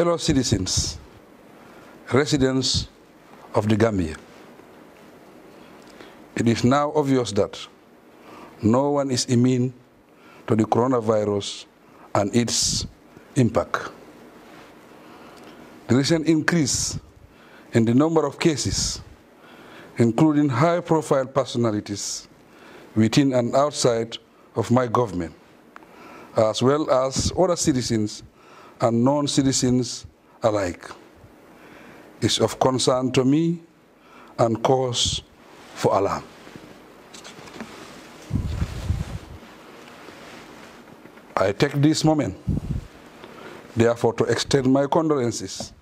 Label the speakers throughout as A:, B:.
A: fellow citizens, residents of the Gambia, it is now obvious that no one is immune to the coronavirus and its impact. The recent increase in the number of cases, including high-profile personalities within and outside of my government, as well as other citizens and non-citizens alike is of concern to me and cause for alarm. I take this moment, therefore, to extend my condolences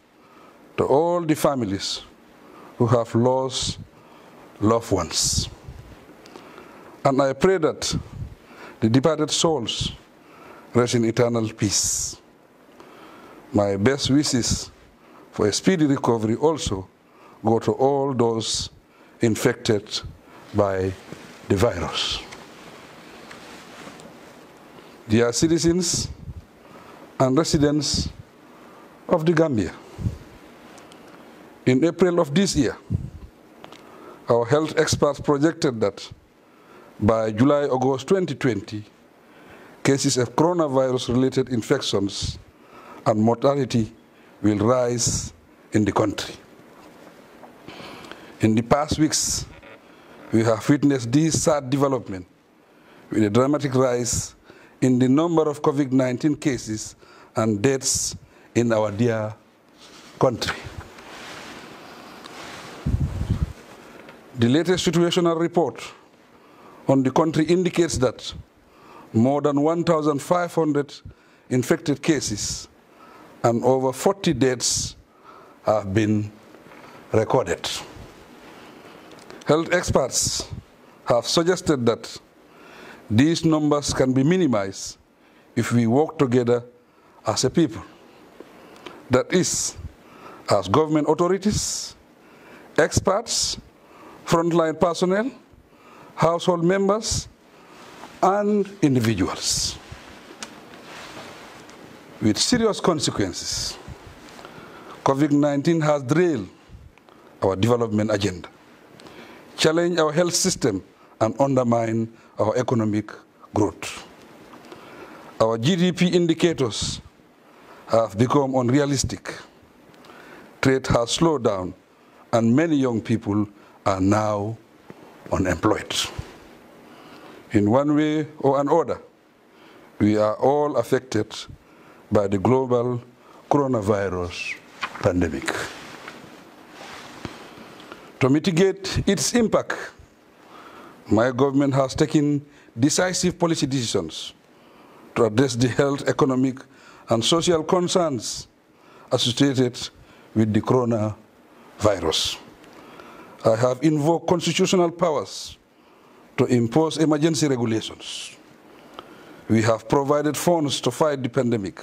A: to all the families who have lost loved ones. And I pray that the departed souls rest in eternal peace. My best wishes for a speedy recovery also go to all those infected by the virus. Dear citizens and residents of the Gambia, in April of this year, our health experts projected that by July, August 2020, cases of coronavirus-related infections and mortality will rise in the country. In the past weeks, we have witnessed this sad development with a dramatic rise in the number of COVID-19 cases and deaths in our dear country. The latest situational report on the country indicates that more than 1,500 infected cases and over 40 deaths have been recorded. Health experts have suggested that these numbers can be minimized if we work together as a people. That is, as government authorities, experts, frontline personnel, household members, and individuals with serious consequences. COVID-19 has derailed our development agenda, challenged our health system, and undermined our economic growth. Our GDP indicators have become unrealistic. Trade has slowed down, and many young people are now unemployed. In one way or another, we are all affected by the global coronavirus pandemic. To mitigate its impact, my government has taken decisive policy decisions to address the health, economic, and social concerns associated with the coronavirus. I have invoked constitutional powers to impose emergency regulations. We have provided funds to fight the pandemic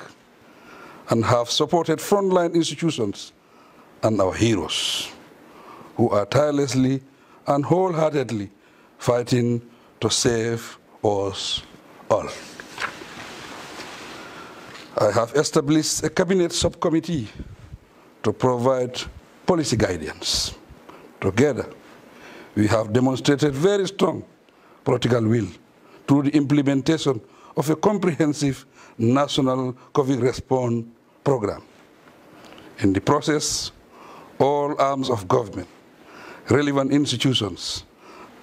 A: and have supported frontline institutions and our heroes who are tirelessly and wholeheartedly fighting to save us all. I have established a cabinet subcommittee to provide policy guidance. Together, we have demonstrated very strong political will through the implementation of a comprehensive national COVID response program. In the process, all arms of government, relevant institutions,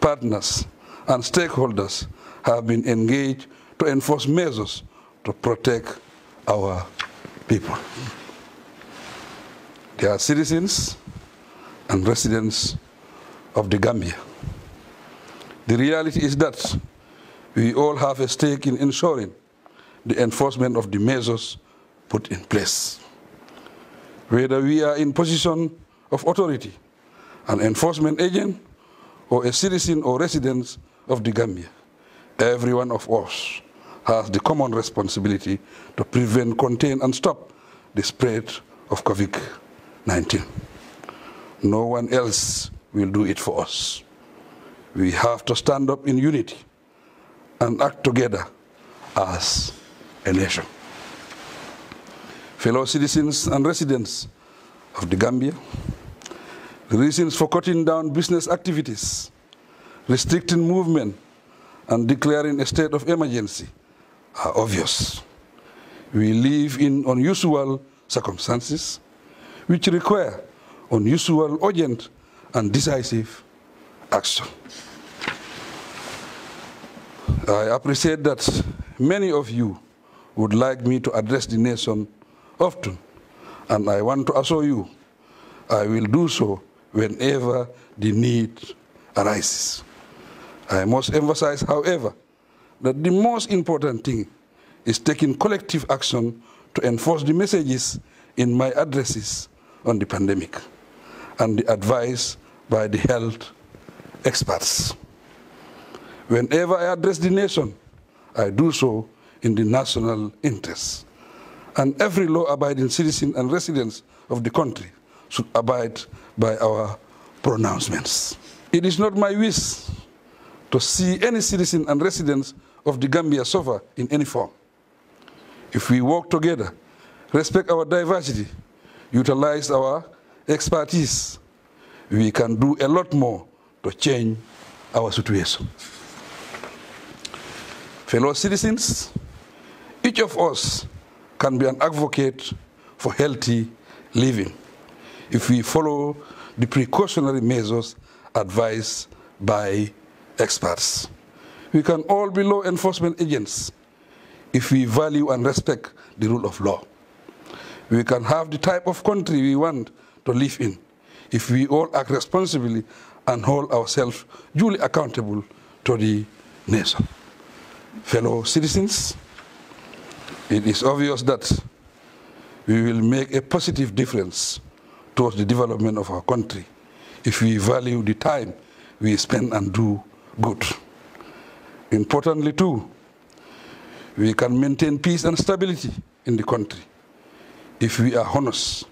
A: partners, and stakeholders have been engaged to enforce measures to protect our people. They are citizens and residents of the Gambia. The reality is that we all have a stake in ensuring the enforcement of the measures put in place. Whether we are in position of authority, an enforcement agent, or a citizen or resident of the Gambia, every one of us has the common responsibility to prevent, contain, and stop the spread of COVID-19. No one else will do it for us. We have to stand up in unity and act together as a nation fellow citizens and residents of the Gambia, the reasons for cutting down business activities, restricting movement, and declaring a state of emergency are obvious. We live in unusual circumstances which require unusual, urgent, and decisive action. I appreciate that many of you would like me to address the nation often, and I want to assure you, I will do so whenever the need arises. I must emphasize, however, that the most important thing is taking collective action to enforce the messages in my addresses on the pandemic and the advice by the health experts. Whenever I address the nation, I do so in the national interest. and every law-abiding citizen and residents of the country should abide by our pronouncements. It is not my wish to see any citizen and residents of the Gambia suffer in any form. If we work together, respect our diversity, utilize our expertise, we can do a lot more to change our situation. Fellow citizens, each of us can be an advocate for healthy living if we follow the precautionary measures advised by experts. We can all be law enforcement agents if we value and respect the rule of law. We can have the type of country we want to live in if we all act responsibly and hold ourselves duly accountable to the nation. Fellow citizens, it is obvious that we will make a positive difference towards the development of our country if we value the time we spend and do good. Importantly too, we can maintain peace and stability in the country if we are honest,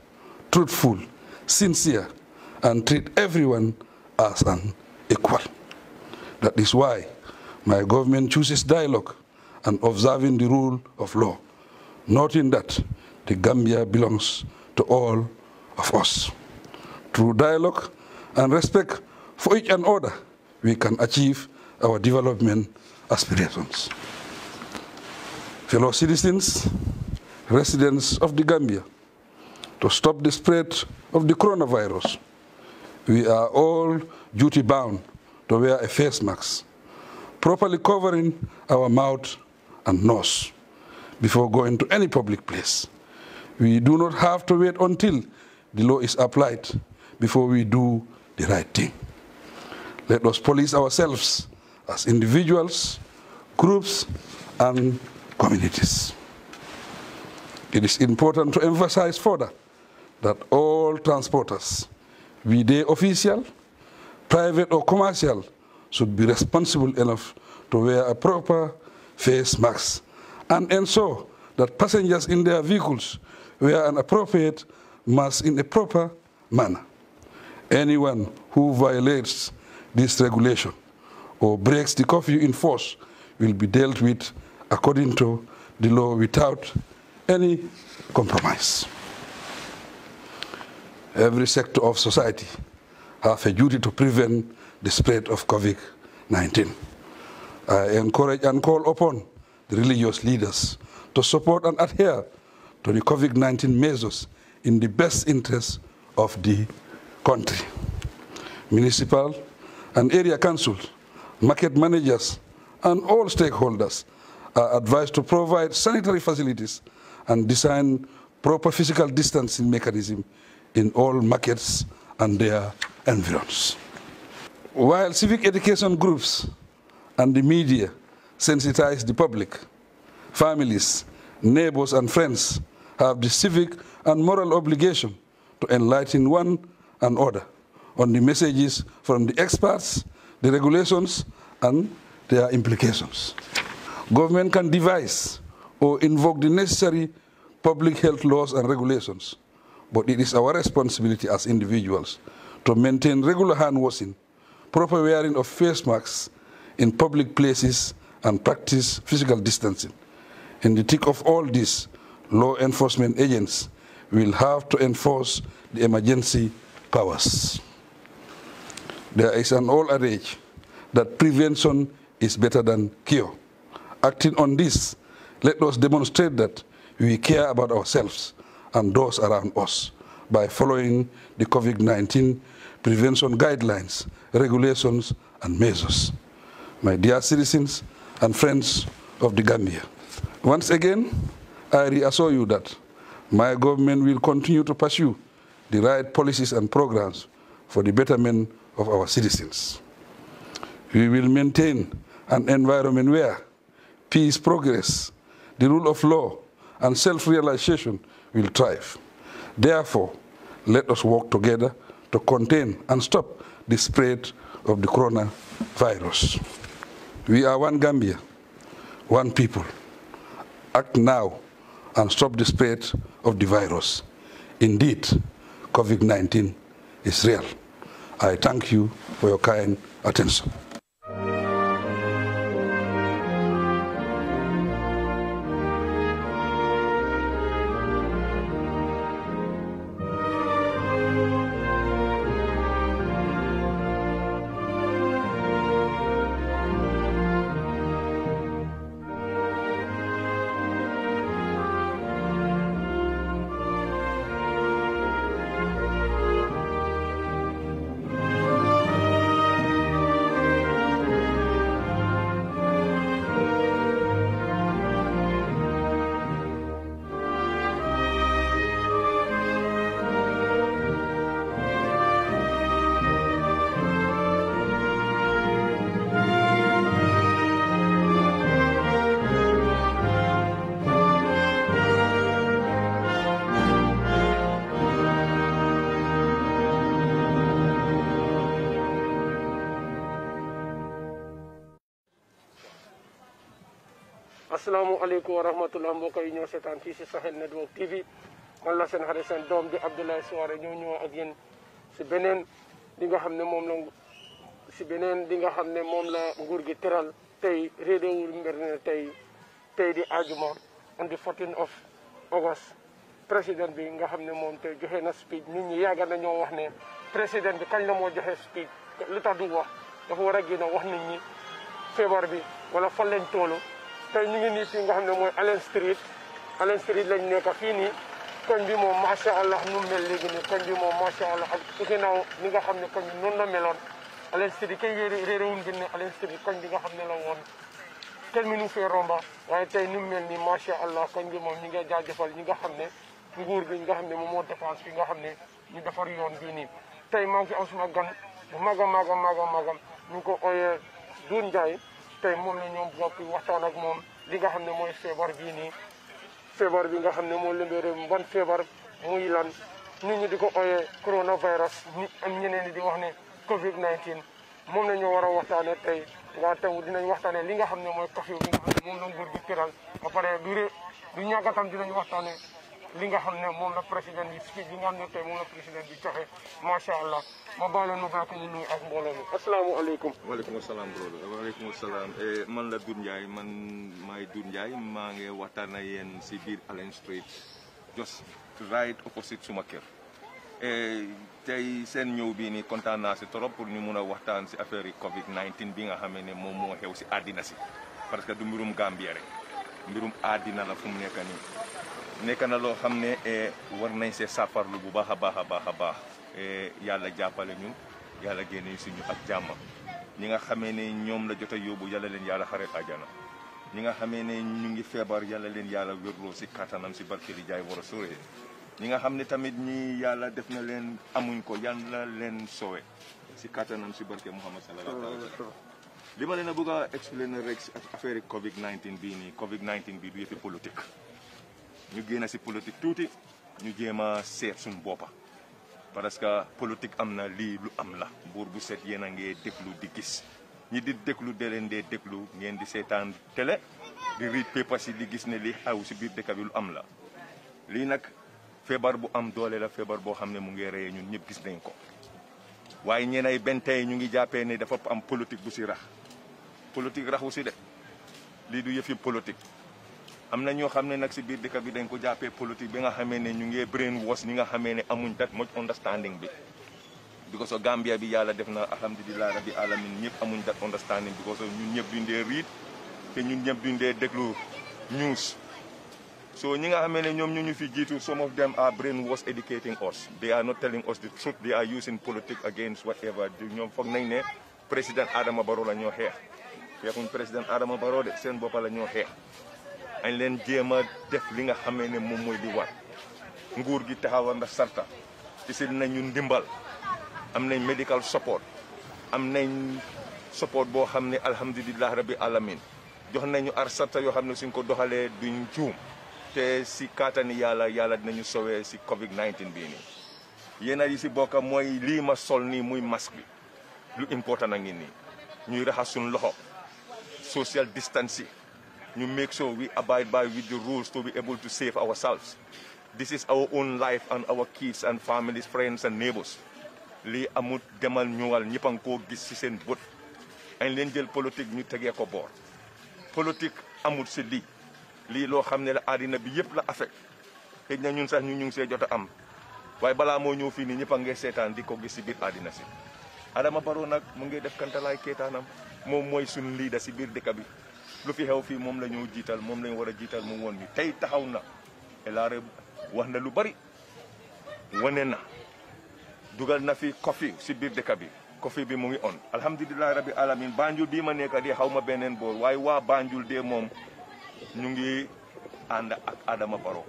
A: truthful, sincere, and treat everyone as an equal. That is why my government chooses dialogue and observing the rule of law noting that the Gambia belongs to all of us. Through dialogue and respect for each and other, we can achieve our development aspirations. Fellow citizens, residents of the Gambia, to stop the spread of the coronavirus, we are all duty-bound to wear a face mask, properly covering our mouth and nose before going to any public place. We do not have to wait until the law is applied before we do the right thing. Let us police ourselves as individuals, groups, and communities. It is important to emphasize further that all transporters, be they official, private or commercial, should be responsible enough to wear a proper face mask and ensure that passengers in their vehicles wear an appropriate mask in a proper manner. Anyone who violates this regulation or breaks the curfew in force will be dealt with according to the law without any compromise. Every sector of society have a duty to prevent the spread of COVID-19. I encourage and call upon religious leaders to support and adhere to the COVID-19 measures in the best interest of the country. Municipal and area councils, market managers, and all stakeholders are advised to provide sanitary facilities and design proper physical distancing mechanism in all markets and their environs. While civic education groups and the media sensitize the public. Families, neighbors, and friends have the civic and moral obligation to enlighten one and other on the messages from the experts, the regulations, and their implications. Government can devise or invoke the necessary public health laws and regulations, but it is our responsibility as individuals to maintain regular hand washing, proper wearing of face masks in public places, and practice physical distancing. In the thick of all this, law enforcement agents will have to enforce the emergency powers. There is an old adage that prevention is better than cure. Acting on this, let us demonstrate that we care about ourselves and those around us by following the COVID-19 prevention guidelines, regulations, and measures. My dear citizens, and friends of the Gambia. Once again, I reassure you that my government will continue to pursue the right policies and programs for the betterment of our citizens. We will maintain an environment where peace, progress, the rule of law, and self-realization will thrive. Therefore, let us work together to contain and stop the spread of the coronavirus. We are one Gambia, one people. Act now and stop the spread of the virus. Indeed, COVID-19 is real. I thank you for your kind attention.
B: warahmatullahi wabarakatuh ñoo sétan ci ci Sahel Network TV man la seen xarit seen dom di Abdoulaye Soare ñoo ñoo ak yeen ci benen di nga xamne mom la ci benen di nga xamne mom la nguur gi tëral tey réedéewul mbir ne tay tay di aljuma on the 14 of August président bi nga xamne mom tay tey joxe na speech nit ñi yàgg na ñoo wax ne président bi kañ la mo joxe speech lu tax du wax dafa wara a wax nit ñi feebar bi wala fan lañ toolu tey ñu ngi nii fii nga xam ne mooy Allen Street Allen Street lañ nekk fii nii koñ bi moom macha allah nu mel léegi nii koñ bi moom macha allah ak ci ginnaaw nga xam ne koñ bi noonu la meloon Allen Street kay réeréwun bi ne Allen Street koñ bi nga xam ne la woon kenn nu fee romba waaye tey nu mel nii macha allah kañ bi moom ñi nga jaajafal ñi nga xam ne nguur gi ñi nga xam ne moom moo dépense bi nga xam ne ñu defar yoon bi nii tey maa ngi fi am ma gan bu mag a mag a mag ñu ngi ko ooyee Doudou Ndiaye tey moom la ñoom boppi waxtaan ak moom li nga xam ne mooy feebar bii nii feebar bi nga xam ne moo lëmbee réew ban feebar mu lan nit ñi di ko ooyee coronavirus ni am ñeneen ñi di wax ne covid 19 moom la ñu war a waxtaane tey nga tam dinañ waxtaane li nga xam ne mooy curfew nga xam ne moom la nguur gi tëral a pare du ré du ñàkk a li nga xam ne moom la président bi fii li nga xam ne tey moom la allah ma baaloon ma baatu ñu nuyu ak mbooloo
C: mi asalaamaaleykum. waaleykum salaam brother salaam eh, man la Doudou Ndiaye man maay Doudou Ndiaye maa ngi waxtaan ak yéen si biir Allen Street just right opposite suma kër. Eh, tey seen ñëw bii ni kontaan naa si trop pour ñu mun a waxtaan si affaire yi Covid 19 bi nga xamee ne moom moo xew si àddina si parce que du mbirum Gambie rek mbirum àddina la fu mu nekk nii. nekk na loo xam ne eh, war nañ see safarlu bu baax a baax a baax a baax eh, yàlla jàppale ñu yàlla génne suñu ak jàmm ñi nga xamee ne ñoom la jot a yóbbu yàlla leen yàlla xaret àjjana ñi nga xamee ne ñu ngi feebar yàlla leen yàlla wérloo si kattanam si barke li jaay war a sore ñi nga xam ne tamit ñi yàlla def na leen amuñ ko yàlla leen sowe si kattanam si barke Muhammad sallallahu alayhi wa li ma leen a bëgg a expliquer rek ak affaire Covid 19 bii nii Covid 19 bii du yëfi politique. ñu génn si politique tuuti ñu jéem a seet suñu boppa parce que politique am na lii lu am la buur bu set yéen a ngee déglu di gis ñi di déglu de leen dee déglu ngeen di seetaan tele di riit pépa si di gis ne li xaw si biir dëkk bi lu am la lii nag feebar bu am doole la feebar boo xam ne mu ngi reyee ñun ñëpp gis nañ ko waaye ñeen ay benn tey ñu ngi jàppee ne dafa am politique bu si rax politique raxu si de lii du yëfi politique amna ñoo xamne nak ci biir dekk bi dañ ko jappé politique bi nga xamé né ñu ngi brain wash ni nga xamé né amuñ dat much understanding bi because of Gambia bi yalla def na alhamdullilah rabbi alamin ñepp amuñ dat understanding because of ñun ñepp duñ read riit te ñun ñepp duñ déglu news so ñi nga xamé né ñom ñu fi jitu some of them are brain wash educating us they are not telling us the truth they are using politics against whatever ñom fokk nañ né président Adama Barrow la ñoo xeex xeexuñ président Adama Barrow de seen bopp la ñoo xeex añ leen jéem a def li nga xamee ne moom mooy di war nguur gi taxawal na sarta ci si nañu ndimbal am nañ médical support am nañ support boo xam ne alhamdulilah rabbi alamin jox nañu ar sarta yoo xam ne suñ ko doxalee duñ juum te si kaatani yàlla yàlla dinañu sowee si covid 19 bii nii yéena yi si bokka mooy lii ma sol nii muy masque bi lu important a ngi nii ñuy raxas suñ loxo social ñu make sure we abide by with the rules to be able to save ourselves. This is our own life and our kids and families, friends and neighbors. lii amut demal ñëwal ñëpp a ngi koo gis ci seen bët añ leen jël politique ñu tegee ko boor politique amut si lii lii loo xam ne la àddina bi yëpp la affect xëy na ñun sax ñu ñu ngi see jot am waaye balaa moo ñëw fii nii ñëpp a seetaan di ko gis si biir àddina si Adama Barrow nag mu ngi def kantalaay keetaanam moom mooy suñu leader ci biir dëkk bi lu fi xew fi mom la ñëw mom moom lañ war a mu won ni tay taxaw na elaare wax na lu bari woné na dugal na fi kofi si bir dëkk bi kofi bi mu ngi on alhamdullilah rabbi alamin banjul bi ma nekk di xawma benen bor way wa banjul de mom ñu ngi and ak adama baro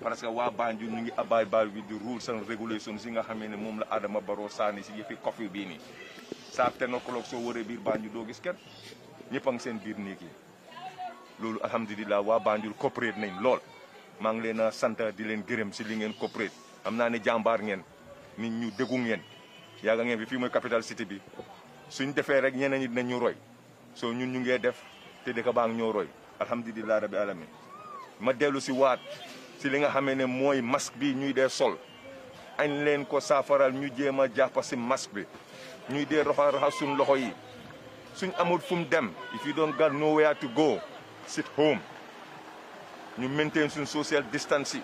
C: parce que wa banjul ñu ngi abay baay bi di rules and regulation si nga xamé ni mom la adama baro sani ci fi kofi bi ni sa ten o'clock soo banjul do gis ñëpp a seen biir niki lolu alhamdullilah wa waa Banjul coopérate nañ lool ma ngi leena sante di leen gërëm ci li ngeen corporate amna ne jambar ngeen nit ñu deggu ngeen nga ngeen bi fii capital city bi suñ défé rek ñeneen nit nañu roy so ñun ñu ngi def te dëkk baa ngi ñoo roy alhamdullilah rabbi alamin ma dellu si waat ci li nga xamé ne moy masque bi ñuy dé sol añ leen ko safaral ñu jéma jappasi masque bi ñuy dé roxa raxa loxo yi suñ amul fu mu dem if doon don't got nowhere to go sit home ñu maintain suñ social distance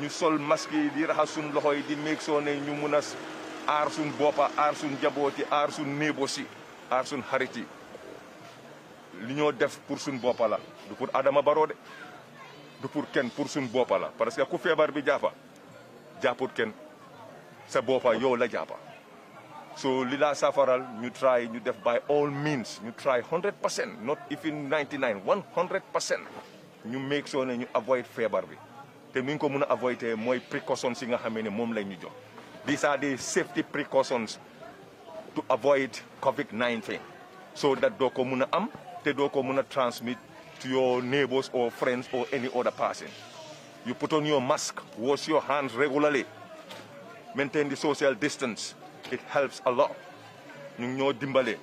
C: ñu sol masque yi di raxas suñ loxo yi di make soo ne ñu mun a aar suñ boppa aar suñ jabooti aar suñ néebo si aar suñ xarit yi li ñoo def pour suñ boppa la du pour Adama Barrow de du pour kenn pour suñ boppa la parce que ku feebar bi jàppa jàpput kenn sa boppa yow la jàppa So Lila Safaral, you try, you def by all means, you try 100%, not even 99, 100%. You make sure you avoid fever. The ñu ko mëna avoider more precautions yi nga xamé né mom lañu nijo. These are the safety precautions to avoid COVID-19. So that do ko am te do transmit to your neighbors or friends or any other person. You put on your mask, wash your hands regularly, maintain the social distance. it helps a lot ñu ñoo dimbale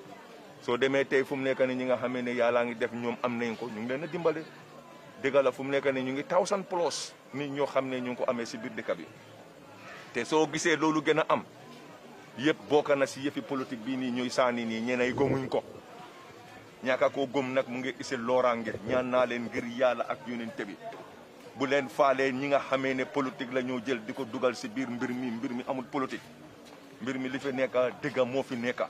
C: so démé tay fu mu nekk ni nga xamé né yàllaa nga def ñom am nañ ko ñu ngi leena dimbalé dimbale dëgg la fu mu nekk ni ñu ngi thousand plus ni ño xamné ñu ko amé ci bir dëkk bi te so gisé lolu gëna am yépp bokk na ci yëfi politique bii nii ñuy saani nii ñeneen gomuñ ko ñaaka ko gom nak mu ngi isi looraange ñaan na leen ngir yàlla ak bi bu leen faalé ñi nga xamé né politique la ñoo jël diko duggal dugal bir mbir mi mbir mi amul politique mbir mi li fi nekka dëgga moo fi nekka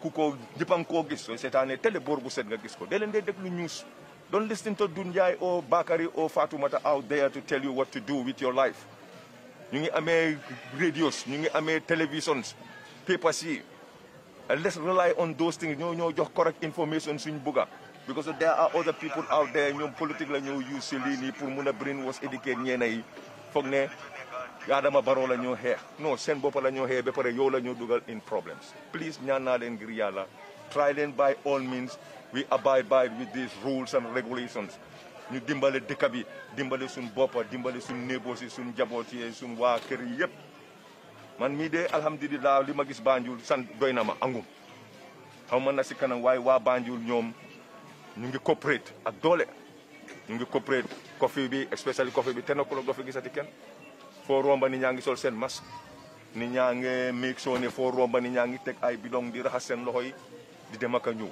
C: ku ko jëppam koo gis soo seetaanee télé boor bu set nga gis ko dee leen dee lu news don't listen to Doudou Ndiaye or Bakary or Fatoumata out there to tell you what to do with your life ñu ngi amee radios ñu ngi amee télévisions papers yi let's rely on those things ñoo ñoo jox correct information suñ bugga because there are other people out there ñoom politique la ñoo use si lii nii pour mun a brainwash éduquer ñeena yi foog ne Adama Barrow la ñoo xeex noo seen boppala la ñoo xeex ba pare yow la ñoo dugal in problems please ñaan naa leen ngir yàlla try leen by all means we abide by with these rules and regulations ñu dimbale dëkk bi dimbale suñ boppa dimbale suñ néegoo si suñ njaboot yi suñ waa kër yi yëpp man mii de alhamdulilah li ma gis Banjul san doy na ma angum xaw ma na si kanam waaye waa Banjul ñoom ñu ngi coopérate ak doole ñu ngi coopérate coffee bi especially coffee bi ten o'clock doo fi gisati foo romba ni ñaa ngi sol seen masque ni ñaa ngi mixoo ne foo romba ni ñaa ngi teg ay bidong di raxas seen loxo yi di dem a ñëw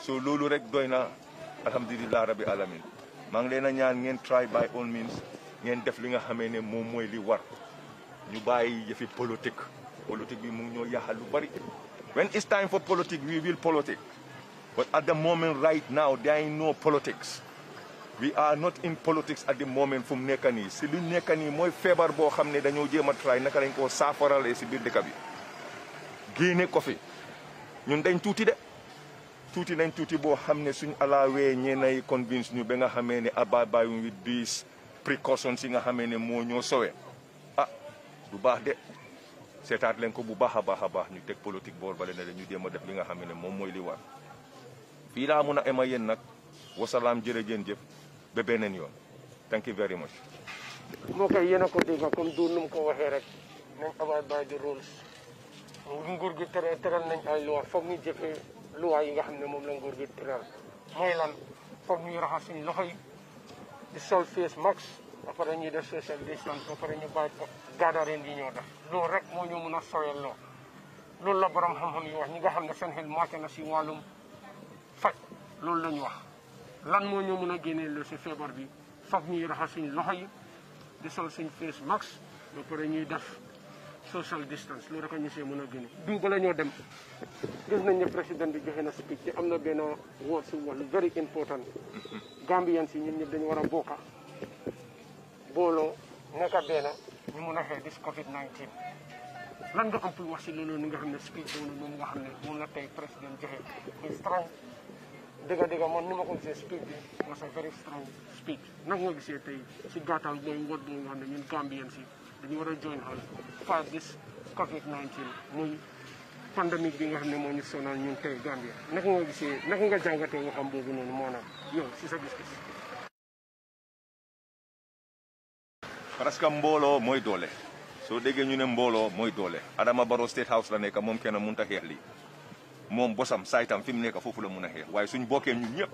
C: so loolu rek doy na alhamdulilah rabbi alamin maa ngi leen a ñaan ngeen try by all means ngeen def li nga xamee ne moom mooy li war ñu bàyyi yëfi politique politique bi mu ngi ñoo yàqal lu bari when it's time for politics we will politic but at the right now there ain't no politics we are not in politics at the moment fu mu nekk nii si luñ nekkani mooy feebar boo xam ne dañoo jéem a try naka lañ koo saafaralee si biir dëkk bi génne ko fi ñun dañ tuuti de tuuti nañ tuuti boo xam ne suñ alaawee ñeen ay convince ñu ba nga xamee ne ababaayu with these precautions yi nga xamee ne moo ñoo sowe a ah, du baax de seetaat leen ko bu baax a baax a baax ñu teg politique boor bale ne la ñu jéem a def li nga xam ne moom mooy li war fii laa mun a ema yéen nag wasalaam jërëjëf jëf ba beneen yoon thank you very much.
B: moo koy yéen a ko dégg comme du nu mu ko waxee rek nañ abide by the rules nguur gi tere teral nañ ay loi foog ñu jëfee loi yi nga xam ne moom la nguur gi teral moo lan foog ñuy raxas suñu loxo yi di sol face mask ba pare ñuy def social distance ba pare ñu bàyyi gathering yi ñoo def loolu rek moo ñu mën a sooyal loo loolu la borom xam-xam yi wax ñi nga xam ne seen xel màcc si wàllum faj loolu la ñu wax lan moo ñoo mën a génnee lu si feebar bi foog ñuy raxas suñ loxo yi di sol suñ face max ba pare ñuy def social distance loolu rek a ñu see mën a génne. du bala ñoo dem gis nañ ne président bi joxe na speech ci am na benn word si wàllu very important Gambian si ñun ñëpp dañu war a bokka booloo nekka benn ñu mun a xee dis Covid 19. lan nga am pour wax si loolu ni nga xam ne speech boobu moom nga xam ne moom la tey président joxe. dëgg dëgg man ni ma ko gisee speech bi was a very strong speech naka nga gisee tey si gàttal mooy wóor bi nga xam ne war a join hand for this COVID 19 bi nga xam ne moo ñu sonal ñun tey Gambia naka nga gisee naka nga jàngatee waxam boobu noonu moo maanaam yow si sa gis-gis.
C: parce que mbooloo mooy doole soo déggee ñu ne mbooloo mooy doole. Adama Barrow State House la nekk moom kenn mënut a xeex lii. moom bosam saytam fi mu nekk foofu la mun a xeex waaye suñ bokkee ñun ñëpp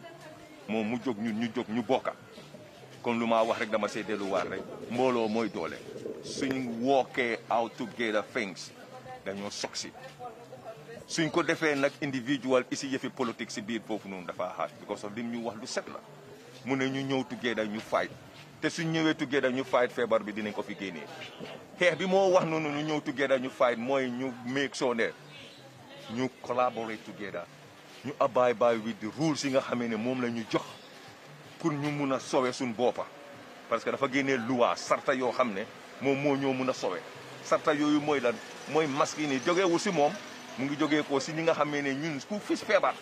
C: moom mu jóg ñun ñu jóg ñu bokka kon lu maa wax rek dama see delluwaat rek mbooloo mooy doole suñ wookee out together things dañoo sog suñ ko defee nag individual isi yëfi politique si biir foofu noonu dafa xaaj because of lim ñu wax lu set la mu ne ñu ñëw together ñu fight te suñ ñëwee together ñu fight feebar bi dinañ ko fi génnee xeex bi moo wax noonu ñu ñëw together ñu fight mooy ñu make sure ñu collaborate together ñu abide by with the rules yi nga xamee ne moom la ñu jox pour ñu mun a sowe suñ boppa parce que dafa génnee loi sarta yoo xam ne moom moo ñoo mun a sowe sarta yooyu mooy lan mooy masque yi ni jógeewu si moom mu ngi jógee ko si ñi nga xamee ne ñun ku fis feebar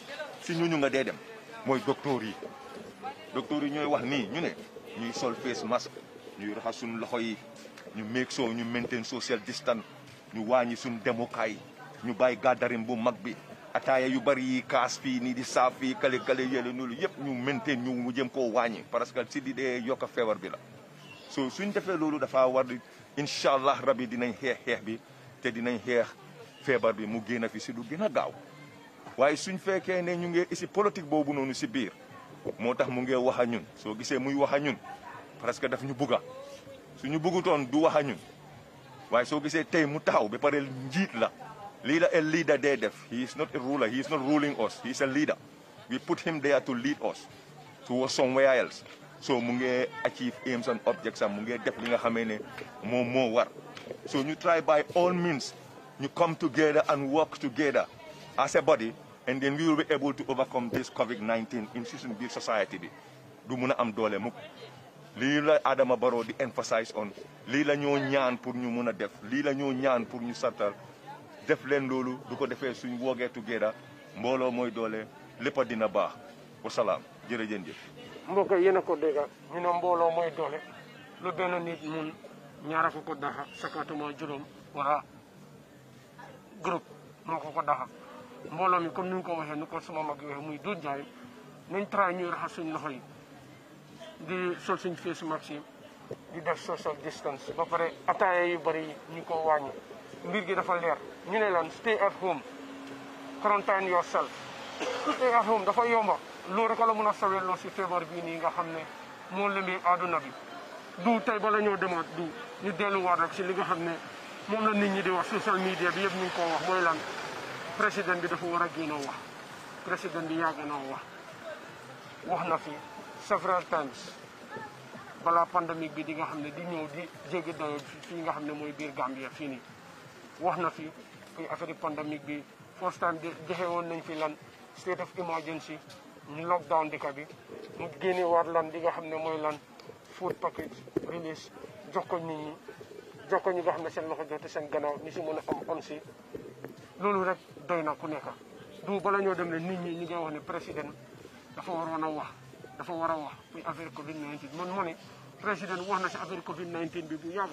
C: si ñu nga dee dem mooy docteur yi docteur yi ñooy wax ni ñu ne ñuy sol face masque ñuy raxas suñ loxo yi ñu make sure ñu maintain social distance ñu wàññi suñ demukaay ñu bay gadarim bu mag bi ataya yu bari kaas fi ni di safi fii kale kale yële noonu ñu maintain ñu mu jëm ko wañi parce que si di dee fever bi la so suñ fe lulu dafa war di incha allah dinañ xeex xeex bi té dinañ xeex fever bi mu gëna fi ci du gëna gaaw waye suñ féké né ñu ngi isi politique bobu nonu ci bir motax mu ngi waxa ñun so gisé muy waxa ñun parce que daf ñu bugga suñu bugutoon du waxa ñun waye so gisé tay mu taw paré njit la Leader, a leader there. def. He is not a ruler. He is not ruling us. He is a leader. We put him there to lead us to somewhere else. So mu achieve aims and objects and mu ngi def li nga xamee ne moom moo war. So ñu try by all means you come together and work together as a body and then we will be able to overcome this COVID-19 in system bi society bi du mun a am doole mukk lii la Adama Barrow di emphasize on lii la ñoo ñaan pour ñu mun def lii la ñoo ñaan pour ñu sartal def len lolu du ko defee suñ woogee together mbolo moy dolé lépp dina baax wasalaam jere. jëf
B: mbokk yéen a ko dégg ñu no mbolo moy dolé lu benn nit mun ñaara ko ko daxa mo juróom wa groupe moo ko ko daxa mbolo mi comme ñu ko waxé ñu ko suma mag waxee muy du jaay nañ tray ñu raxas suñ loxoy di sol suñ fess mask di def social distance ba paré ataaya yu bari ñu ko wañu mbir gi dafa leer ñu ne lan stay at home quarantine yourself stay at home dafa yomba loolu rek la mun a sawee loo si feebar bi nii nga xam ne moo lëmbee àdduna bi du tey bala ñoo demaat du ñu delluwaat rek si li nga xam ne moom la nit ñi di wax social media bi yëpp ñu wax mooy lan président bi dafa war a génn wax président bi yàgg na wax wax na fi several times balaa pandémique bi di nga xam ne di ñëw di jéggi dayo fii nga xam ne mooy biir Gambia fii nii wax na fi fii affaire pandémique bi first time joxe woon nañ fi lan state of emergency ñu lockdown dëkk bi mu génne war lan li nga xam ne mooy lan food package release jox ko nit ñi jox ko ñi nga xam ne seen loxo jox te seen gannaaw ñu si mën a am on si loolu rek doy na ku nekk du bala ñoo dem ne nit ñi ñu ngi wax ne président dafa waroon a wax dafa war a wax muy affaire covid 19 man mu ne président wax na si affaire covid 19 bi bu yàgg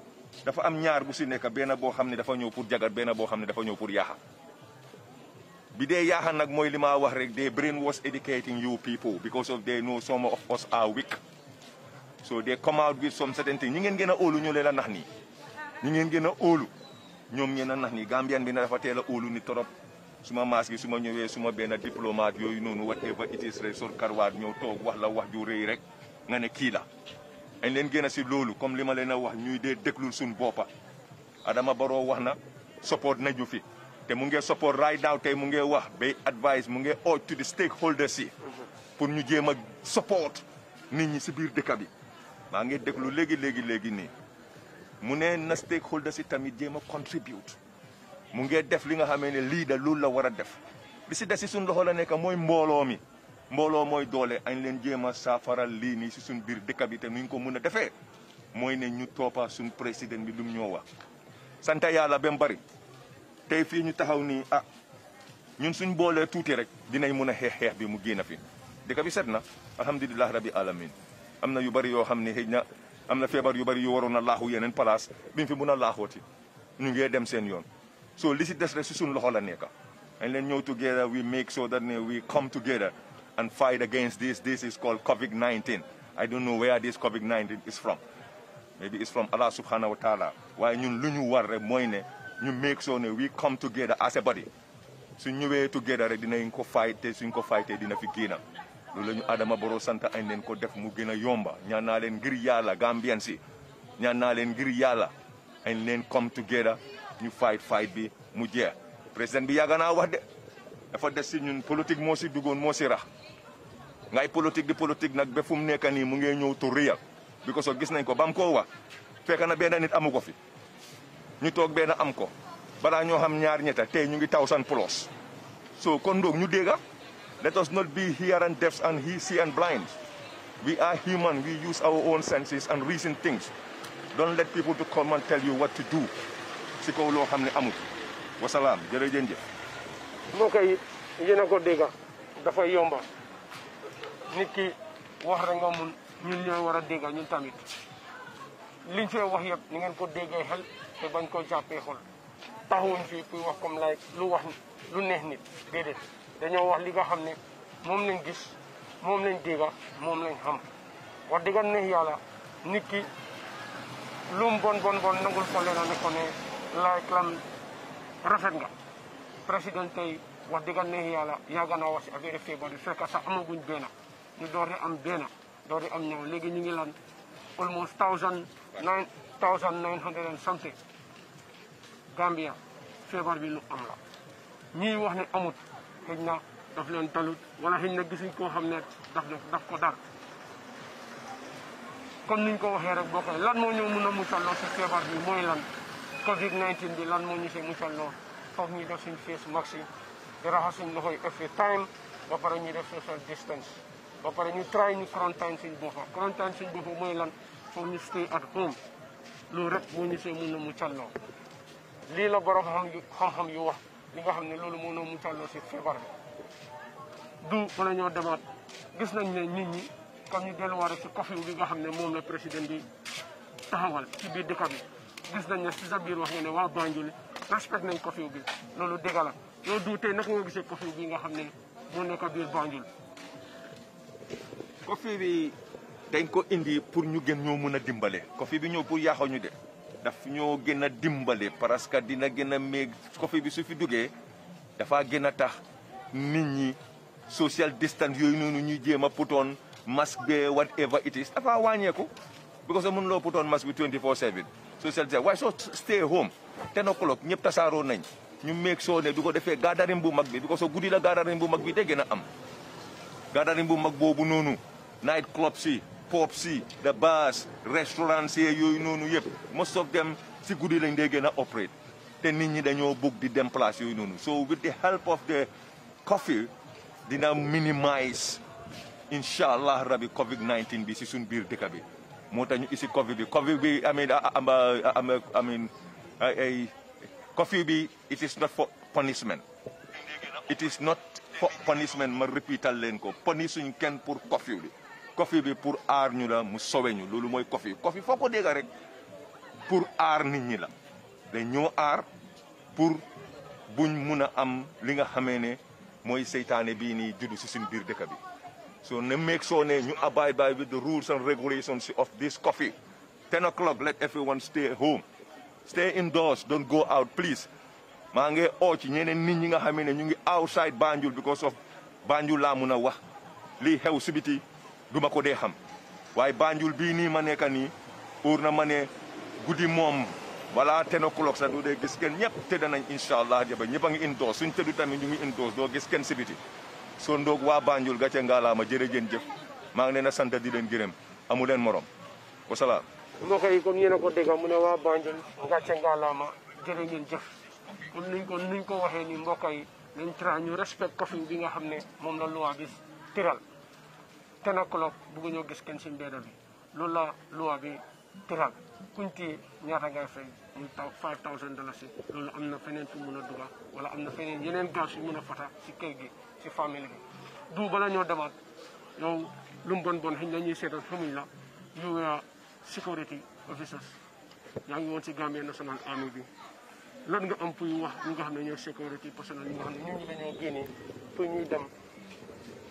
C: dafa am ñaar bu si nekk benn boo xam ne dafa ñëw pour jagar benn boo xam ne dafa ñëw pour yaaxa bi dee yaaxa nag mooy li ma wax rek they brainwash educating you people because of they know some of us are weak so they come out with some certain thing ñi ngeen gën a óolu ñoo leen a nax ni ñi ngeen gën a óolu ñoom ngeen a nax nii Gambian bi na dafa teel a óolu ni torop suma maas gi su ma ñëwee suma benn diplomate yooyu noonu whatever it is rek sol karwaat ñëw toog wax la wax ju rëy rek nga ne kii la dañ leen génn si loolu comme li ma leen a wax ñuy dee déglul suñu boppa Adama Barrow wax na support nañu fi te mu ngi support right now tey mu ngi wax bay advice mu ngi urge to the stakeholders yi pour ñu jéem a support nit ñi si biir dëkk bi maa ngi déglu léegi léegi léegi nii mu ne na stakeholders si tamit jéem a contribute mu ngi def li nga xamee ne lii da loolu la war a def li si des si suñu loxo la nekk mooy mbooloo mi mbooloo mooy doole añ leen jéem a saafara lii nii si suñ biir dëkk bi te nuñ ko mun a defee mooy ne ñu toppa suñ président bi lu mu ñoo wax sant yàlla ba bari tey fii ñu taxaw nii ah ñun suñ boolee tuuti rek dinañ mun a xeex xeex bi mu génn fi dëkk bi set na alhamdulilah rabbi alamin am na yu bari yoo xam ne xëy na am na feebar yu bari yu waroon na laaxu yeneen place duñ fi mun a laaxooti ñu ngee dem seen yoon so li si des rek si suñ loxo la nekk dañ leen ñëw together we make so that we come together and fight against this. This is called COVID-19. I don't know where this COVID-19 is from. Maybe it's from Allah subhanahu wa ta'ala. Why you luñu war rek mooy ne ñu make sure ne we come together as a body. Suñ ñëwé together rek dinañ ko fight té suñ ko fighté dina fi gëna. Loolu lañu Adama Barrow sant añ leen ko def mu gëna yomba. Ñaan naa leen ngir Yàlla Gambian si. Ñaan naa leen ngir Yàlla añ leen come together ñu fight fight bi mu jeex. Président bi yàgg naa wax de dafa des si ñun politique moo si duggoon moo si rax. ngay politique di politique nak be fum mu nekk mu ngey ñew tu riyal bi ko so gis nañ ko bam ko wa fekk na ben nit amu ko fi ñu tok ben am ko bala ñoo xam ñaar ñeta tay ñu ngi thousand plus so kon ndoog ñu dega let us not be here and deaf and he see and blind we are human we use our own senses and reason things don't let people to come and tell you what to do si kaw loo xam ne amut wasalaam jërëjëf
B: mbokk yi yéen yena ko da fay yomba nit ki wax rek nga mun ñun ñooy war a dégg ñun tamit liñ fee wax yëpp ni ngeen ko déggee xel te bañ ko jàppee xol taxawuñ fi kuy wax comme lay lu wax lu neex nit déedéet dañoo wax li nga xam ne moom lañ gis moom lañ dégg moom lañ xam wax dëgg neex yàlla nit ki lum bon bon bon nangul ko leena ne ko ne laay lam rafet nga président tey wax dëgg neex yàlla yàgg naa wax si affaire feebar yi fekk sax amaguñ benn ñu door di am benn door di am ñaar léegi ñu ngi lan almost thousand nine thousand nine hundred and something Gambia feebar bi lu am la ñii wax ne amut xëj na daf leen talut wala xëj na gisuñ koo xam ne daf daf ko dar comme niñ ko waxee rek boo koy lan moo ñëw mun a musalloo si feebar bi mooy lan covid 19 bi lan moo ñu see musalloo foog ñu def suñ face mask yi di raxas suñ loxo yi every time ba pare ñu def social distance ba pare ñu try ñu quarantaine suñ boppam quarantaine suñ boppam mooy lan foog ñu stay at home loolu rek moo ñu see mën na mu calloo lii la borom xam yu wax li nga xam ne loolu moo na mu calloo si feebar du mën na ñoo demaat gis nañ ne nit ñi comme ñu delluwaat si couvre bi nga xam ne moom la président bi taxawal ci biir dëkk bi gis nañ ne si sa biir wax nga ne waa Banjul respect nañ couvre-feu bi loolu dëgg la yow du tey naka nga gisee couvre bi nga xam ne moo nekk biir Banjul
C: Covid bi dañ ko indi pour ñu gën ñoo mën a dimbale Covid bi ñëw pour yaaxoo ñu de daf ñoo gën a dimbale parce que dina gën a méeg Covid bi su fi duggee dafaa gën a tax nit ñi social distance yooyu noonu ñu jéem a putoon masque be whatever it is dafaa wàññeeku because que mën loo putoon masque bi 24/7 social distance waaye soo stay home ten o'clock ñëpp tasaaroo nañ ñu meeg soo ne ko defee gathering bu mag bi because que guddi la gathering bu mag bi day gën a am gathering bu mag boobu noonu Night club si pop si the bars here, si know, no, yep. most of them si guddi lañ dee gën operate Then nit ñi dañoo bëgg di dem place you know. so with the help of the coffee dina minimize Inshallah, allah rabi covid 19 bi si sun biir dëkk bi moo isi covid bi covid bi mean, ah, ah, ah, I, ay coffee bi it is not for punishment it is not for punishment ma repital leen ko punisuñ kenn pour coffee bi kofi bi pour aar ñu la mu sowe ñu loolu mooy kofi kofi foo ko dégg pour aar nit ñi la dañ ñu aar pour buñ mun a am li nga xamee ne mooy seytaane bii nii juddu si suñ biir dëkk bi so ne make sure ne ñu abide by with the rules and regulations of this coffee ten o'clock let everyone stay home stay indoors don go out please maa ngi oo ci ñeneen nit ñi nga xamee ne ñu ngi outside Banjul because of Banjul laa mun a wax lii xew si duma ko dee xam waye banjul bi ni ma nekka nii uur na ma ne guddi moom wala ten o'clock sa do dee gis kenn ñëpp tëdd nañ inshallah allah jaba ñëpp ngi indoos suñ tamit ñu ngi indo do gis ken sibiti so ndok wa banjul ngala ma jërë ngeen jëf ma ngi leen a di leen gërem amu leen morom wa salaam
B: mo xey kon a ko dégg mu ne wa banjul ngala ma jërë ngeen jëf kon niñ ko niñ ko waxee ni mbokay yi tra ñu respect fi bi nga xam mom la loi bis tiral ten tenaclop bëgguñoo gis kenn si mbedd bi loolu la loi bi tëral kuñ téye ñaata ngay fay muy taw 5000 dollars yi loolu am na feneen fi mun a dugal wala am na feneen yeneen gaz yu mun a fata si kër gi si famille bi du bala ñoo demaat yow lu mu bon bon xëy na ñuy seetal xamuñ la you were security officers yaa ngi woon si Gambia National Army bi la nga am puy wax ñi nga xam ne ñoo security personnel ñi nga xam ne ñooñu dañoo génnee pour ñuy dem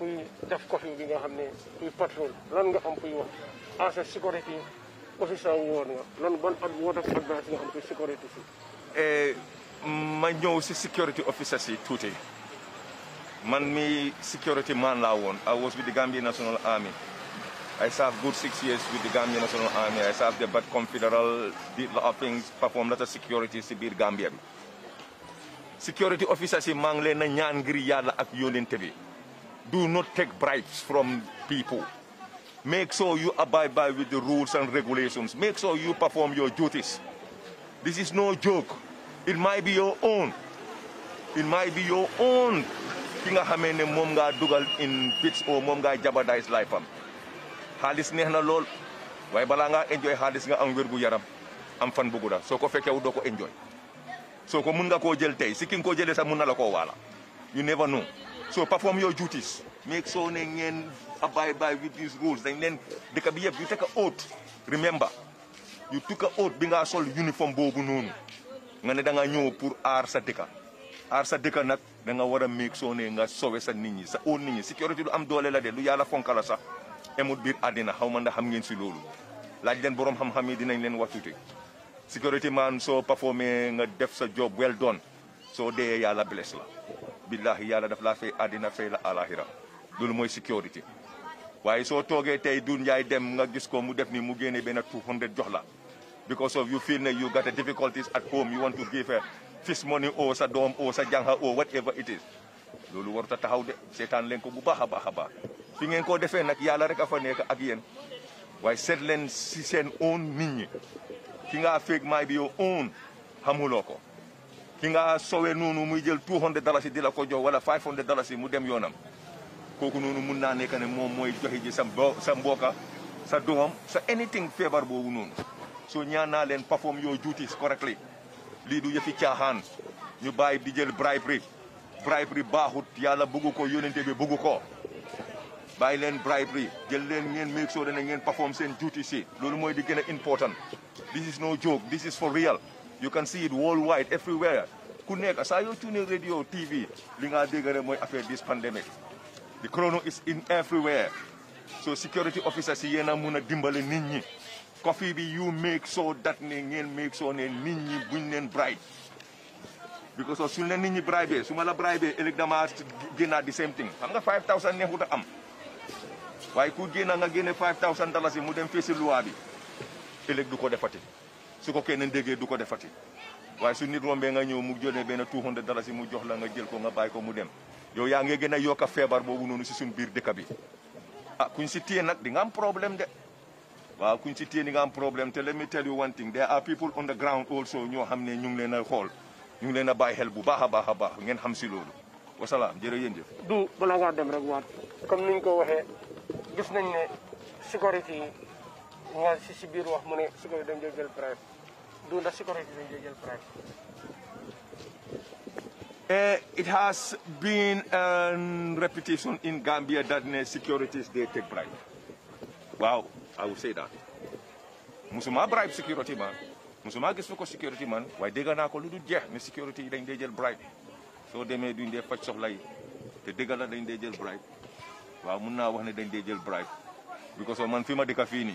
B: puy def kofi bi nga xam ne puy patrol lan nga am puy wax as security officer woon nga security si
C: eh, ma ñëw si security officer si tuuti man mi security man laa woon I was with the Gambia National Army I served good six years with the Gambia National Army. I served the Bad Confederal, did a lot of things, security si biir Gambia Security officers yi maa ngi leen a ñaan ngir yàlla ak yónnent bi. Do not take bribes from people. Make sure you abide by with the rules and regulations. Make sure you perform your duties. This is no joke. It might be your own. It might be your own ki nga xamee ne dugal in pits o moom ngaa jeopardize life am xaalis neex na lool waaye balaa enjoy xaalis nga ang wér gu yaram am fan bu gudda soo ko fekkewu doo ko enjoy soo ko mun nga koo jël tey si ki nga koo jëlee you never know so perform your duties make sure ne ngeen abide by with these rules then then they can yëpp you take an oath remember you took an oath bi a sol uniform boobu noonu nga ne da nga ñëw pour aar sa deka. aar sa dëkk make sure ne nga sowe sa nini sa o nini. Security sécurité am doole la de lu yala fon kala sa. emut bir adina, how manda ham xam ngeen si loolu laaj leen borom ham xam yi dinañ leen security man so performing nga def sa job well done so dee yala bless la billahi yalla daf la fay adina fay la alakhirah dul moy security waye so toge tay dun Ndiaye dem nga gis ko mu def ni mu gene ben 200 jox la because of you feel that you got a difficulties at home you want to give a fis money or oh, sa dom oo oh, sa jànha oo oh, whatever it is loolu warta taxaw de setan len ko bu baax a ba fi ngeen ko defé nak yalla rek afa nek ak yeen waye set len si sen own nit ñi ki nga fek may bi yo own hamuloko. ki nga soowee noonu muy jël 200 dalasi di la ko jox wala 500 dalasi mu dem yoonam kooku noonu mun naa nekk ne moom mooy joxe ji sa sa mbooka sa doom sa anything feebar boobu noonu soo ñaan naa leen perform yoo duties correctly lii du yëfi caaxaan ñu bàyyi di jël bribery bribery baaxut yàlla bëggu ko yónnente bi bëggu ko bàyyi leen bribery jël leen ngeen make sure ne ngeen perform seen duties yi loolu mooy di gën a important this is no joke this is for real you can see it worldwide everywhere ku sa saa yoo radio TV Linga nga dégg rek mooy this pandemic the corona is in everywhere so security officers yi yéen a mun a dimbale nit coffee bi you make so that ne ngeen make sure ne nit ñi buñ because suñ leen nit ñi bribe sumala ma la bribe ëllëg dama génnaat the same thing xam 5000 neexut a am Why could génna nga génne 5000 dalasi mu dem luabi si loi bi ko defati su ko kenn déggee du ko defati waaye su nit rombee nga ñëw mu jëlee benn two hundred dalasi mu jox la nga jël ko nga bàyyi ko mu dem yow yaa ngi gën a yokk a feebar boobu noonu si suñ biir dëkk a ah kuñ si téye nag di nga am problème de waaw kuñ si téye di nga am problème te let me tell you one thing there are people on the also ñoo xam ne ñu ngi leen a xool ñu ngi leen a bàyyi xel bu baax a baax a baax ngeen xam si loolu wasalaam jërëjëf.
B: du balaa ngaa dem rek waat comme niñ ko waxee gis nañ ne sécurité yi nga si si biir wax mu ne sécurité dañ uh,
D: it has
C: been a um, reputation in Gambia that the securities they take bribe. Wow, I will say that. Musuma bribe security man. Musuma gets ko security man. Why they gonna call you yeah, security then they jail bribe. So they may in their patch of life. They dig out in jail bribe. Wow, muna wahne then they jail bribe. Because man fima de kafini.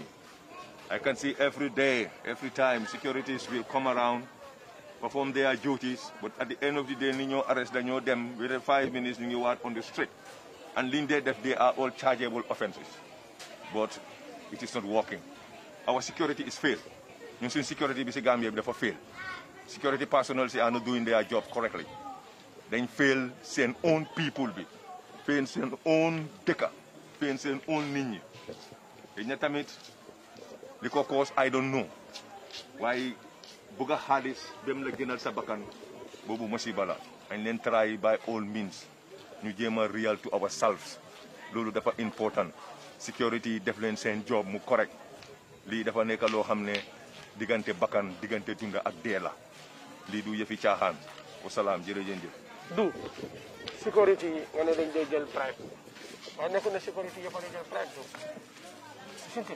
C: I can see every day, every time, securities will come around, perform their duties, but at the end of the day, Nino arrest dañoo them, within five minutes Nino are on the street. And liñ dee they are all chargeable offences. But it is not working. Our security is failed. You see, security is failed. Gambia Security personnel are not doing their job correctly. They fail their own people bi. fail their own dëkka. fail their own Nino. li ko cause I don't know waaye bëgg a xaalis dem la gënal sa bakkan boobu musiba la dañ leen try by all means ñu jéem a real to ourselves loolu dafa important security def leen seen job mu correct lii dafa nekk loo xam ne diggante bakkan diggante dunda ak dee la lii du yëfi caaxaan wasalaam jërëjëf
B: du sécurité yi nga ne dañ jël bribe waaye nekku na sécurité yëpp a jël bribe du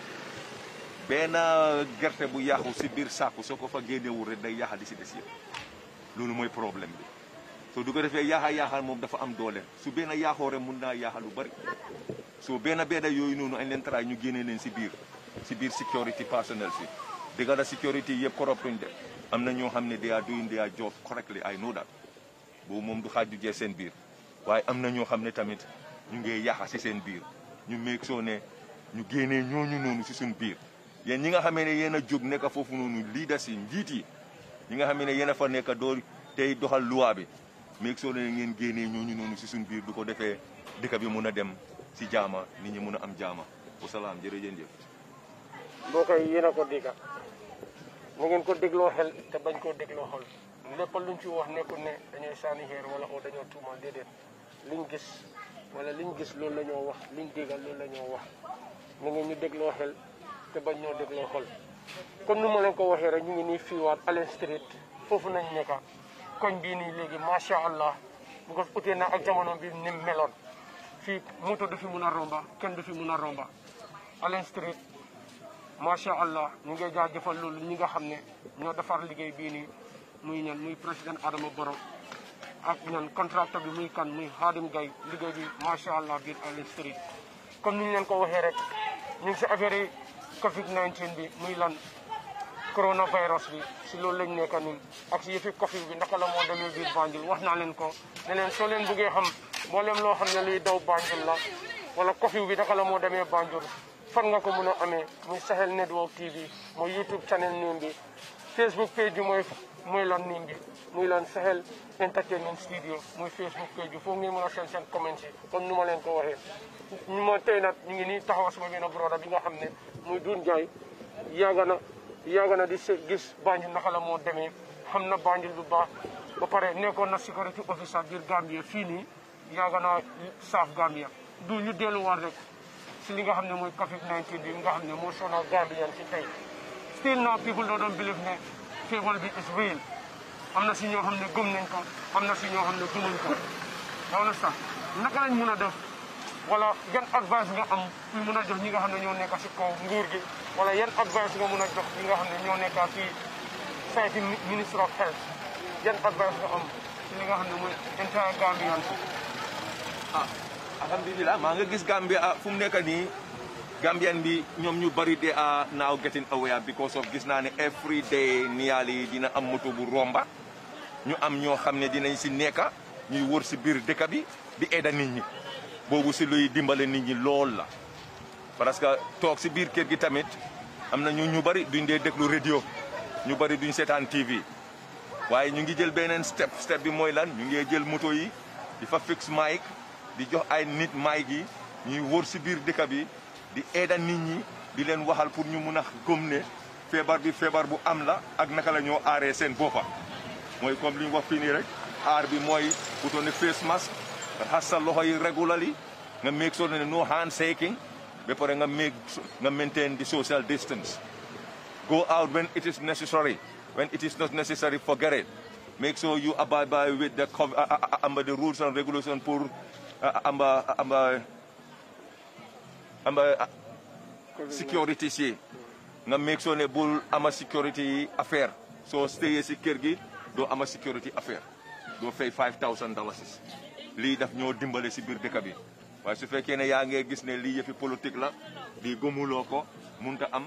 C: benn gerte bu yàqu si biir sàkku soo ko fa génnewul rek day yàqal di si des yëpp loolu mooy problème bi soo du ko defee yaaxa yaaxal moom dafa am doole su benn yaaxoo rek mun naa yaaxal lu bëri soo benn benn yooyu noonu añ leen taraay ñu génnee leen si biir si biir sécurité personnel si dëgga la sécurité yëpp corruptuñ de am na ñoo xam ne they are doing their job correctly ay know that boobu moom du xaaj du jee seen biir waaye am na ñoo xam ne tamit ñu ngi yaaxa seen biir ñu meeg soo ne ñu génnee ñooñu noonu si suñ biir yéen ñi nga xamee ne yéen a jóg nekk foofu noonu lii da si njiit yi ñi nga xamee ne yéen a fa nekk doo tey doxal luwaa bi mais soo leen ngeen génnee ñooñu noonu si suñ biir du ko defee dëkk bi mun a dem si jaama nit ñi mun a am jaama wasalaam jërëjëf.
B: boo koy yéen a ko dégga mu ngeen ko dégloo xel te bañ koo dégloo xol lépp luñ ci wax nekkul ne dañooy sànni xeer wala o dañoo tuumal déedéet liñ gis wala liñ gis loolu lañoo wax liñ déggal loolu la wax mu ngeen te bañ ñoo dégloo xol comme ni ma leen ko waxee rek ñu ngi nii fiiwaat Allen Street foofu nañ nekka koñ bii nii léegi macha allah bu ko na ak jamono bi ni meloon fii moto du fi mun a romba kenn du fi mun a romba Allen macha allah ñu ngi jaajëfal loolu ñi nga xam ne ñoo defar liggéey bii nii muy ñan muy président Adama Barrow ak ñan contracteur bi muy kan muy liggéey bi macha allah biir Allen Street comme ni ñu ko waxee rek ñu si affaire Covid 19 bi muy lan coronavirus bi si loolu lañ nekk ñun ak si yëfi Covid bi naka la moo demee biir Banjul wax naa leen ko ne leen soo leen bëggee xam moo mboolem loo xam ne luy daw Banjul la wala Covid bi naka la moo demee Banjul fan nga ko mën a amee muy Sahel Network TV mooy YouTube channel nim bi Facebook page bi mooy mooy lan nim bi muy lan Sahel Entertainment Studio muy Facebook page bi foofu ngeen mën a seen seen comments yi comme ni ma leen ko waxee ñu ma tey nag ñu ngi nii taxaw sama benn broda bi nga xam ne muy du Ndiaye yàgg na yàgg na di gis Banjul naka la moo demee xam na Banjul bu baax ba pare nekkoon na security officer biir Gambia fii nii yàgg naa saaf Gambia du ñu delluwaat rek si li nga xam ne mooy COVID-19 bi nga xam ne moo sonal Gambia si tey still now people don't believe ne feebar bi is real am na si ñoo xam ne gum nañ ko am na si ñoo xam ne gëmuñ ko. waaw na sax naka lañ mun a def. wala yan advice nga ang kuy mën a jox ñi nga xam ne ñoo nekk si nguur gi wala yan advice nga muna a jox ñi nga xam eh, ne ñoo nekk si saytu ministre of health yan advice nga am si nga xam ne mooy entire Gambian si
C: ah alhamdulilah nga gis Gambia ah, fu mu nekk nii Gambian bi ñoom ñu bari de a ah, now getting aware because of gis naa every day niali dina am moto bu romba ñu am ñoo xamne dinañ ci nekka ñuy wër ci bir dëkk bi di eda nit ñi boobu si luy dimbale nit ñi lool la parce que toog si biir kër gi tamit am na ñu ñu bari duñ dee déglu radio ñu bari duñ seetaan TV waaye ñu ngi jël beneen step step bi mooy lan ñu ngi jël moto yi di fa fix mic di jox ay nit mic gi ñuy wër si biir dëkk bi di aida nit ñi di leen waxal pour ñu mun a gëm feebar bi feebar bu am la ak naka la ñoo aaree seen boppa mooy comme li ñu wax fii nii rek aar bi mooy bu doon ne hassa loxo yi regularly nga make sure ne no handshaking ba pare nga make nga maintain the social distance go out when it is necessary when it is not necessary forget it make sure you abide by with the under the rules and regulation for under under under security si nga make sure ne bul ama security affaire soo stayee si kër gi doo ama security affair. doo fay five thousand dollars lii daf ñoo dimbale si biir dëkk bi waaye su fekkee ne yaa ngi gis ne lii yëfi politique la di gëmuloo ko munta am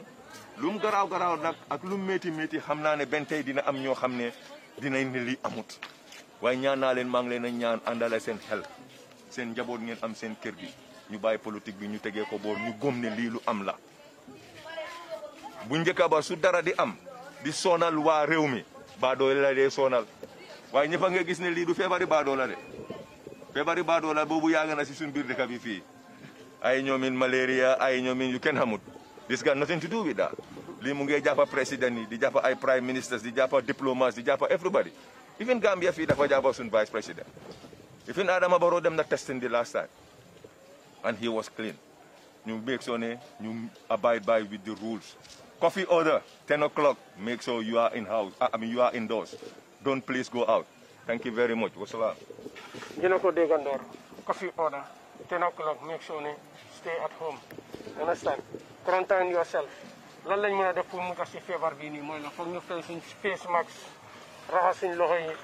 C: lu mu garaaw garaaw nag ak lum mu métti xam naa ne benn tey dina am ñoo xam ne dina ne lii amut waaye ñaan naa leen maa ngi leen a ñaan àndale seen xel seen njaboot ngeen am seen kër gi ñu bàyyi politique bi ñu tegee ko boor ñu góom ne lii lu am la bu njëkk ba su dara di am di sonal waa réew mi baadoo la dee sonal waaye ñëpp a nga gis ne lii du feebari baadoo feebari baadoola boobu yàgg na si suñ biir dëkk bi fii ay ñoomin malaria ay ñoomin you can hamut. this got nothing to do with that lii mu ngee jàppa président yi di jàppa ay prime ministers di jàppa diplomats di jàppa everybody even Gambia fi dafa jàppa suñ vice président even Adama Barrow dem na testing the last time and he was clean ñu make sure ne ñu abide by with the rules coffee order 10 o'clock make sure you are in house I mean you are indoors don't please go out Thank you very much. Wassalam.
B: Jenoko Degandor, coffee order, 10 o'clock, make sure stay at home. Understand? Quarantine yourself. lan lañ mën a def pour mu tax si feebar bii space, Max. la foog ñu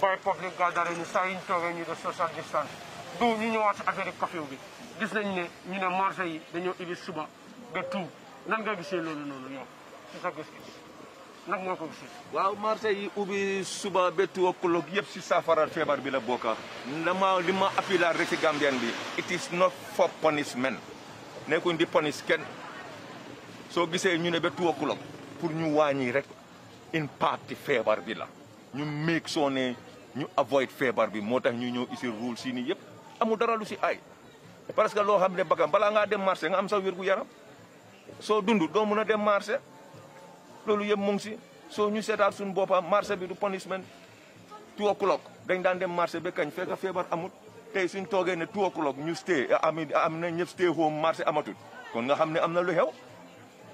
B: fay public gathering ni saa yi ñu toogee social distance Do ñu ñëwaat si affaire curfew bi gis nañ ne ñu ne marché yi dañoo ibi suba ba tout nan nga gisee loolu noonu yow si sa nag moo ubi
C: waaw suba betu okolog o'clock si safari febar bi la bokka dama li ma Gambian rek Gambien bi it is not for punishment Neku di punish kenn soo gisee ñu ne betu okolog pour ñu rek in partie febar bi la ñu make soo ne ñu avoid febar bi moo nyu ñu isi rule si nii yëpp dara lu si ay parce que loo xam ne bagam balaa ngaa dem ngam nga am sa wér gu yaram soo dund doo mun dem loolu yëpp mu ngi si soo ñu seetaat suñu boppam marché bi du punishment two o'clock dañ daan dem marché be kañ fekk feebar amut tey suñ toogee ne two o'clock ñu stay am na ñef stay home marché amatul kon nga xam ne am na lu xew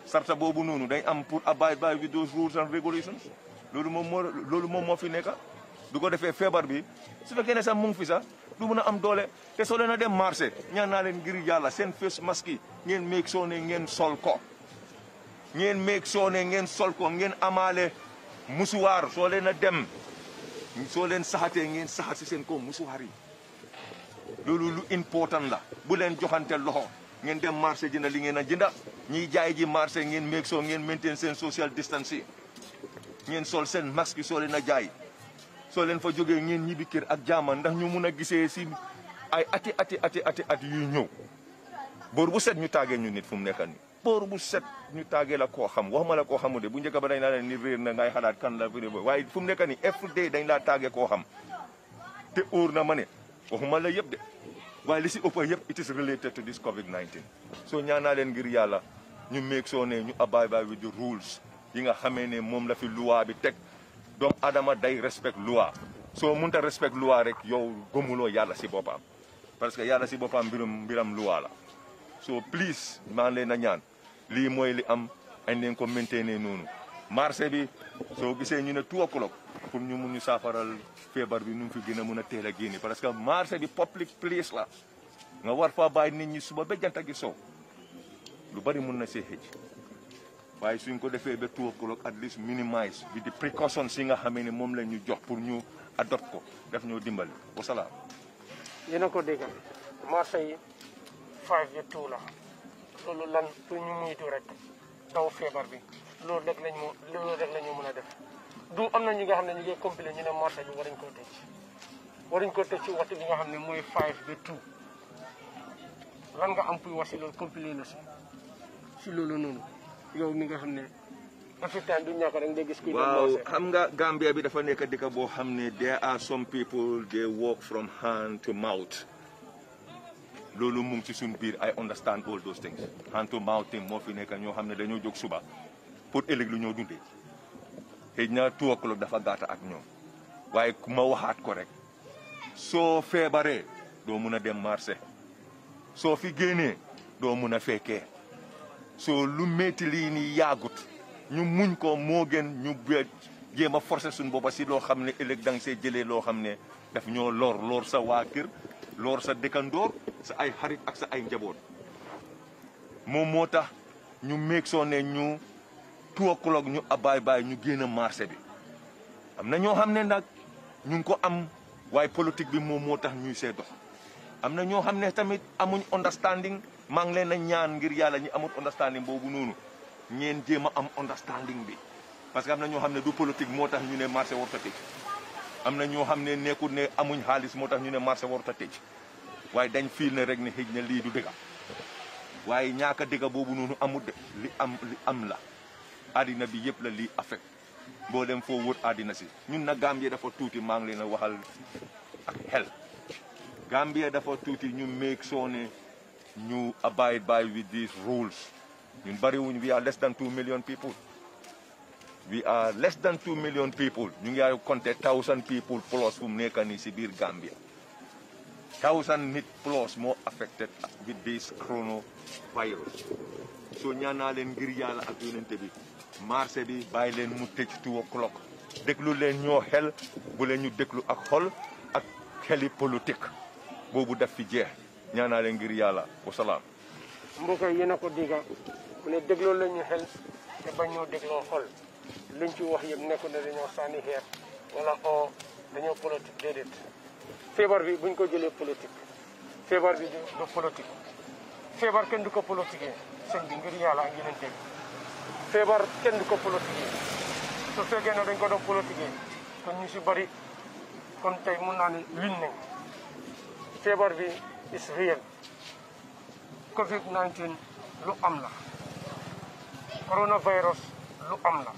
C: sarta boobu noonu dañ am pour abide bi with those rules and regulations loolu moom moo loolu moom moo fi nekk du ko defee feebar bi su fekkee ne sax mu ngi fi sax du mun a am doole te soo dem marché ñaa naa leen ngir yàlla seen face masque yi ngeen make soo ngeen sol ko ngeen meeg soone ngeen sol ko ngeen amaale musuwaar soo leen a dem soo leen saxatee ngeen saxat si seen ko musuwaar yi loolu lu important la bu leen joxante loxo ngeen dem marché jënda li ngeen a jënda ñiy jaay ji marché ngeen meeg soo ngeen maintain seen social distance yi ngeen sol seen masque soo leen a jaay soo leen fa jógee ngeen ñibbi kër ak jaama ndax ñu mun a gisee si ay ati ati ati ati at yuy ñëw boor bu set ñu taagee ñu nit fu mu nekk nii rapport bu set ñu tàggee la koo xam waxuma la koo xamu de bu njëkk ba dañ laa leen ni réer na ngay xalaat kan la réer waaye fu mu nekk nii FD dañ laa tàggee koo xam te óor na ma ne waxuma la yëpp de waaye li si ëpp yëpp it is related to this covid 19 soo ñaanaa leen ngir yàlla ñu meeg soo ne ñu abide by with the rules yi nga xamee ne moom la fi loi bi teg doomu adama day respect loi soo mënta respect loi rek yow gëmuloo yàlla si boppam parce que yàlla si boppam mbirum mbiram loi la so please man leena ñaan li moy li am ay leen ko maintenir nonu marché bi so gisé ñu né 2 o'clock pour ñu mënu safaral fièvre bi ñu fi gëna mëna mun a parce que marché bi public place la nga war fa bay nit ñi suba ba jant gi so lu bari mëna na xej xëj suñ ko défé ba 2 o'clock at least minimize bi di précaution si nga xamé ni mom lañ ñu jox pour ñu adopt ko ñu dimbal wa salaam
B: yéna ko déggal marché yi. five yëpp tuur la loolu lan pour ñu muytu rek daw feebar bi loolu rek lañ mu loolu rek la ñu mën a def du am na ñi nga xam ne ñi ngi compilé ñu ne marché bi waruñ koo tëj waruñ koo tëj ci waxtu bi nga xam ne mooy five ba two lan nga am puy wax si loolu compilé la si si loolu noonu yow mi nga xam ne africain du ñàkk rek nga gis kuy waaw
C: xam nga Gambia bi dafa nekk dëkk boo xam ne there are some people they walk from hand to mouth loolu mu ngi ci suñ biir I understand all those things xantu maaw tim moo fi nekk ñoo xam ne dañoo jóg suba pour ëllëg lu ñoo dundee xëy na two o'clock dafa gaata ak ñoom waaye ku ma waxaat ko rek soo feebaree doo mun a dem marché soo fi génnee doo mun a fekkee soo lu métti lii nii yaagut ñu muñ ko moo gën ñu jéem a force suñ boppa si loo xam ne ëllëg danga see jëlee loo xam ne daf ñoo lor lor sa waa kër lor sa dëkkandoor sa ay xarit ak sa ay njaboot moom moo tax ñu meeg soo ne ñu tuwakuloog ñu abaay baay ñu génn marché bi am na ñoo xam ne nag ñu ngi ko am waaye politique bi moom moo tax ñuy see am na ñoo xam ne tamit amuñ understanding maa ngi leen a ñaan ngir yàlla ñi amut understanding boobu noonu ñeen jéem am understanding bi parce que am na ñoo xam ne du politique moo tax ñu ne marché warut a tëj am na ñoo xam ne nekkul ne amuñ xaalis moo tax ñu ne marché warut a tëj waaye dañ fiil ne rek ne xëj na lii du dëgga waaye ñaaka dëgga boobu noonu amul de li am li am la àddina bi yëpp la lii affect boo dem foo wër àddina si ñun na Gambie dafa tuuti maa ngi leen a waxal ak xel Gambie dafa tuuti ñu make soo ne ñu abide by with these rules ñun bariwuñ we are less than two million people we are less than 2 million people ñu ngi ay compter thousand people plus fu mu nekk Gambia thousand nit plus moo affected with this coronavirus so ñaanaa leen ngir yàlla ak yonente bi marché bi bàyyi leen mu tëj clock. o'clock déglu leen ñoo xel bu leen ñu déglu ak xol ak xeli politique boobu daf fi jeex ñaanaa leen ngir yàlla wasalaam
B: mbokk yi yéen ko diga mu ne ñu te bañ ñoo xol luñ ci wax yëpp nekkul ne dañoo sànni xeer wala o dañoo politique déedéet feebar bi buñ ko jëlee politique feebar bi du politique feebar kenn du ko politique sëñ bi ngir yàlla ak yeneen bi feebar kenn du ko politique su fekkee ne dañ ko do politique kon ñu si bëri kon tey mun naa ne win nañ feebar bi is réel covid 19 lu am na coronavirus lu am na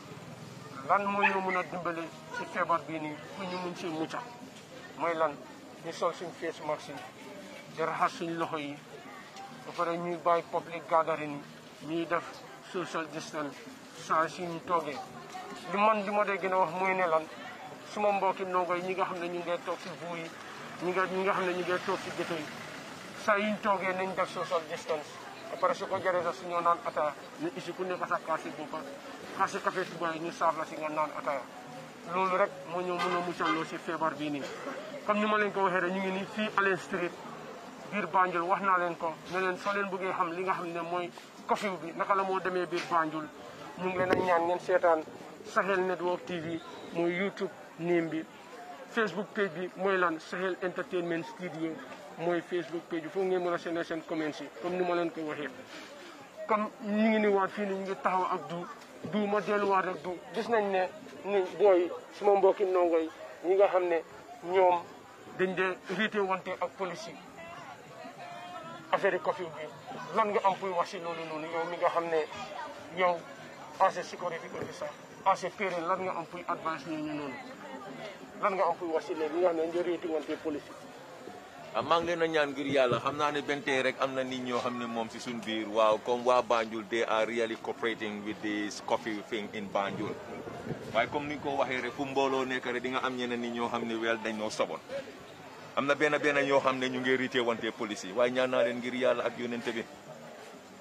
B: lan moo ñu mën a dimbale ci feebar bii nii pour ñu mun si mucca mooy lan ñu sol suñ face mask yi di raxas suñ loxo yi ba pare ñuy bàyyi public gathering yi ñuy def social distance saa si ñu toogee li man li ma dee gën a wax mooy ne lan suma mbokki ndongo yi ñi nga xam ne ñu ngay toog si buu yi ñi ñi nga xam ne ñu ngay toog si gëto yi saa yiñ toogee ñu def social distance ba pare su ko jaree sax su ñoo naan ataa ñu isi ku nekk sa kaasi boppam na si café Touba yi ñu saaf la si nga naan ataaya loolu rek moo ñëw mën a muccalloo si feebar bii nii comme ni ma leen ko waxee rek ñu ngi nii fii Alain Street biir Banjul wax naa leen ko ne leen soo leen bëggee xam li nga xam ne mooy curfew bi naka la moo demee biir Banjul ñu ngi leen a ñaan ngeen seetaan Sahel Network TV mooy YouTube nii bi Facebook page bi mooy lan Sahel Entertainment Studio mooy Facebook page bi foofu ngeen mën a seen seen commence yi comme ni ma leen ko waxee du ma delluwaat ak du gis nañ ne ni booy suma mbokki ndongo yi ñi nga xam ne ñoom dañ dee riite wante ak police yi affaire yi lan nga am pour wax si loolu noonu yow mi nga xam ne yow as a security officer as a parent lan nga am pour advice ñooñu noonu lan nga am pour si loolu ñi nga xam ne dañ dee wante police
C: ah maa ngi leen a ñaan ngir yàlla xam naane ne benn tey rek am na nit ñoo xam ne moom si suñu biir waaw comme waa Banjul they are really cooperating with this coffee thing in Banjul waaye comme ni ko waxee rek fu mbooloo nekk rek di nga am ñeneen nit ñoo xam ne wel dañ noo soboon am na benn benn ñoo xam ne ñu ngi rite wante police yi waaye ñaan naa leen ngir yàlla ak yónnente bi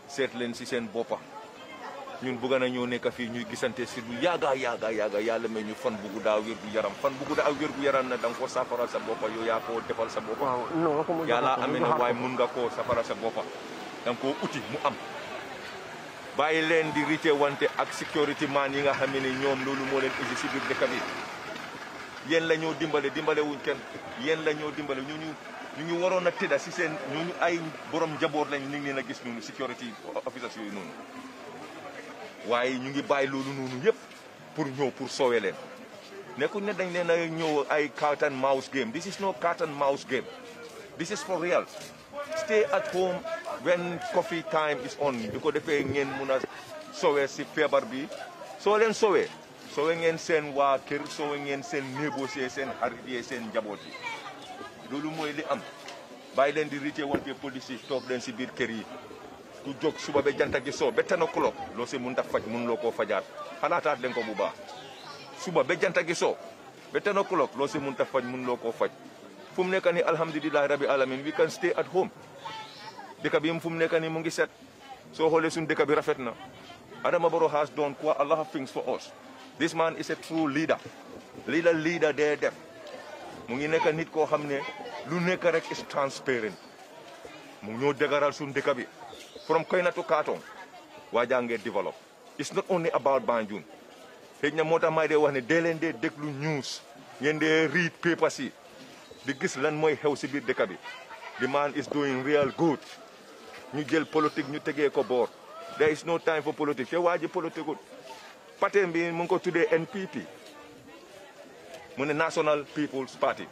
C: seet leen si seen boppa ñun bëgg nañoo nekk fii ñuy gisante si lu yaaga yaaga yaaga yàlla may ñu fan bu guddaa wér fan bu guddaa ak wér gu yaram na da nga koo safaral sa bopp yow yaa koo defal sa
B: bopp yàlla amee na waaye mun
C: nga koo safaral sa bopp da nga uti mu am bàyyi leen di rite wante ak sécurité man yi nga xam ne ñoom loolu moo leen indi si biir dëkk bi yéen la ñoo dimbale dimbale wuñ kenn yéen la ñoo dimbale ñu ñu ñu ngi waroon a tëdda si seen ñooñu ay borom njaboot lañ ni ngi leen a gis noonu sécurité officers yooyu noonu waaye ñu ngi bàyyi loolu noonu yëpp pour ñëw pour soowe leen nekkul ne dañ leen a ay cat and mouse game this is no cat and mouse game this is for real stay at home when coffee time is on bi ko defee ngeen mun a sowe si feebar bi soo leen soowee sowe ngeen seen waa kër sowe ngeen seen négocier seen xarit yi seen njaboot yi loolu mooy li am bàyyi leen di rité wante police yi toog leen si biir kër yi du jog suba be janta gi soo ba ten o'clock lo se mun ta faj mun lo ko fajaat xalaataat leen ko bu ba suba be janta gi soo ba ten o'clock lo se mun ta faj mun lo ko faj fum nekani rabbi alamin we can stay at home dëkk bi fum nekani So mu ngi set soo bi rafet Adama boro has done quite allah lot things for us this man is a true leader leader leader there def mu ngi nekani nit ko xamne lu nek rek is transparent mu ñoo sun dekabi. bi from Koina to Katong waajange develop it's not only about Banjul xëy na moo tax may dee wax news They read papers The di gis lan mooy xew si biir the man is doing real good New deal politics. New tegee ko boor there is no time for politics. te waa ji politique pateem bi mu ngi ko NPP mu National People's Party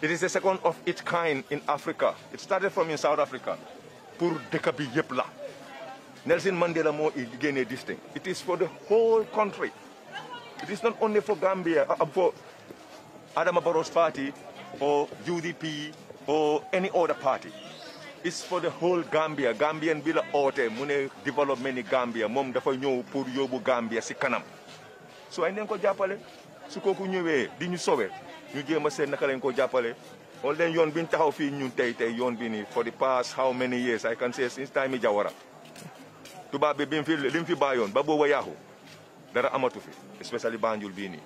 C: it is the second of its kind in Africa it started from in South Africa pour dëkk bi Nelson Mandela moo génnee this thing it is for the whole country it is not only for Gambia uh, uh, for Adama Barrow's party or UDP or any other party it's for the whole Gambia Gambian bi la ootee mu ne développement ni Gambia moom dafa ñëw pour yóbbu Gambia si kanam so ay nañ ko jàppale su kooku ñëwee di ñu sowe ñu jéem a naka lañ ko jàppale all then yoon bi ñu taxaw fii ñun tey tey yoon for the past how many years I can say since time Jawara tubaab bi bi mu fi li fi bàyyoon ba booba yaaxu dara amatu fi especially Banjul bii nii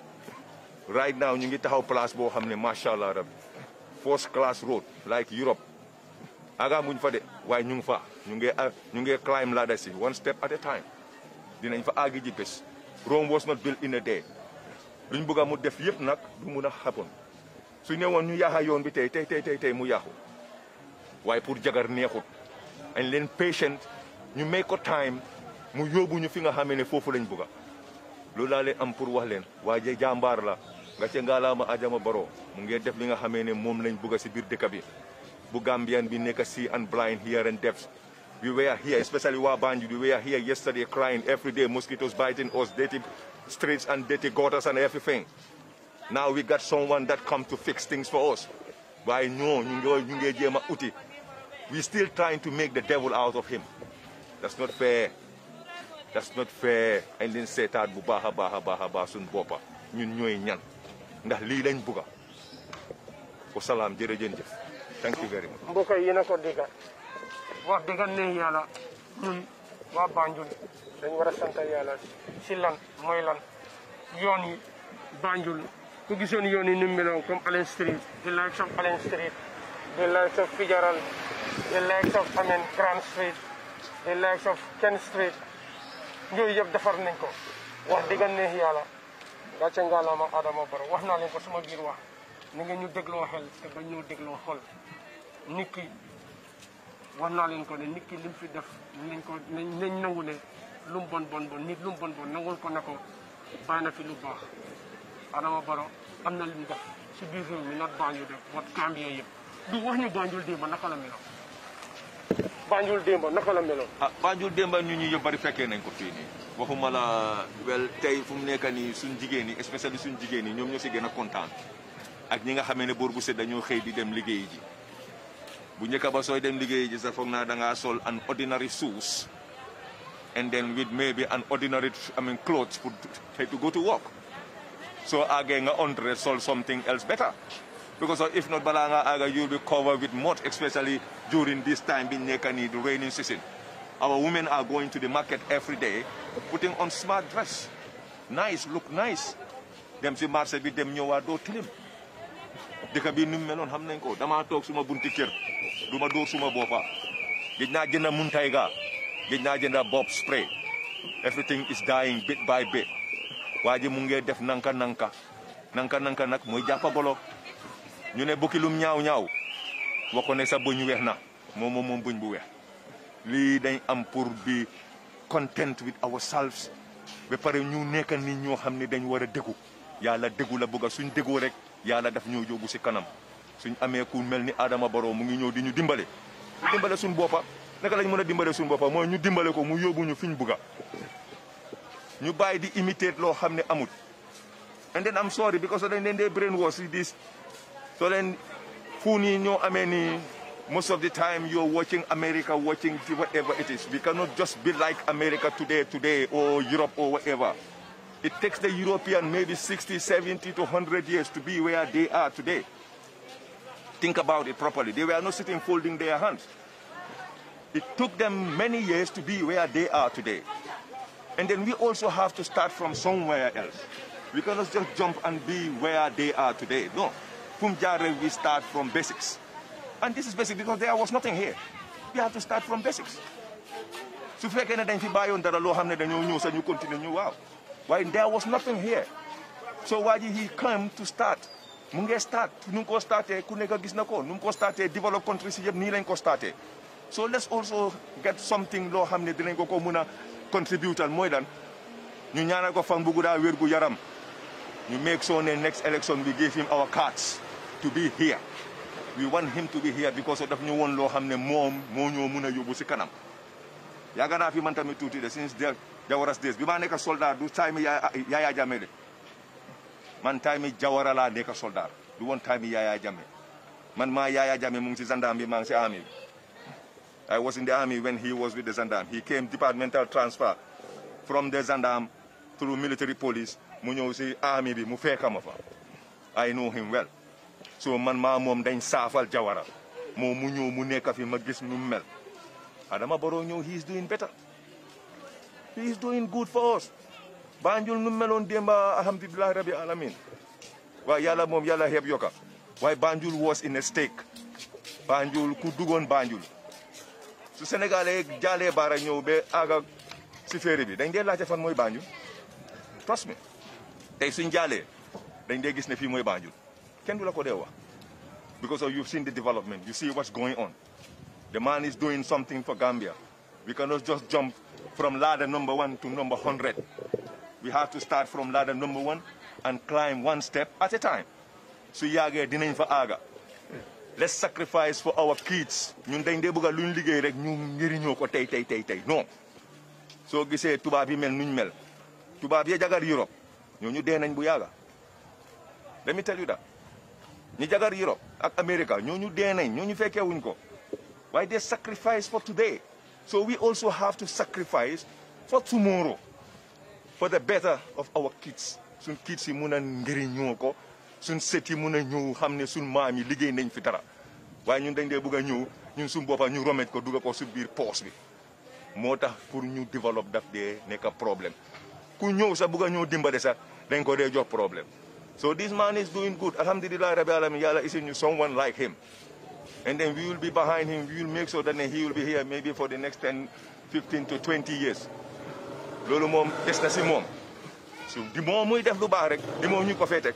C: right now ñu ngi taxaw place boo xam ne macha allah first class road like Europe agaamuñ fa de waaye ñu ngi fa ñu ngi ah, ñu ngi climb ladder si one step at a time dinañ fa àggi ji bés Rome was not built in a day luñ bëgg a mu def yëpp nag du happen su ne ñu yaaxa yoon bi tey tey tey tey mu yaaxu waaye pour jagar neexut añ leen patient ñu may ko time mu yóbbu ñu fi nga xamee ne foofu lañ bugga loolu laa leen am pour wax leen waaye jàmbaar la nga ce ngaalaama Adama Barrow mu ngi def li nga xamee ne moom lañ bugga si biir dëkk bi bu Gambian be nekk see and blind here and deaf we were here, especially Wabanju, we were here yesterday crying every day, mosquitoes biting us, dirty streets and dirty gutters and everything now we got someone that come to fix things for us waaye ñoo ñu ngi ñu ngi jéem a we still trying to make the devil out of him that's not fair that's not fair And then seetaat bu baax a baax a baax a baax suñ boppa ñun ñooy ñan ndax lii lañ bugga ko salaam jërëjën
B: thank you very much mbokk yi yéen a ko dégga wax dëgga ne yàlla ñun waa Banjul dañ war a sant yàlla si lan Banjul ku gisoon yoon yi ni mu meloon comme Allen Street di likes of Allen Street di likes of Fitzgerald di likes of I mean Grand Street di likes of Ken Street yooyu yëpp defar nañ ko wax dëgg neex yàlla gàcce ngaalaama Adama Barrow wax naa leen ko sama biir wax ni nga ñu dégloo xel te bañ ñoo dégloo xol nit ki wax naa leen ko ne nit ki fi def nañ ko nañ nangu ne lu mu bon bon bon nit lu mu bon bon nangul ko ne ko bàyyi na fi lu baax adama baro am na lu def si biir réew mi nag banjul def wat gambien yëpp du wax ñu banjul démba naka la meloon banjul démba naka la meloon ah banjul
C: démba ñu ñu yëpp bari fekkee nañ ko fii nii waxuma la wel tey fu mu nekk nii suñ jigéen yi especially suñ jigéen yi ñoom ñoo si gën a kontaan ak ñi nga xamee ne boor bu sedd dañoo xëy di dem liggéey ji bu ñëkk ba sooy dem liggéey ji sa foog naa da ngaa sol an ordinary shoes and then with maybe an ordinary I mean clothes to, to go to work So again, on to solve something else better. Because uh, if not balanga aga, you'll be covered with mud, especially during this time being nekani, the raining season. Our women are going to the market every day, putting on smart dress. Nice, look nice. Them see marché bi dem ñëwa do tilim. Dëkk bi nu meloon xam nañ ko dama toog suma bunti duma door suma boppa. Get na jënd muntayga, get na jënd bob spray. Everything is dying bit by bit. waa ji mu ngi def nanka nanka nanka nanka nag mooy jàppa golo ñu ne bukki lum ñaaw ñaaw wax ko ne sa bëñ weex na moom moom moom bëñ bu weex lii dañ am pour bi content with ourselves ba pare ñu nekka ni ñoo xam ne dañ war a déggu yàlla déggu la bugga suñ déggoo rek yàlla def ñu jógu si kanam suñ amee ku mel ni Adama Barrow mu ngi ñëw di ñu dimbale dimbale suñ boppa naka lañ mën a dimbale suñ boppa mooy ñu dimbale ko mu yóbbu ñu fi ñu bëgga ñu buy di imiter law, xam ne amut and then I'm sorry because then leen dee brainwash this so then, fu nii ñoo amee most of the time you're watching America, watching whatever it is. We cannot just be like America today, today, or Europe, or whatever. It takes the European maybe 60, 70 to 100 years to be where they are today. Think about it properly. They were not sitting folding their hands. It took them many years to be where they are today. And then we also have to start from somewhere else. We cannot just jump and be where they are today. No. from Pumjare, we start from basics. And this is basic because there was nothing here. We have to start from basics. su fekkee ne dañ fi bàyyoon dara loo xam ne dañoo ñëw sax continue continuer ñu waaw there was nothing here so why did he come to start mu start nu mu ko startee ku nekk gis na ko nu develop so let's also get something low hamne ne dinañ ko ko contributed mooy lan ñu ñaanal ko fan bu guddaa wér yaram ñu make sure ne next election we give him our cards to be here we want him to be here because daf ñu woon loo xam ne moom moo ñoo mun a yóbbu si kanam yàgg naa fi man tamit tuuti de since de Jawara's days bi maa nekk soldat du time ya Jammeh de man time Jawara laa nekk soldat du woon time ya Jammeh man maa ya Jammeh mu ngi si gendarme bi maa ngi si armée I was in the army when he was with the Zandam. He came departmental transfer from the Zandam through military police mu army bi mu fekk ma fa. I know him well. so man maa moom dañ safal Jawara moom mu ñëw mu nekk fi ma gis nu mel Adama Barrow ñëw he is doing better. he is doing good for us. Banjul nu meloon démba alhamdulilah rabi alamin waaye yàlla moom yàlla xeeb yokka waaye Banjul was in a stake Banjul ku duggoon Banjul su sénégalais jaalee baara ñëw ba àgga si féeri bi dañ dee laajte fan mooy Banjul trust me tey suñ jaalee dañ dee gis ne fii mooy Banjul kenn du la ko dee wax because you've seen the development you see what's going on the man is doing something for Gambia we cannot just jump from ladder number one to number hundred we have to start from ladder number one and climb one step at a time su yage dinañ fa aga let's sacrifice for our kids ñun dañ dee bëgg a lu ñu liggéey rek ñu njëriñoo ko tey tey tey tey non soo gisee tubaab yi mel nuñ mel tubaab ya jagar Europe ñooñu dee nañ bu yàgga let me tell you that ñi jagar Europe ak America ñooñu dee nañ ñooñu fekkee wuñ ko waaye they sacrifice for today so we also have to sacrifice for tomorrow for the better of our kids suñ kids yi mun a njëriñoo ko suñ seti yi mun a ñëw xam ne suñ maam yi liggéey nañ fi dara waaye ñun dañ dee bëgg a ñëw ñun suñ boppa ñu romet ko dugg ko suñ biir poos bi moo tax pour ñu développe daf dee nekk problème ku ñëw sa bëgg a ñëw dimbale sax dañ ko dee jox problème so dis man is doing good alhamdulillahi rabbi alamin yàlla is ñu someone like him and then we will bi behind him we will make sure that he will be here maybe for di next 10 15 to 20 years loolu moom des na si moom su di moom muy def lu baax rek di ñu ko fee teg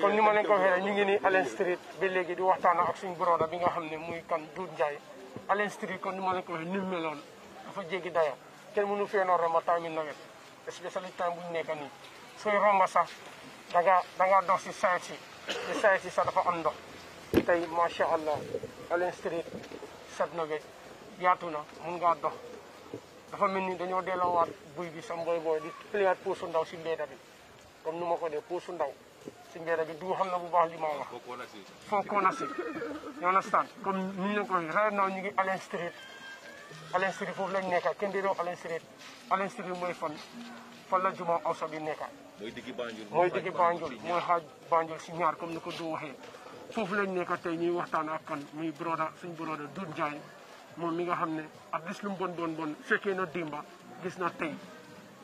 B: kon ni ma leen ko ñu ngi ni Allen Street ba léegi di waxtaan ak suñu broda bi nga xam ne muy kan Doudou Ndiaye Allen Street kon ni ma leen ko waxee ni mu meloon dafa jéggi daya kenn mënu fee noor ma temps mi nawet especially temps bu ñu nekk nii sooy romba sax da ngaa dox si saa si si sax dafa am ndox tey macha allah Allen Street set na wecc yaatu na mun ngaa dox dafa mel ni dañoo delloowaat buy bi sa mboy booy di pliat puusu ndaw si mbeeda bi kon nu ma ko dee puusu ndaw suñu jërëjëf bi du xam na bu baax li ma wax. foog koo nasi you understand comme ni ñu leen ko right now ñu ngi Allen Street Allen Street foofu lañ nekk kenn di réew Allen Street Allen Street mooy fan fan la juma awsa bi nekk.
C: mooy diggi Banjul mooy diggi Banjul mooy
B: xaaj Banjul si ñaar comme ni ko du waxee. foofu lañ nekk tey ñuy waxtaan ak kan muy broda suñu broda Doudou Ndiaye moom mi nga xam ne ak gis lu mu bon bon bon fekkee na dimba gis na tey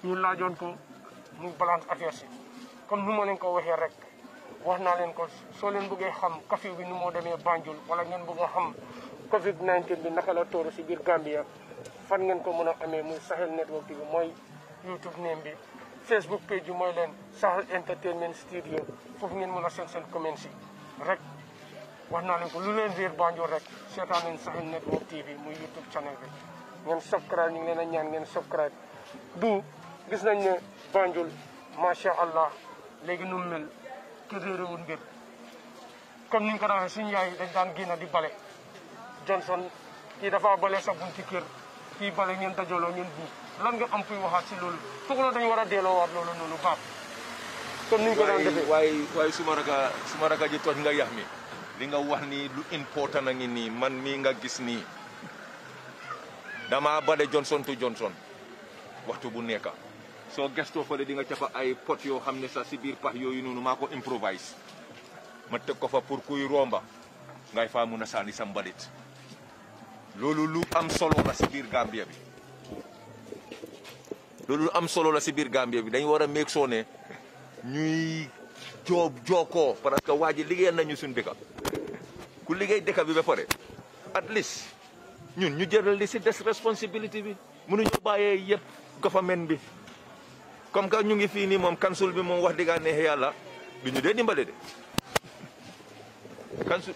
B: ñu laajoon ko mu balance affaire si comme ni ma leen ko waxee rek. wax naa leen ko soo leen bëggee xam Covid bi nu moo demee Banjul wala ngeen bëgg a xam Covid 19 bi naka la tóoru si biir Gambia fan ngeen ko mën a amee muy Sahel Network TV mooy YouTube name bi. Facebook page bi mooy leen Sahel Entertainment Studio foofu ngeen mën a seen seen comments yi rek wax naa leen ko lu leen réer Banjul rek seetaan leen Sahel Network TV muy YouTube channel bi ngeen subscribe ñu ngi leen a ñaan ngeen subscribe du gis nañ ne Banjul macha allah léegi nu ke réeré wun ni nga ko dañ di bale Johnson kii dafa bale sa bunti kër kii bale ngeen dajaloo ngeen buub lan nga am fuy waxaat si loolu la dañ
C: ni ko suma raka suma raka ji toj nga li nga wax ni lu important man nga gis dama bale Johnson to Johnson Waktu bu so gesto fa di nga fa ay pot yo xamne sa ci bir pax yooyu noonu maa improvise ma tek ko fa pour kuy romba ngay fa mu na sani sam balit lolou lu am solo la ci bir gambia bi lolou am solo la ci bir gambia bi dañ wara a soné ñuy job joko parce que waji ji nañu suñ dekk ku ligéy dekk bi ba at least ñun ñu jëral li ci des responsibility bi mënuñu bàyyee eh, yëpp government bi comme que ñu ngi fii nii moom kansul bi moom wax dëgg neex yàlla bi ñu dee dimbale de kansul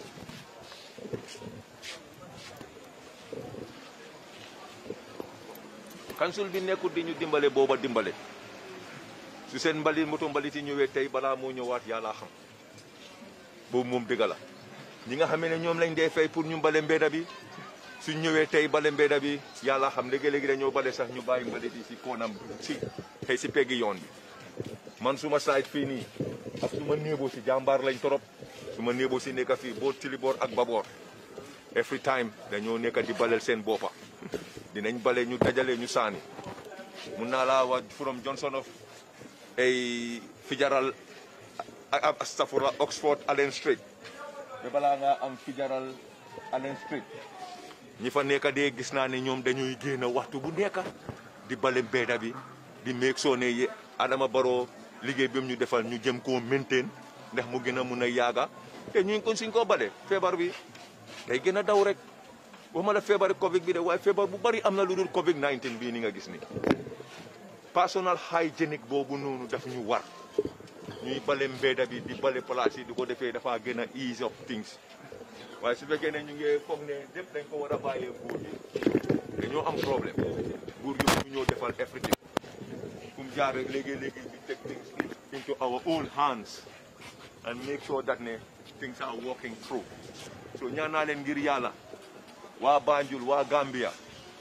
C: kansul bi nekkul di ñu dimbale booba dimbale su seen mbali moto mbalit yi ñëwee tey balaa moo ñëwaat yàlla xam boobu moom dëgg la ñi nga xam ne ñoom lañ dee fay pour ñu mbale mbedda bi suñ ñëwé tay balé mbéda bi yalla xam léegi légui dañu balé sax ñu bayyi mbalit bi si konam ci tay si pégg yoon bi man suma saaj fi ni ak suma neebo ci jambar lañ torop suma néeboo si nekk fii boor tiliboor ak babor every time dañu nekk di balé sen bopa dinañ bale ñu dajalé ñu saani mun na la wa from johnson of ay fijaral ak oxford allen street be bala nga am um, fijaral allen street ñi fa nekk dee gis naa ne ñoom dañuy génn waxtu bu nekk di bale mbedda bi di meeg soo yi Adama Barrow liggéey bi ñu defal ñu jëm koo maintain ndax mu gën a mun a yaaga te ñu ngi ko suñ koo bale feebar wi day gën a daw rek waxuma la feebari Covid bi de waaye feebar bu bari am na lu dul Covid 19 bii ni nga gis ni personal hygiénique boobu noonu daf ñu war ñuy bale mbedda di bale place yi di ko defee dafa gën a ease of things waaye su fekkee ne things into our own hands and make sure that things are working through so ñaan naa leen Banjul waa Gambia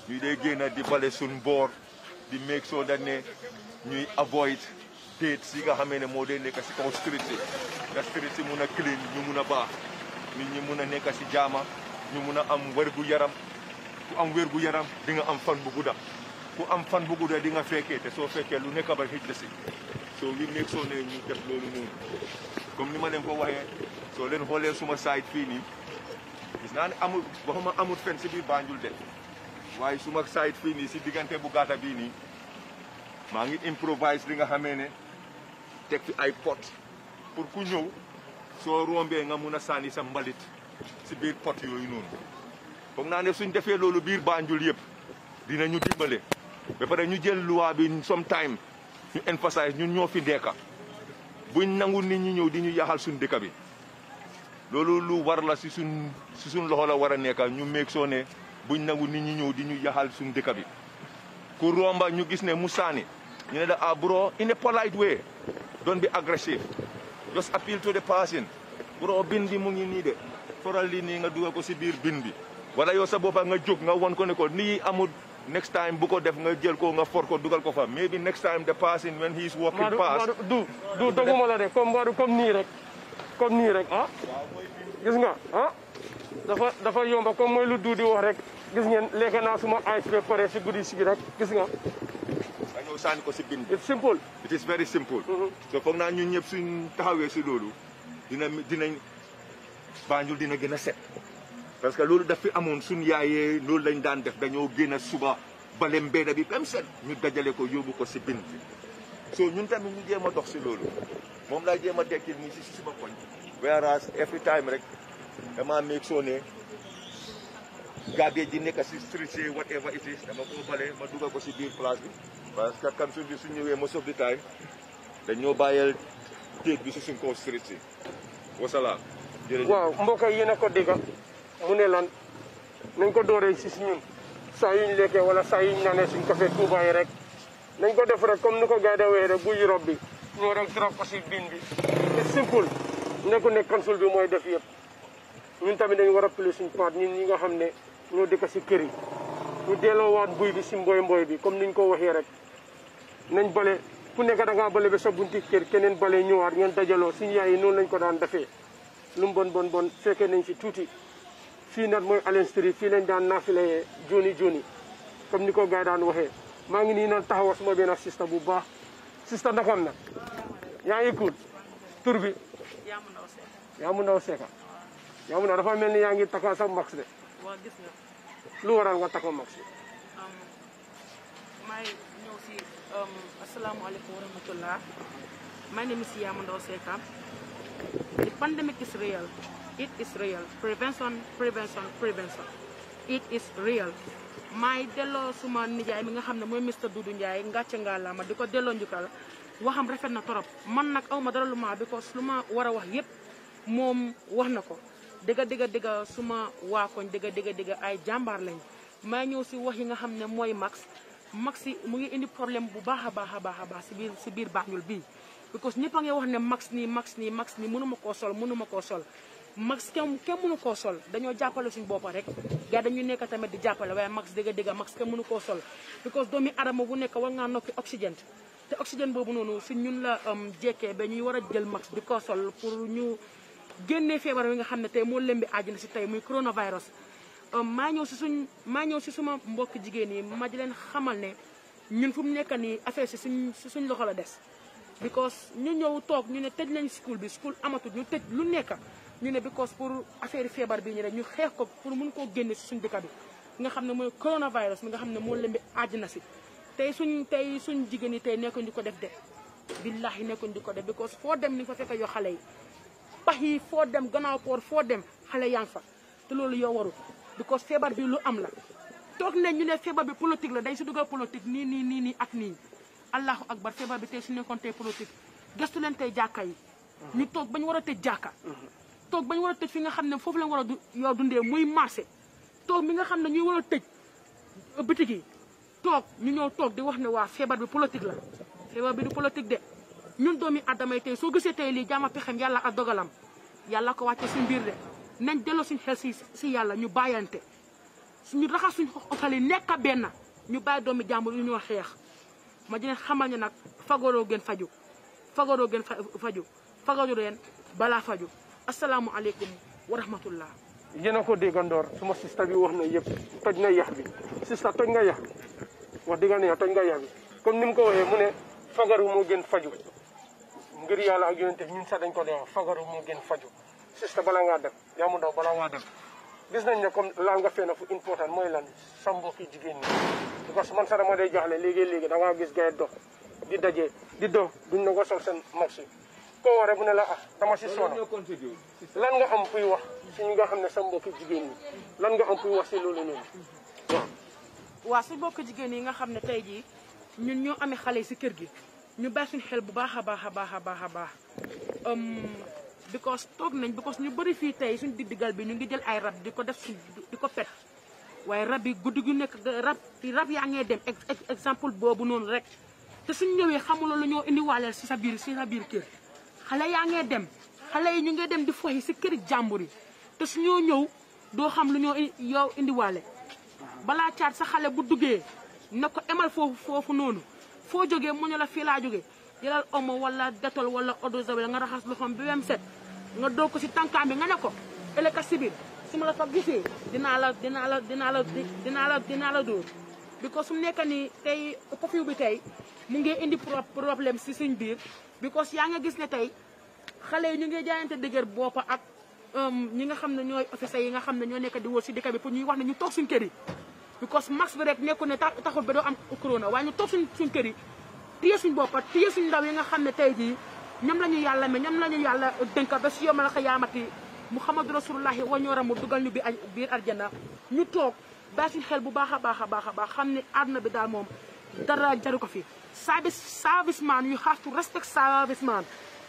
C: ñu dee génn di bale suñ boor di make sure that ne ñuy avoid dates yi nga xamee ne moo dee nekk si kaw street si nga street a clean ñu mun baax nit ñi mun a nekk si jaama ñu mun a am wérgu yaram ku am wérgu yaram di nga am fan bu gudda ku am fan bu gudda di nga fekkee te soo fekkee lu nekk ba xëj si so wi nekk soo ne ñu def loolu noonu comme ni ma leen ko waxee soo leen xoolee suma side fii nii gis naa ne amul waxuma amul fen si biir Banjul de waaye suma side fii nii si diggante bu gaata bii nii maa ngi improvise li nga xamee ne teg fi ay pot pour ku ñëw so rombe nga muna sani sa mbalit si bir pot yooyu non foog na ne suñ defé lolu bir Banjul yépp dinañu dibalé ba paré ñu jël loi bi sometime ñu emphasize ñun ñoo fi deeka buñ nangu nit ñi ñew diñu ñu yaxal suñ dëkk bi lolu lu war la ci suñ ci suñ loxo la wara nekkal ñu meeg soo buñ nangu nit ñi ñew diñu ñu yaxal suñ dëkk bi ku romba ñu gis ne musani ñu ne da ah bro in a polite way don't be aggressive just appeal to the passion. Bro, bindi mu ngi ni de foral li ni nga dugal ko si bir bindi wala yo sa bopa nga jog nga won ko ne ko ni amul next time bu ko def nga jël ko nga for ko dugal ko fa maybe next time the passing when he's walking past
B: du du doguma la de comme waadu comme ni rek comme ni rek ah gis nga ah dafa dafa yomba comme moy lu di wax rek gis ngeen léegi naa suma ISP pare si guddi si bi rek gis nga. nga ñëw sànni ko si bin bi. it's simple. it is very
C: simple. Mm-hmm. so foog naa ñun ñëpp suñ taxawee si loolu dina dinañ Banjul dina gën a set. parce que loolu daf fi amoon suñ yaayee loolu lañ daan def dañoo génn suba bale mbeeda bi même set ñu dajale ko yóbbu ko si bin bi. so ñun tamit ñu jéem a dox si loolu moom laa jéem a dekkil nii si suma koñ. whereas every time rek damaa make sure garbage ji nekk si street si whatever it is dama koo bale ma dugal ko si biir place bi parce que council bi su ñëwee most of the time bàyyeel téeg bi si suñ kaw street si wasalaam jërëjëf
B: waaw mbokk yi yéen a ko dégg mu ne lan nañ ko dooree si ñun saa yuñ lekkee wala saa yuñ naanee suñ café Touba yi rek nañ ko def rek comme ni ko gars da wee rek bu Europe bi ñoo rek trop ko si biin bi c'est simple nekku ne council bi mooy def yëpp ñun tamit dañu war a pli ñoo ka si kër yi ñu delloowaat buy bi si mbooy mbooy bi comme ni ñu ko waxee rek nañ bale ku nekk nag ngaa bale ba sa bunti kër keneen bale ñëwaat ngeen dajaloo suñu yaay yi noonu lañ ko daan defee lu mu bon bon bon fekkee nañ si tuuti fii nag mooy Allen fii lañ daan naafilayee joni joni comme ni ko gars daan waxee maa ngi nii naan taxawa suma benn sista bu baax sista nakam na yaa ngi kuul tur bi yaamu ndaw seeka yaamu ndaw dafa mel ni yaa ngi takka sa max waa nga. lu waral wa taxaw mag si.
E: may ñëw si asalaamaaleykum My name is Yaman Seka. The pandemic is real. It is real. Prevention, prevention, prevention. It is real. may delo suma nijaay mi nga xam ne Mr Doudou Ndiaye nga ngaa laa ma diko delo delloo njukkal waxam rafet na torop man nak awma dara lu because lu ma wax wax Dega-dega-dega suma wa koñ dega dega dëgg ay jambar lañ ma ñew ci wax yi nga xamne moy max max yi mu ngi indi problème bu baaxa baaxa baaxa a baax a biir biir because ñepp nga wax ne max ni max ni max ni mënuma koo sol mënuma koo sol max kam kam mënu ko sol dañoo jappalé suñu boppa rek ga dañu nekk tamit di jappalé way max dega-dega, max kam mënu ko sol because domi adama bu nekk wa nga nokki oxygène te oxygène bobu nonu si ñun la um, jéké ba ñuy jël max di sol pour ñu génnee feebar bi nga xam ne tey moo lembi àddina si tey muy coronavirus euh, maa ñëw si suñ maa ñëw si suma mbokk jigéen yi ma di leen xamal ne ñun fu mu nekk nii affaire si suñ suñ loxo la des because ñu ñëw toog ñu ne tëj nañ school bi school amatu ñu tëj lu nekk ñu ne because pour affaire feebar bi ñu rek ñu xeex ko pour mun koo génne si suñ dëkk bi nga xam ne mooy coronavirus mi nga xam ne moo lembi àddina si tey suñ tey suñ jigéen yi tey nekkuñ di ko def de billahi nekkuñ di ko def because foo dem ni fa fekk yoo xale yi pax yi foo dem gannaaw koor foo dem xale yan ngi fa te loolu yow waru because feebar bi lu am la toog ne ñu ne feebar bi politique la dañ si dugal politique nii nii nii nii ak nii allahu akbar feebar bi tey si nekkoon tey politique gëstu leen tey jàkka yi ñu toog bañ war a tëj jàkka toog bañ war a tëj fi nga xam ne foofu lañ war a yow dundee muy marché toog mi nga xam ne ñuy war a tëj bitig yi toog ñu ñëw toog di wax ne waa feebar bi politique la feebar bi du politique de ñun doomi adamay tey soo gisee tey lii jaama pexem yalla ak dogalam yalla ko wàcce suñu bir de nañ delloo suñu xel ci si yàlla ñu bayanté suñu raxa suñu xol yi nekk ben ñu bay doomi jàmbur ñu ñoo xeex ma dinañ xamal ñu nak fagoro gën faju fagoro gën faju fagoro len bala faju alaykum wa rahmatullah
B: yena ko ko déggandoor suma sista bi wax na toj na yah bi sista toj nga yah wax dëgg ne toj nga yah bi comme nim ko waxe mu ne fagaru mo gën faju ngir yalla ak yonente ñun sa dañ ko def fagaru mo gën faju sista bala nga dem yaamu ndaw bala ngaa dem gis nañ ne comme laal nga fee na fu important moy lan sa mbokk yi jigen ni diko man sa dama day jaaxle léegi-léegi da nga gis gay dox di dajé di dox duñ nangoo sol sen marché ko waree bu ne la ah dama si sonn lan nga am fuy wax ci ñu nga xamné sa mbokk yi jigen ni lan nga am fuy wax ci lolu ñu
E: wa su mbokk yi nga xamné tay ji ñun ñoo amé xalé ci kër gi ñu bàyyi xel bu baaxa baaxa baaxa baaxa baax um because tok nañ because ñu bari fi tay suñu diggal bi ñu ngi jël ay rab diko def suñ pet waye rab yi guddi gu rab rab ya dem exemple bobu non rek te suñu ñëwé xamul lu ñoo walé si sa bir si sa bir kër xalé ya ngee dem xalé yi ñu ngi dem di foyi ci kër jamburi te suñu ñëw do xam lu ñoo yow walé bala sa xalé bu duggé nako émal emal fofu fo joge mo ñu la fi la joge jëlal omo wala detol wala eau de nga raxas loxoom bi wem set nga do ko ci tankam bi nga ne ko ele ka sibir suma la fa gisee dina la dina la dina la dina la dina la do because su mu nekk nii tey bi tay mu ngi indi problème ci suñ biir because ya nga gis ne tay xalé ñu ngi jaayante dëgër bopp ak um, ñi nga xam ne ñooy yi nga xam ne ñoo nekk di wo si dëkk bi pour ñuy wax ne ñu tok suñ kër because max bi rek nekkul ne taxul ba doo am corona waaye ñu toog suñ suñ kër yi boppa téye suñ ndaw yi nga xam ne tey jii ñoom la yàlla mais ñoom la ñu yàlla dënka ba si yomal xiyaamati muhammadu rasulullahi wañooram mu dugal ñu bi añ biir arjana ñu toog bàyyi suñ xel bu baax a baax a baax a baax xam ne àdduna bi daal moom dara jaru ko fi service service man you have to respect service man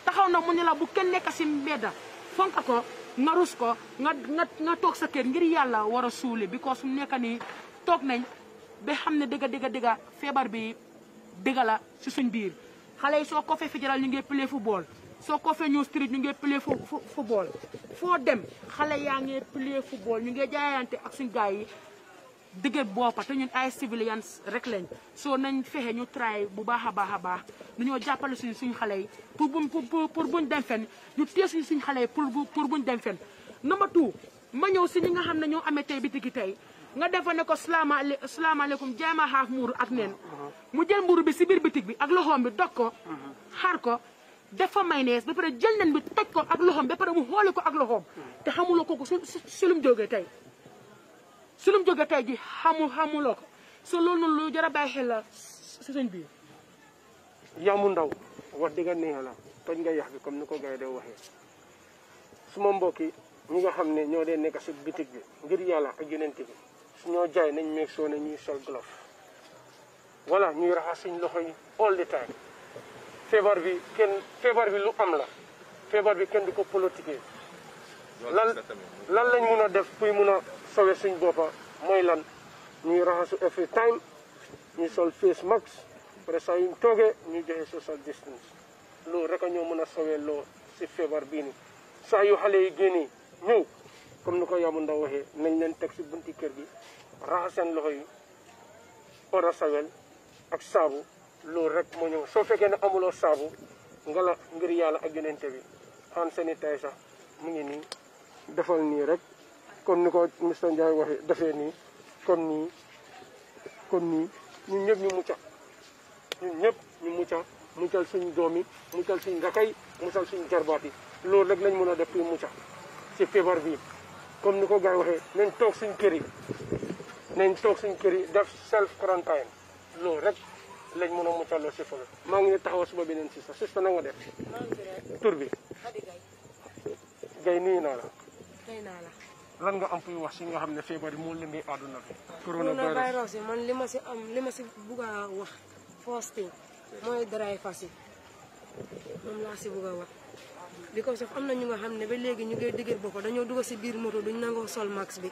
E: taxaw na mu ne la bu kenn nekk si mbedda fonk ko nga rus ko nga nga nga toog sa kër ngir yàlla war a suuli because mu nekk nii toog nañ ba xam ne dëgg dëgg dëgg feebar bi dëgg la si suñ biir xale yi soo ko fee fédéral ñu ngi play football soo ko fee ñëw street ñu ngi play football foo dem xale yaa ngi play football ñu ngi jaayante ak suñ gars yi dëgër boppa te ñun ay civilians rek lañ soo nañ fexe ñu try bu baax a baax a baax dañoo jàppale suñ suñ xale yi pour buñ pour buñ dem fen ñu téye suñ suñ xale yi pour pour buñ dem fen number two ma ñëw si ñi nga xam ne ñoo amee tey bitigi tey nga defal ne ko salama alaykum a xaaf mur ak nen mu jël mur bi ci bir bitig bi ak loxom bi dok ko xar ko dafa mayonnaise ba pare jël nen bi ko ak loxom ba pare mu xol ko ak loxom te xamuloo ko su sulum jógee tey sulum joge tay ji xamul xamul ko so loolu lu jara bay xel la si suñ biir
B: ndaw wax diga neela la nga yax bi comme niko gay de waxe suma mbokki ñi nga xamne ne ñoo dee nekk si bi ngir yalla ak yonent bi ñoo jaay nañ meeg soo ne ñuy sol glove voilà ñuy raxas suñ loxo yi all the time feebar bi kenn feebar bi lu am la feebar bi kenn du ko politiquer lan lañ mun a def puy mun a sowe suñ boppa mooy lan ñuy raxasu every time ñu sol face mask après saa yuñ toogee ñu joxe social distance loolu rek a ñoo mën a sowee lool si feebar bi nii saa yu xale yi génnee ñëw comme ni ko yaamu ndaw waxee nañ leen teg si bunti kër gi raxas seen loxo yi eau ak saabu loolu rek moo ñëw soo fekkee ne amuloo saabu ngala la ngir yàlla ak yonente bi hand sanitizer sax mu ngi nii defal nii rek kon ni ko monsieur Ndiaye waxee nii kon nii kon nii ñëpp ñu mucca ñun ñëpp ñu mucca muccal suñ doom yi muccal suñ rakay muccal suñu jarbaat yi loolu rek lañ mën a def pour mucca ci feebar bii comme ni ko gars yi waxee nañ toog suñ kër yi nañ toog suñ kër yi def self quarantine loolu rek lañ mën a muccaloo si foofu maa ngi taxaw suba beneen si sa sista na nga def tur bi gay nii naa la lan nga am fuy wax si nga xam ne feebar yi moo lëngay àdduna bi
F: man li ma si am li ma si bugg a wax fasting mooy dry fasting moom laa si bugg a wax because of am na ñu nga xam ne ba léegi ñu ngi dëgër bopp dañoo dugg si biir moto duñ nangoo sol max bi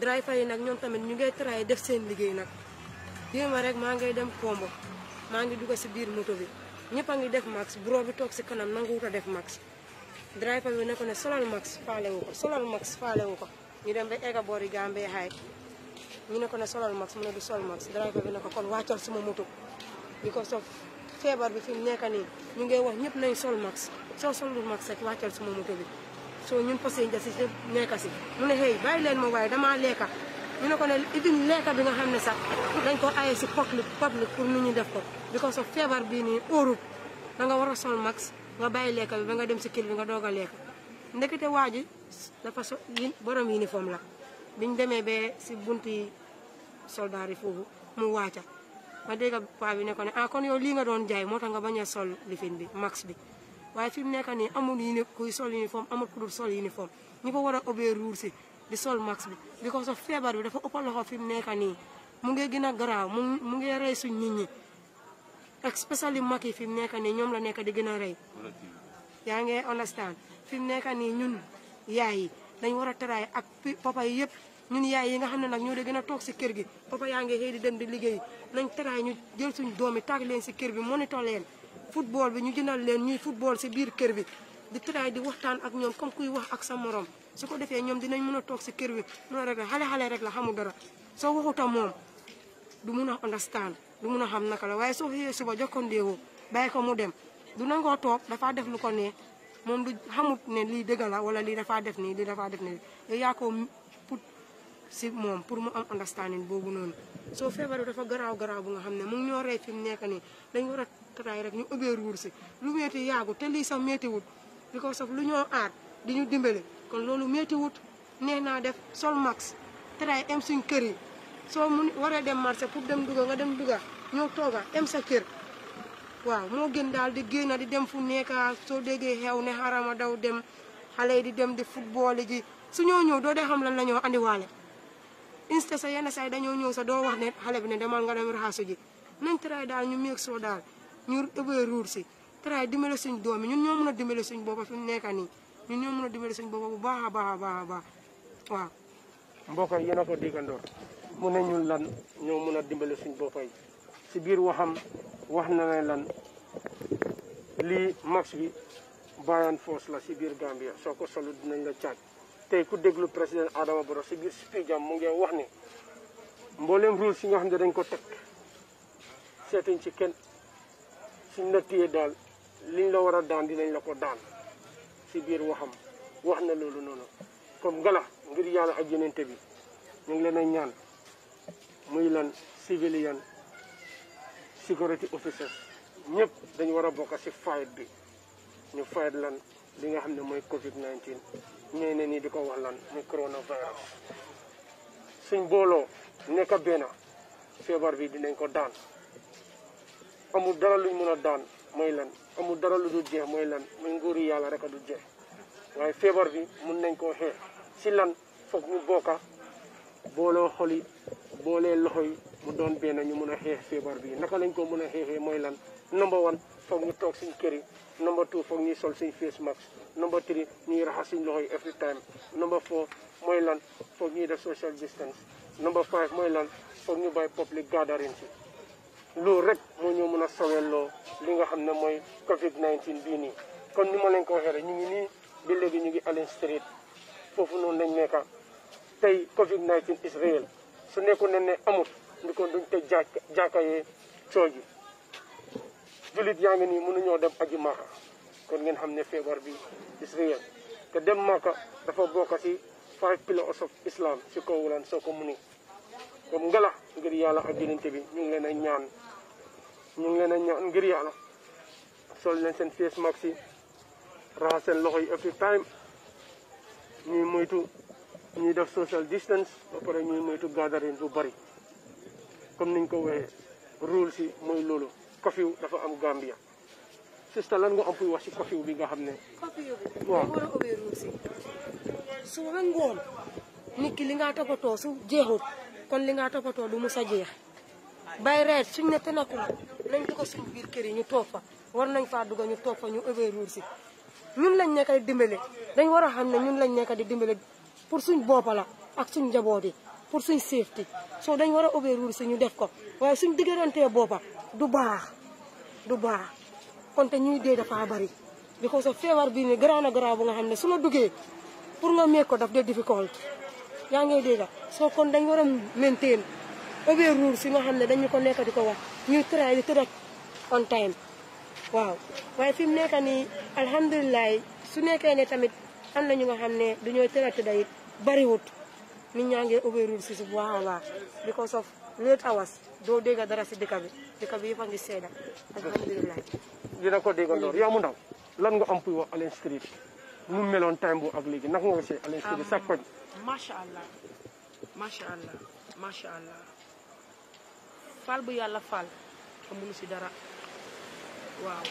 F: driver yi nag ñoom tamit ñu ngay traay def seen liggéey nag déema rek maa ngay dem kombo maa ngi dugg si biir moto bi ñëpp a ngi def max bro bi toog si kanam nanguwut a def max driver bi ne ko ne solal max faale wu ko solal max wu ko ñu dem ba egga boori Gambie xaay ñu ne ko ne solal max mu ne sol max driver bi ne ko kon wàccal suma moto bi ko sof feebar bi fi mu nekk nii ñu ngi wax ñëpp nañ sol max soo sol max rek wàccal suma moto bi soo ñun passenger si nekka si mu ne hey bàyyi leen ma waaye damaa lekka ñu ne ko ne even lekka bi nga xam ne sax dañ ko aye si public public pour nu ñu def ko because of feebar bii nii Europe da war a sol max nga bàyyi lekka bi ba nga dem si kil bi nga doog a lekka ndekete waa ji dafa so borom uniforme la biñ demee bee si bunti soldaar yi foofu mu waaca ma dégg paa bi ne ko ne ah, kon yow lii nga doon jaay moo tax nga bañ a sol lifin bi maks bi waaye fi mu nekk nii amul uni kuy sol uniforme amul ku dul sol uniforme ñi ko war a obéir ruur si di sol max bi because of feebar bi dafa ëppal loxo fi mu nekk nii mu ngi gën a garaaw mu mu ngi rey suñ nit ñi especially mag yi fi mu nekk nii ñoom la nekk di gën a rey yaa ngi fi mu nekk nii ñun yaay yi dañ war a teraay ak papa yi yëpp ñun yaay yi nga xam ne nag ñoo de gën a toog si kër gi papa yaa ngi xëy di dem di liggéey nañ teraay ñu jël suñ doomi taag leen si kër bi monitor leen football bi ñu jëndal leen ñuy football si biir kër bi di tray di waxtaan ak ñoom kom kuy wax ak sa moroom su ko defee ñoom dinañ mën a toog si kër bi mën a rek xale xale rek la xamul dara soo waxuta moom du mun a understand du mun a xam naka la waaye soo xëyee suba jokkondeewoo bàyyi ko mu dem du nangoo toog dafaa def lu ko nee moom du xamut ne lii dëgg la wala lii dafaa def nii lii def nii yow yaa ko put si moom pour mu am understanding boobu noonu soo feebar dafa garaaw garaaw bu nga xam ne mu ñoo rey fi dañ war tataay rek ñu ubeer wur si lu metti yaagu te lii sax méttiwut bi ko sof lu ñoo aar di ñu dimbale kon loolu méttiwut nee naa def sol max tataay em suñ kër yi soo mun waree dem marché pour dem duga nga dem duga ñëw tooga em sa kër waaw moo gën daal di génn di dem fu nekka soo déggee xew ne xarama daw dem xale yi di dem di football ji su ñoo ñëw doo dee xam lan la ñoo andiwaale insta sa yenn saa dañoo ñëw sa doo wax ne xale bi ne demal nga dem raxasu ji nañ tëraay daal ñu méeg soo daal ñur ëbee si traa dimbale suñ doomi ñun ñoo mëna a dimbale suñ boppa fi mu ni ñun ñoo wah a dimbale suñ doh bu baaxa baaxa
B: baaxa baax ko digando mu ne ñun lan ñoo mëna a suñ yi si biir waxam wax na li lan li max bi Bayan Force la si biir Gambia soko solo dinañ la ciat tay ku deglu president Adama boro si biir speech mu ngi wax ni mboolem rules ci nga xam ko tek setin ci kenn suñ na téye daal liñ la war a daan dinañ la ko daan si biir waxam wax na loolu noonu comme ngala ngir yàlla ak yonente bi ñu ngi leen a ñaan muy lan civilian security officers ñëpp dañu war a bokk si fight bi ñu fight lan li nga xam ne mooy covid 19 ñee nii di ko wax lan muy coronavirus suñ booloo nekk benn feebar bi dinañ ko daan amul dara luñ mën a daan mooy lan amul dara lu dul jeex mooy lan muy nguuru yàlla rek a dul jeex waaye feebar bi mun nañ koo xeex si lan foog ñu bokka booloo xol yi boolee loxo yi mu doon benn ñu mun a xeex feebar bi naka lañ ko mun a xeexee mooy lan number one foog ñu toog suñ kër yi number two foog ñuy sol suñ face mask number three ñuy raxas suñ loxo yi every time number four mooy lan foog ñuy def social distance number five mooy lan foog ñu bàyyi public gathering si loolu rek moo ñoo mën a sowelloo li nga xam ne mooy Covid 19 bii nii. kon ni ma leen ko waxee rek ñu ngi nii ba léegi ñu ngi Allen Street foofu noonu lañ nekka tey Covid 19 is real su nekkoon ne ne amut ndi kon duñ tëj jàkk jàkkayee coo ji jullit yaa ngi nii mënuñoo dem aji Màkka kon ngeen xam ne feebar bi is real te dem Màkka dafa bokk si five pillars of Islam si kaw lan soo ko mu ni comme ngelax ngir yàlla ak bi ñu ngi leen a ñaan ñu ngi leen a ñaan ngir yàlla sol leen seen face mask yi raxas seen loxo yi every time ñuy moytu ñuy def social distance ba pare ñuy moytu gathering bu bari comme niñ ko waxee rules yi mooy loolu curfew dafa am Gambia sista lan nga am fuy wax ci curfew bi nga xam ne
F: waaw su ngoon nit ki li nga toppatoo su jeexut kon li nga toppatoo du mus a jeex bay reer suñ ne te nekkul nañ dugal suñ biir kër yi ñu toog fa war nañ faa dugal ñu toog fa ñu évaluer si ñun lañ nekk di dimbale dañ war a xam ne ñun lañ nekk di dimbale pour suñ boppa la ak suñ njaboot yi pour suñ ti soo dañ war a évaluer si ñu def ko waaye suñ diggantee boppa du baax du baax konte ñu ñuy dee dafa bari ko of feebar bii nii garaaw na garaaw bu nga xam ne su ma duggee pour nga meeg ko daf dee difficult yaa ngi dégg soo kon dañ war a maintain obéir rules si nga xam ne dañu ko nekk di ko wax ñu try di tëdd on time waaw waaye fi mu nekk nii alhamdulilah su nekkee ne tamit am na ñu nga xam ne du ñooy tëdd tëdd it bariwut nit ñaa ngi obéir rules si bu baax a baax because of late hours doo dégg dara si dëkk bi dëkk bi yëpp a ngi seeda alhamdulilah
B: dina ko déggandoor yow mu ndaw lan nga am puy wax Alice Street mu meloon time bu ak léegi naka nga ko see Alice sa koñ
E: macha allah macha allah macha allah faal bu yàlla faal xamuñu si dara waaw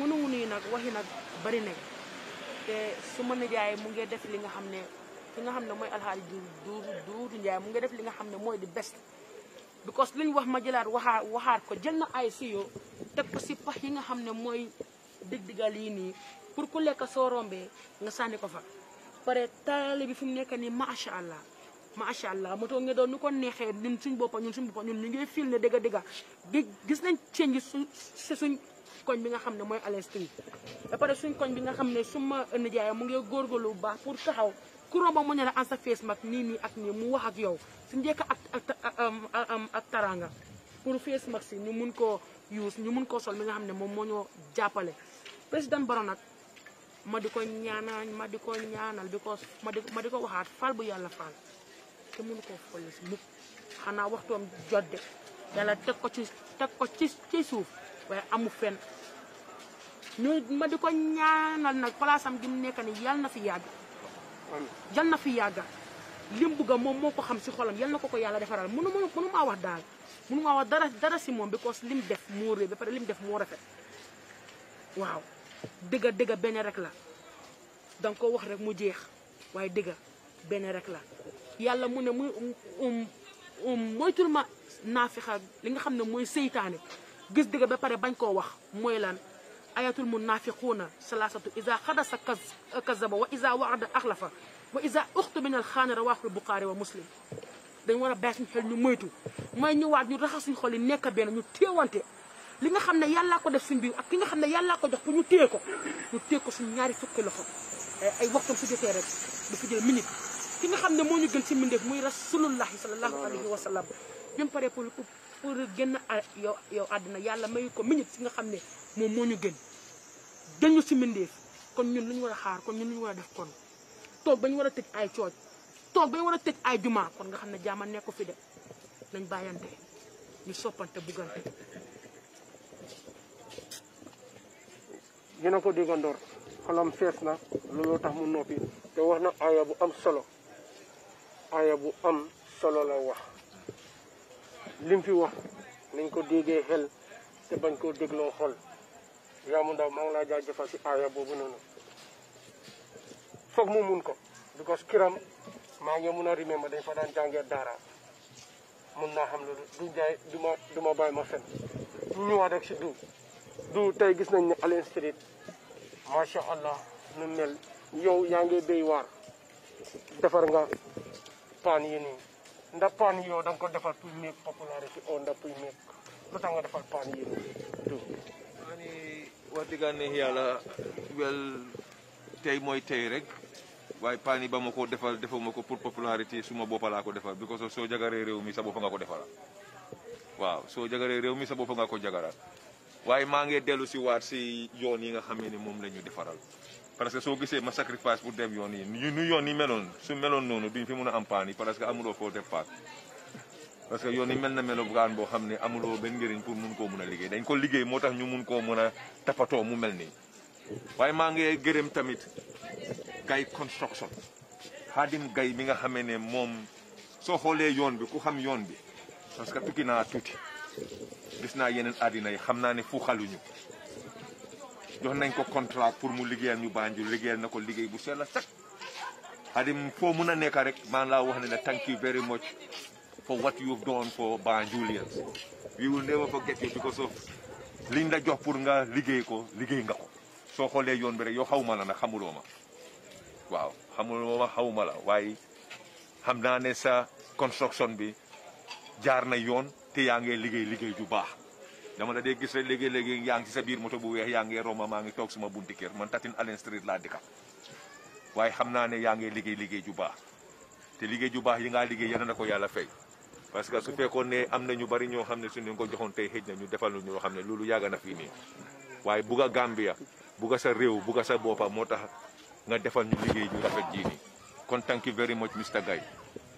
E: mënuwuñu yi nag waxi nag bari nañ te su ma nijaay mu ngi def li nga xam ne ki nga xam ne mooy alxaaji Duudu du Njaay mu ngi def li nga xam ne mooy di best because liñ wax ma jëlaat waxaar waxaat ko jël na ay siyo teg ko si pax yi nga xam ne mooy dig-digal yi nii pour ku lekk soo rombee nga sànni ko fa pare taale bi fi nii macha allah macha allah moto nga doon nu ko neexee ñun suñ boppa ñun suñ boppa ñun ñu ngey fil ne dëgg gis nañ change suñ suñ koñ bi nga xam ne mooy da Street pare suñ koñ bi nga xam suma nijaay mu ngi góorgóorlu bu baax pour taxaw ku romba mu ne en sa face mak ni ni ak ni mu wax ak yow suñ jek ak ak taranga pour face mak si ñu mën ko use ñu mën ko sol mi nga xam ne moño jappalé président baron nak ma diko ñaanal ma diko ñaanal because ma diko waxat fal bu yalla fal te mënu ko foyé ci mukk xanaa waxtoom jodde yalla tek ko ci tek ko ci ci suuf way amu fen ñu ma diko ñaanal nak place am mu nekk ni yàlla na fi yag jall na fi yag lim bu ga mom moko xam ci xolam yalla nako ko yalla defaral mënu mënu mënu wax dal mënu ma wax dara dara ci mom because lim def mo re be pare lim def mo rafet waaw deug deug ben rek la dang ko wax rek mu jeex waye deug ben rek la yàlla mu ne um moytul ma nafiha li nga xamne moy seytane gis diga ba pare bagn ko wax moy lan ayatul munafiquna salasatu iza khadasa kazaba wa iza waada akhlafa wa iza ukhtu min al alxaana al bukhari wa muslim dañ wara bass ñu xel ñu moytu moy ñu waat ñu raxas suñu xol yi nekk ben ñu téewante li nga xamne yalla ko def suñ bi ak ki nga xamne yalla ko jox pour ñu teeko ñu teeko ko suñu ñaari fukki loxo ay waxtam su jotee rek du fi jël minute ki nga xamne moñu gën ci mbindeef muy rasulullah sallallahu alaihi wasallam bim paré pour pour gën yow yow aduna yalla may ko minit si nga xamne mom moñu gën dañu ci mindeef kon ñun luñu wara xaar kon ñun luñu wara def kon tok ba wara tej ay cioj tok ba wara tej ay juma kon nga xamne jaama neeku fi de nañ bayante ñu soppante buggante
B: dina ko diggandoor xolam fess na lolu tax mu nopi te wax na bu am solo aaya bu am solo la wax lim fi wax niñ ko déggee xel te bañ koo dégloo xol yaa mun ndaw maa ngi laa jaajëfal si aaya boobu noonu foog mu mun ko because kiram maa ngi mun a remember dañ fa daan jàngee daara mun naa xam loolu du jaay du ma du ma bàyyi ma fen ñu ñëwaat rek si du du tey gis nañ ni Allen Street macha allah nu mel yow yaa ngi béy waar defar nga pani ini, nii ndax paan yi yow da nga ko defal pour make popularité oo ndax pour make lu tax nga defal paan yi nii maa ni
C: wax dëgg wel tey mooy tey rek ba defal defuma pour popularité suma boppa ko defal because so jagaree réew mi sa boppa nga ko defal waaw soo jagaree mi sa nga ko jagara waaye maa ngi dellu si waat si yoon yi nga defaral parce que soo gisee ma sacrifice pour dem yoon yi ñu ñu yoon yi meloon su meloon noonu duñ fi mun a am paan yi parce que amuloo foo def paas parce que yoon yi mel na melo gaan boo xam ne amuloo benn njëriñ pour mun koo mun a liggéey dañ ko liggéey moo tax ñu mun koo mën a tapatoo mu mel nii waaye maa ngi gërëm tamit gay construction xaadim gay bi nga xamee ne moom soo xoolee yoon bi ku xam yoon bi parce que tukki naa tuuti gis naa yeneen àddina yi xam naa ne fu xaluñu jox nañ ko contrat pour mu liggéeyal ñu Banjul liggéeyal na ko liggéey bu sell sax Hadim foo mun a nekk rek maa naa wax ne la thank you very much for what you've done for Banjulians we will never forget you because of liñ la jox pour nga liggéey ko liggéey nga ko soo xoolee yoon bi rek yow xaw ma la nag xamuloo ma waaw xamuloo ma xaw ma la waaye xam naa ne sa construction bi jaar na yoon te yaa ngi liggéey liggéey ju baax dama la dee gis rek léegi-léegi yaa ci sa biir moto bu weex yaa ngi romb maa ngi toog suma bunti kër man tatin Allen Street laa dëkka waaye xam naa ne yaa ngi liggéey liggéey ju baax te liggéey ju baax yi ngaa liggéey yal na ko yàlla fay parce que su fekkoon ne am na ñu bari ñoo xam ne suñu ko joxoon tey xëj na ñu defal ñoo xam ne loolu yàgg na fii nii waaye bugga Gambia bugga sa réew bugga sa boppa moo tax nga defal ñu liggéey ju rafet jii nii kon thank you very much Mr Guy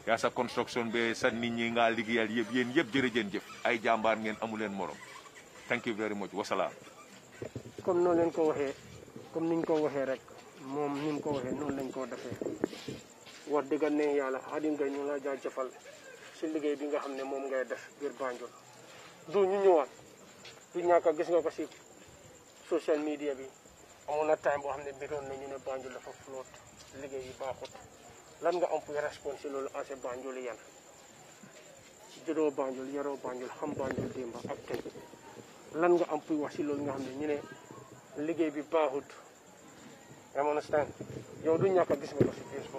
C: yaa sa construction be sa nit ñi ngaa liggéeyal yëpp yéen yëpp jërëjëf ay jàmbaar ngeen amu leen morom thank you very much wasalaam.
B: comme non len ko waxe comme niñ ko waxe rek mom niñ ko waxe non lañ ko defé wa dëgg ne yalla hadim gay ñu la jëfal ci liggéey bi nga xamné mom ngay def bir Banjul du ñu ñëwaat du ñàkk a gis nga ko ci social media bi amuna time bo xamné bëggoon na ñu ne Banjul dafa flotte liggéey yi baaxut lan nga am pour réponse ci loolu ase Banjul ci jëro Banjul yaroo Banjul xam Banjul démba ak tay lan nga am pour wax si loolu nga xam ne ñu ne liggéey bi baaxut amoon stan yow du ñàkk a gis nga ko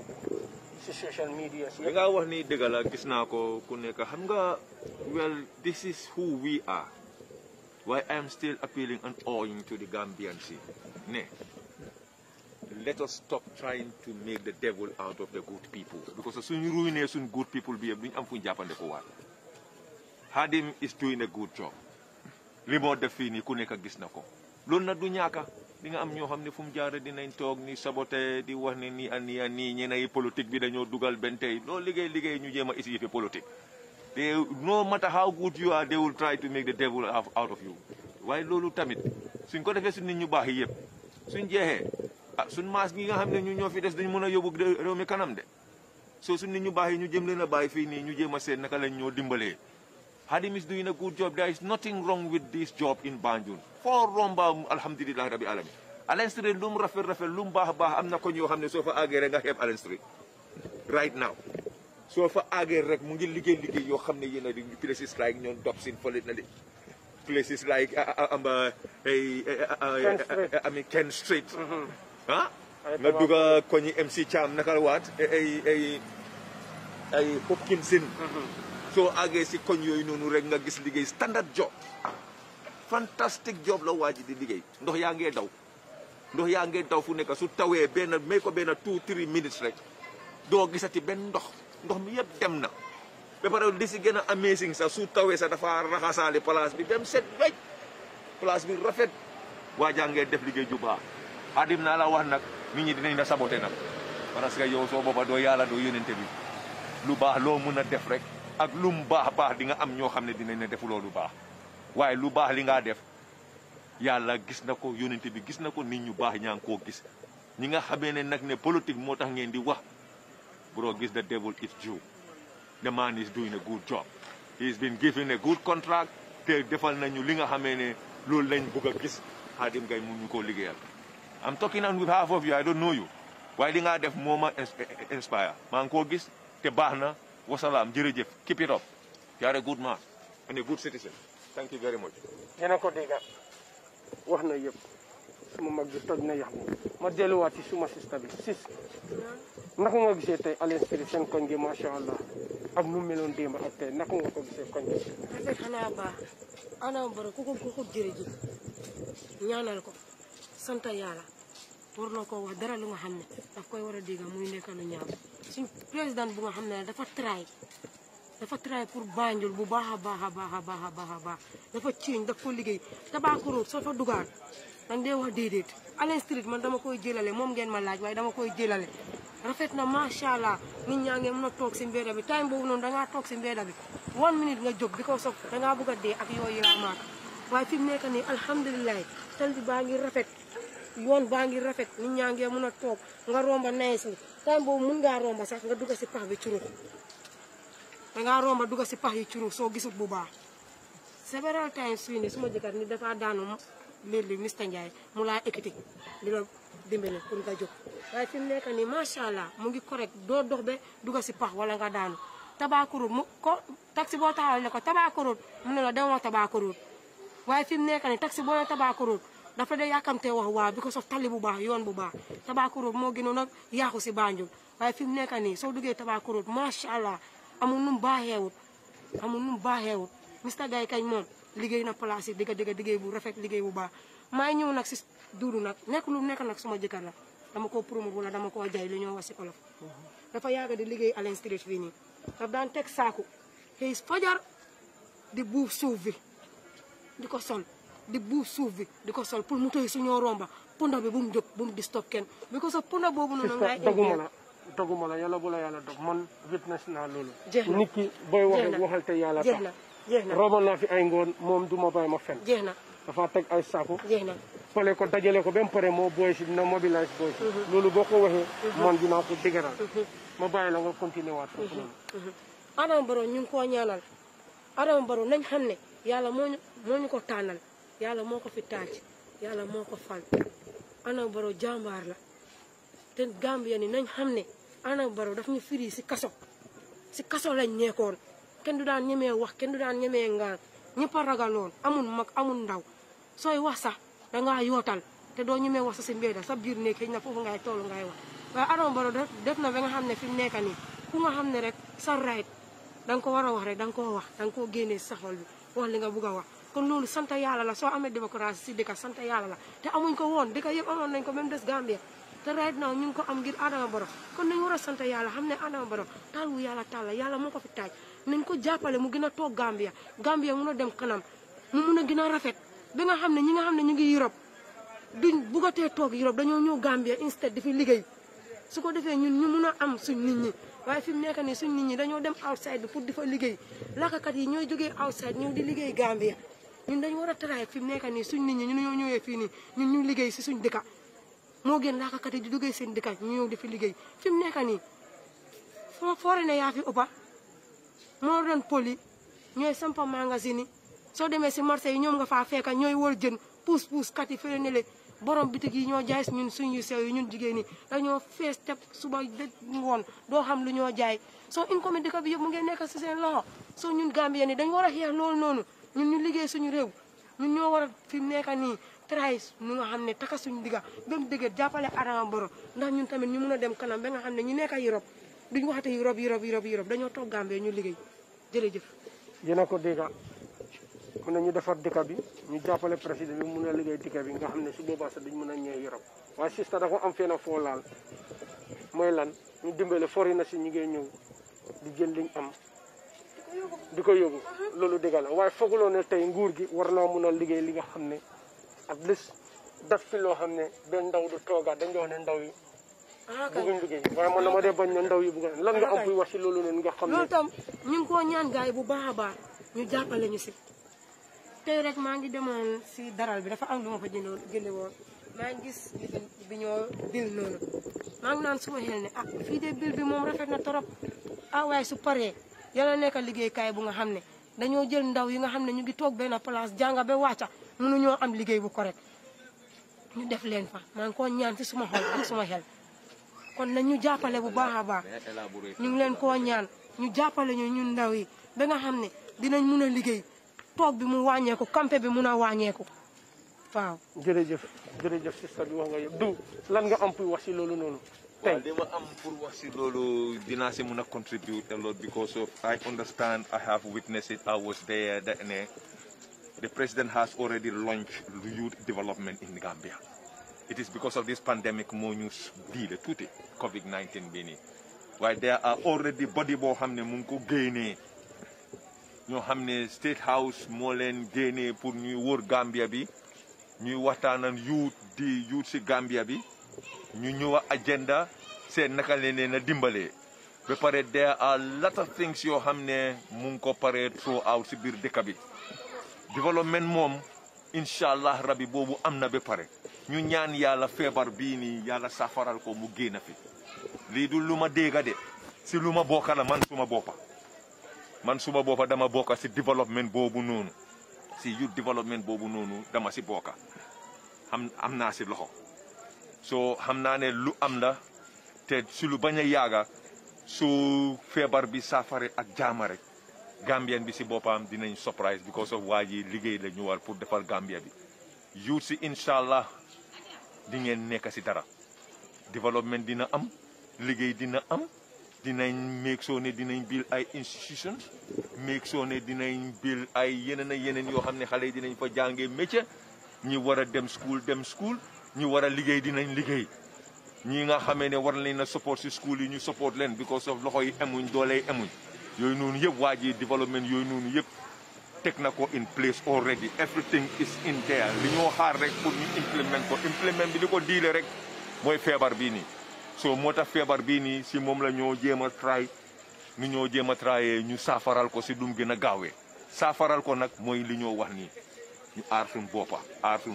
B: si social media si nga
C: wax ni dëgg gis naa ko ku nekk xam nga well this is who we are why I am still appealing and owing to the Gambians ne let us stop trying to make the devil out of the good people because suñ ruiné suñ good people bi yëpp duñ am fuñ jàppande ko waat Hadim is doing a good job li moo def fii nii ku nekk gis na ko loolu na du ñaaka di nga am ñoo xam ne fu mu jaare dinañ toog ni saboté di wax ne ni a nii a nii ñeneen bi dañoo dugal benn tey loolu liggéey liggéey ñu jéem a isi yëfe politique te no matter how good you are they will try to make the devil out of you waaye loolu tamit suñ ko defee si nit ñu baax yi yëpp suñ jeexee ah suñ maas gi nga xam ne ñu ñoo fi des dañ mën a yóbbu réew mi kanam de soo suñ nit ñu baax yi ñu jëm leen a bàyyi fii nii ñu jéem a seet naka lañ ñoo dimbalee Hadim is doing a good job. There is nothing wrong with this job in Banjul. For romba alhamdulillah rabbi alamin. Allen Street lum rafet rafet lum baax baax am na ko ñoo xam ne soo fa àggee rek Allen Street right now soo fa àggee rek mu ngi liggéey liggéey yoo xam ne places like ñoom Dobson fële na places like ah, ah, amba ami Ken Street mm-hmm. ah nga dugga koñi MC Cham nakal waat ay ay ay Hopkinson mm-hmm. So agé si koñ yoy nonu rek nga gis liggéey standard job fantastic job la waji di liggéey ndox ya ngee daw ndox ya ngee daw fu nek su tawé ben may ko two three minutes rek do gisati ben ndox ndox mi yeb dem na be paraw li ci gëna amazing sa su tawé sa dafa raxasaale place bi dem set wecc place bi rafet wajang jaa def liggéey ju baax xaadim la wax nak nit ñi dinañ la saboter nak parce que yow so bopa do yalla do yonenté bi lu baax lo mëna def rek ak lu mu baax baax di nga am ñoo xam ne dinañ ne defuloo lu baax waaye lu baax li ngaa def yàlla gis na ko yónent bi gis na ko nit ñu baax ñaa ngi gis ñi nga xamee ne ne politique moo ngeen di wax bro gis the devil is Jew. the man is doing a good job he has been given a good contract te defal nañu li nga xamee ne loolu lañ bëgg gis Hadim Gay mu ñu koo liggéeyal I'm talking on behalf of you I don't know you waaye li nga def moo eh, eh, inspire maa ngi koo gis te baax na wasalaam jërëjëf keep it up you are a good man and a good
B: wax na yëpp mag bi toj na yax mi ma delluwaat ci suma sista bi sis naka nga gisee tey Alioune Siré koñ gi macha allah ak nu meloon démb ak tey naka nga ko gisee koñ gi
F: rafet xanaa baax ana bara ku ko ku ñaanal ko sant yàlla war na ko wax dara lu nga xam ne daf koy war a dégg muy nekk lu ñaaw suñ président bu nga xam ne dafa try dafa try pour Banjul bu baax a baax a baax a baax a baax a baax dafa ciiñ daf ko liggéey Tabakoro soo fa dugaat danga dee wax déedéet Allen Street man dama koy jëlale moom ngeen ma laaj waaye dama koy jëlale rafet na macha allah nit ñaa ngi mën a toog si mbedd bi time boobu noonu dangaa toog si mbedd bi one minute nga jóg bi ko soog dangaa bëgg a dee ak yooyu yaa maak waaye fi mu nekk nii alhamdulilah tal bi baa ngi rafet yoon bangi rafet nit ñaa mëna tok nga romba nees ni time boobu mun ngaa romba sax nga dugg ci pax bi nga romba dugg ci pax yi so gisut bu baax several times suñu nii suma jëkkat ni dafa daanu mulai mista ndjay Ndiaye mu laa ekkati di la dimbale pour nga jox way fi mu ni ma sha allah mu ngi correct do dox be dugg ci pax wala nga daanu tabakuru mu ko taxi bo taxawal ne ko tabakuru mu ne la demoo tabakuru way fi nekk taxi bo dafa dee yàkkamtee wax wa because of tali ba yon bu ba Tabacorot mo gino nak yaaxu ci Banjul waaye fim mu nekk nii soo duggee Tabacorot macha allah amul nu mu baaxeewut amul nu mu baaxeewut Mr Gaye kañ na place diga diga digga bu rafet liggéey bu ba may ñew nak ci duru nak nek lu nek nak suma jëkkër la dama ko wala dama ko jay li ñoo wax si olof dafa yaga di liggéey Allen Street fi ni daf dan tek saku fajar di bouf souvi diko di buuf suuf bi di ko sol pour mu tëy suñoo romba pondo bi bu mu jóg bu mu distop bi ko sol pondo boobu noonu ngay doguma la
B: doguma la yàlla bu la yàlla dog man witness naa loolu nit ki booy waxee waxal te yàlla
F: tax
B: roba naa fi ay ngoon moom du ma bàyyi ma fen jeex na dafa teg ay saako pale ko dajale ko ba pare moo booy si dina mobilise booy mhm. loolu boo ko waxee mhm. man dinaa ko dëgëral mhm. ma bàyyi la nga continuer waat foofu noonu
F: Adama Barrow ñu ngi koo ñaanal Adama Barrow nañ xam ne yàlla moo ñu moo ñu ko tànnal yàlla moo ko fi taaj yàlla moo ko fal Adama Barrow jàmbaar la te Gambien yi nañ xam ne Adama Barrow dafa ñu firi si kaso si kaso lañ nekkoon kenn du daan ñemee wax kenn du daan ñeme nga ñëpp a ragaloon amul mag amul ndaw sooy wax sax dangaa yootal te doo ñemee wax sax si mbéy sa biir nekk xëy na foofu ngay toll ngay wax waaye Adama Barrow def na ba nga xam ne fi mu nekk nii ku nga xam ne rek sa right danga ko war a wax rek danga koo wax danga koo génnee si sa xol bi wax li nga bugg a wax kon sant yàlla la soo amee démocratie si dëkk sant yàlla la te amuñ ko woon dëkk yëpp amoon nañ ko même des Gambia te right now ñu ngi ko am ngir Adama Barrow kon nañ war a sant yàlla xam ne Adama Barrow taal wu yàlla taal yàlla moo ko fi taaj nañ ko jàppale mu gën a toog Gambia Gambia mun a dem kanam mu mun a gën a rafet bi nga xam ne ñi nga xam ne ñu ngi Europe duñ bugatee toog Europe dañoo ñëw Gambia instead di fi liggéey su ko defee ñun ñu mun a am suñ nit ñi waaye fi mu nekk nii suñ nit ñi dañoo dem outside bi pour di fa liggéey lakkakat yi ñooy jógee outside ñëw di liggéey Gambia ñun dañu war a traité fi mu nekk nii suñ nit ñi ñu ñoo ñëwee fii nii ñun ñu liggéey si suñ dëkka moo gën laakakat yi di duggee seen dëkka ñu ñëw di fi liggéey fi mu nekk nii foo foore ne yaa fi ëppa moo doon poli ñooy sampa magasin yi soo demee si marché yi ñoom nga faa fekka ñooy wër jën puus puus kat yi fële borom bitig yi ñoo jaay ñun suñ yu sew yi ñun jigéen ñi dañoo fees teb suba ngoon doo xam lu ñoo jaay soo income dëkk bi yëpp mu ngi nekk si seen loxo soo ñun Gambien ni dañu war a xeex loolu noonu ñu ñu liggéey suñu réew ñun ñoo war a fi mu nekk nii trais ñu nga xam ne taka suñu digga ba mu dëgër jàppale Adama Barrow ndax ñun tamit ñu mun a dem kanam ba nga xam ne ñu nekk Europe duñu waxate Europe Europe Europe Europe dañoo toog Gambie ñu liggéey jërëjëf.
B: dina ko dégg mu ne ñu defar dëkk bi ñu jàppale président bi mun a liggéey dëkk bi nga xam ne su boobaa sax duñ mën a ñëw Europe waaye sista dafa am fenn foo laal mooy lan ñu dimbale fori na si ñu ngi ñëw di jël liñ am. diko yobu lolu degal way fogulone tay nguur gi warno meuna liggey li nga xamne ne at least def fi lo xamne ben ndaw du toga dañ do ne ndaw yi
F: ah, bëgguñ liggéey
B: way mo dama dee bañ ndaw yi bëgg lan nga ah, am buy wax ci lolu non nga xamne lolu tam
F: ñing ko ñaan gaay bu baaxa ba ñu jàppale ñu ci tay rek ma ngi demal si daral bi dafa am luma fa jëndoon jënde wo ma ngi gis bi ñoo bil non, ma ngi naan suma xel ne ah fi de bil bi mom rafet na torop ah way su paré yàlla nekk liggéeykaay bu nga xam ne dañoo jël ndaw yi nga xam ne ñu ngi toog benn place jànga ba wàcca ñoo am liggéey bu correct ñu def leen fa maa ngi koo ñaan si suma xol ak suma xel kon nañ ñu jàppale bu baax a baax ñu ngi leen ko ñaan ñu jàppale ñu ñun ndaw yi ba nga xam ne dinañ mun a liggéey toog bi mu wàññeeku campé bi mun a wàññeeku waaw.
B: jërëjëf jërëjëf si bi wax nga yëpp du lan nga am pour wax si loolu noonu. tey dama am pour wax si loolu
C: dinaa si contribute a lot because of I understand I have witnessed it I was there that ne the president has already launched youth development in Gambia. It is because of this pandemic moo ñu the tuuti Covid 19 bii nii there are already body boo hamne ne mu you hamne State House molen leen génnee new world Gambia bi new waxtaan and youth the youth Gambia bi. ñu ñëw agenda seen naka la leen a dimbalee ba pare there are lot of yoo xam ne mu ngi ko paree throughout si biir dëkk bi développement moom incha allah rabi am na ba pare ñu ñaan yàlla feebar bii nii yàlla safaral ko mu génn fi lii du lu ma dégga de si lu ma bokka la man suma boppa man suma boppa dama bokka si développement boobu noonu si youth développement boobu noonu dama si booka am am naa si loxo soo xam naa ne lu am la te su lu bañ a yaaga su feebar bi saafara ak jaama rek Gambien bi si boppam dinañ surprise because of waa ji liggéey la ñu war pour defar Gambia bi youth si incha allah di ngeen nekk si dara développement dina am liggéey dina am dinañ make sure ne dinañ build ay institutions make sure ne dinañ build ay yeneen a yeneen yoo xam ne xale yi dinañ fa jàngee métier ñi war a dem school dem school. ñi war a liggéey dinañ liggéey ñi nga xamee ne war nañ na support si school ñu support leen because of loxo yi emuñ doole yi emuñ yooyu noonu yëpp waa ji développement yooyu noonu yëpp teg na ko in place already everything is in there li ñoo xaar rek pour ñu implement ko implement bi li ko diile rek mooy feebar bii ni soo moo tax feebar bii nii si moom la ñoo jéem a try nu ñoo jéem a trayee ñu saafaral ko si dum gën a gaawee saafaral ko nag mooy li ñoo wax ni ñu aar suñ boppa aar suñ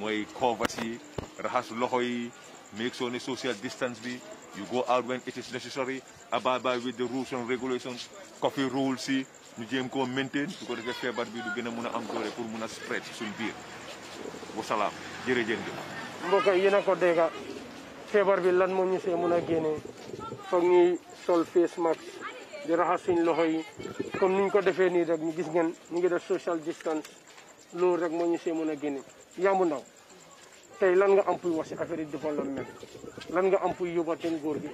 C: mooy covas yi raxas loxo yi make sure ne social distance bi you go out when it is necessary abide by with the rules and regulations coffee rules yi ñu jéem koo maintain su ko defee feebar bi du gën a mun a am doole pour mun a spread suñ biir wasalaam jërëjëf bi
B: mbokk yi yéen a ko dégg feebar bi lan moo ñu see mun a génne foog ñuy sol face mask di raxas suñ loxo yi kon ni ko defee nii rek ñu gis ngeen ñu ngi def social distance loolu rek moo ñu see mun a génne yaa mu ndaw tey lan nga am puy wax si affaire yi développement lan nga am puy yóbba teen góor gi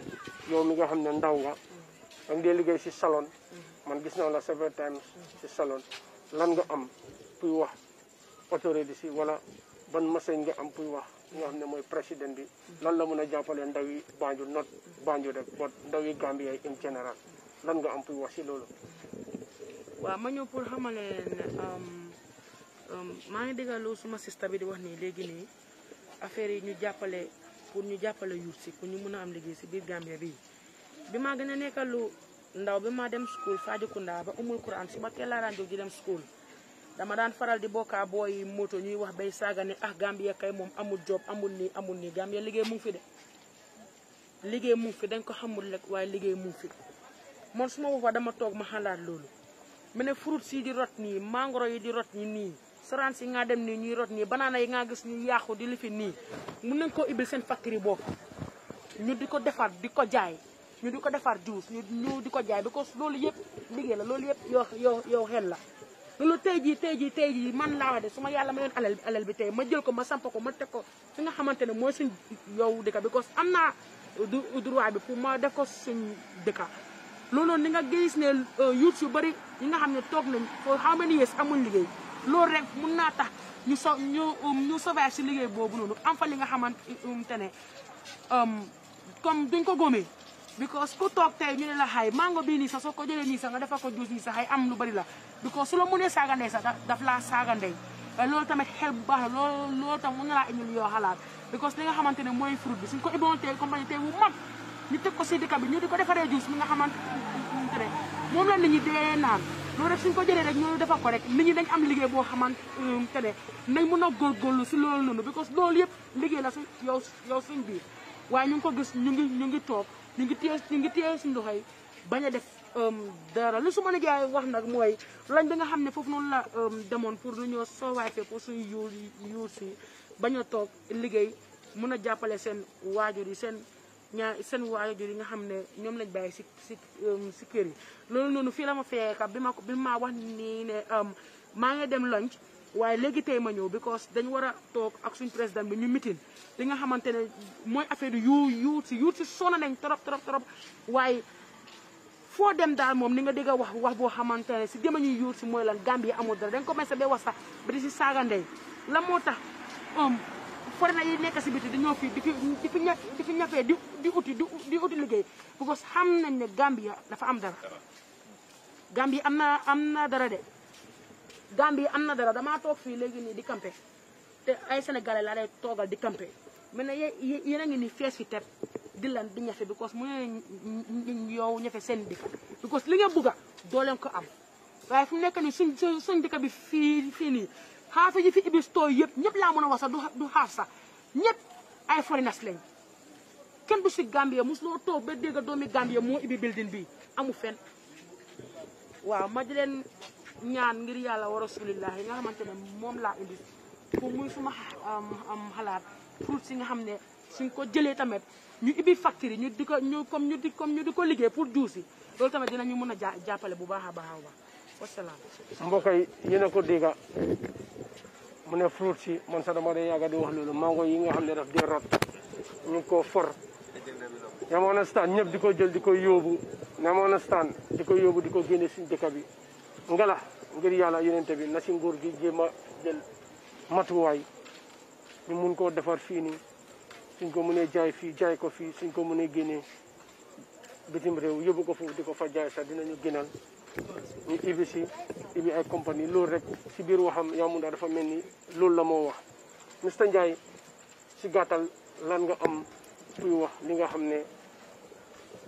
B: yow mi nga xam ndaw nga danga dee liggéey si salon man gis naa la several times si salon lan nga am puy wax autorité si wala ban message nga am puy wax nga xam ne mooy président bi lan la mën a ndaw yi Banjul not Banjul rek bot ndaw yi Gambia in général lan nga am puy wax si loolu waaw
E: ma ñëw pour xamal leen um, Um, maa ngi dégaloo suma sista bi di wax nii léegi nii affaire yi ñu jàppale pour ñu jàppale yuut si pour ñu mun a am liggéey si biir gambia bii bi maa gën a nekkallu ndaw bi maa dem school fajakunda ba umul couran suma kella ranjo ji dem school dama daan faral di bokkaa boo yi moto ñuy wax bay saaga ne ah gambia kay moom amul job amul nii amul nii gambia liggéey mu fi de liggéey mu fi dañ ko xamul rek waaye liggéey mu fi moom suma boppa dama toog ma xalaat loolu mu ne fruit sii di rot nii mangoro yi di rot ni nii sorance yi nga dem ni ñuy rot ni banana yi nga gis ñu yaaxu di lifi ni mun nañ ko ibil seen factory bok ñu diko defar diko jaay ñu diko defar juice ñu ñu diko jaay because loolu yépp liggéey la loolu yépp yo yo yo xel la loolu tey jii tey man la wax de su ma yàlla ma yoon alal alal bi tay ma jël ko ma samp ko ma tek ko fi nga xamantene moy suñ yow dëkka because amna naa droit bi pour ma def ko suñ dëkka loolu ni nga gis ne euh, youtube bari yi nga xamne tok nañ for how many years amul liggéey loolu rek mun naa tax ñu so ñu um, ñu sauver si liggéey boobu noonu am fa li nga xamante um, ne um, comme duñ ko góomee because ku toog tey ñu ne la xay mango bii nii sa soo ko jëlee nii sa nga defa ko juus nii sax xay am lu bari la because su la mënee saaga ndey daf laa saaga loolu tamit bu baax la loolu loolu tam mën na yoo xalaat because li nga xamante ne mooy fruit bi suñ ko iboon tey compagnie tey bu mag ñu teg ko si dëkk bi ñu di ko defaree juus mi nga xamante ne moom la nit ñi dee naan loolu rek suñ ko jëlee rek ñooñu defal ko rek nit ñi dañ am liggéey boo xamante ne nañ mën a góorgóorlu si loolu noonu because loolu yëpp liggéey la si yow yow suñ biir waaye ñu ngi ko gis ñu ngi ñu ngi toog ñu ngi téye ñu ngi téye suñ loxo yi bañ a def um, dara li su ma liggéey wax nag mooy lañ bi nga xam ne foofu noonu la um, demoon pour nu ñoo soowaatee pour suñu yuur yuur si bañ a toog liggéey mën a jàppale seen waajur yi seen ñaa seen waaye jur yi nga xam ne ñoom lañ bàyyi si si um, si kër yi loolu noonu fii la ma fekk bi ma bi ma wax nii ne um, maa ngi dem lunch waaye léegi tey ma ñëw because dañ war a toog ak suñ président bi ñu mitin li nga xamante ne mooy affaire yu si yuut si sona nañ trop trop trop waaye foo dem daal moom ni nga dégg wax wax boo xamante ne si jëma ñuy yuut si mooy lan Gambie amul dara dañ commencé ba wax sax ba di si la moo tax um, foreigner yi nekk si biti di ñëw fii di fi di fi di fi ñafee di di uti di uti liggéey parce que nañ ne Gambia dafa am dara Gambia am na am na dara de Gambia am na dara damaa toog fii léegi nii di campé te ay sénégalais laa lay toogal di campé mais ne yéen a ngi ni fees fi teb di lan di ñafe because mu ne yow ñafe seen dëkk because li nga bugga doo ko am waaye fu nekk nii suñ suñ dëkk bi fii fii nii xaafe yi fi ibbi store yëpp ñëpp laa mën a wax sax du xaaf sax ñëpp ay foreigners lañ kenn du si Gambia mosuloo toog ba dégg doomi Gambia moo ibbi building bi amu fen waaw ma di leen ñaan ngir yàlla wa rasulillahi nga xamante ne moom laa indi pour muy suma xalaat fruit si nga xam ne suñ ko jëlee tamit ñu ibbi factory ñu di ko ñu comme ñu di comme ñu di ko liggéey pour juusi loolu tamit ñu mën a jàppale bu baax a baax a baax wasalaam
B: mbokk ko dégga mu ne fruit si man sax dama day yàgga di wax loolu mango yi nga xam ne daf dee rot ñu ngi koo for yamoon a staan ñëpp di ko jël di ko yóbbu yamoon a staan di ko yóbbu di ko génne si dëkk bi ngala ngir yàlla yonente bi na si nguur gi jéem a jël matuwaay ñu mun koo defar fii nii suñ ko mënee jaay fii jaay ko fii suñ ko mënee génnee bitim réew yóbbu ko foofu di ko fa jaay sax dinañu gënal ñu ibbi si ibbi ay compagnie loolu rek si biir waxam Yamouda dafa mel ni loolu la moo wax Mr Ndiaye si gàttal lan nga am suy wax li nga xam ne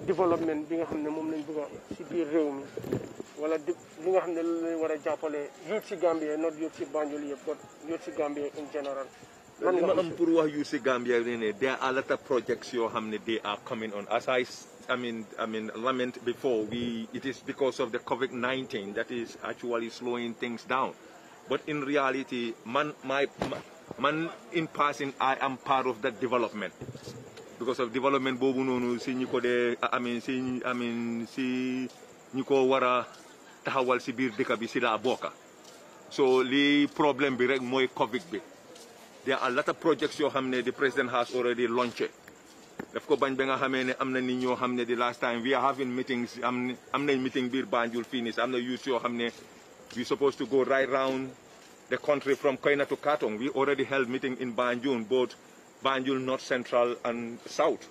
B: développement bi nga xam ne moom lañ bëgg a si biir réew mi wala di li nga xam ne loolu lañ war a jàppale youth si Gambie not youth si Banjul yëpp but youth si Gambie in general lan nga am pour wax
C: youth si Gambie ne ne there are lot of projects yoo xam ne they are coming on as I I mean, I mean, lament before, we, it is because of the COVID-19 that is actually slowing things down. But in reality, man, my, man, in passing, I am part of that development. Because of development bobu no si ñiko de I mean si I mean si ñiko wara tahawal si biir dëkk si la So the problem bi rek moy COVID bi. There are a lot of projects yoo hamne the president has already launched daf ko bañ ba nga ne am nit ñoo last time we are having meetings am am meeting Bir Banjul fii nii am youth yoo xam we supposed to go right round the country from Koina to Katong we already held meeting in Banjul both Banjul North Central and South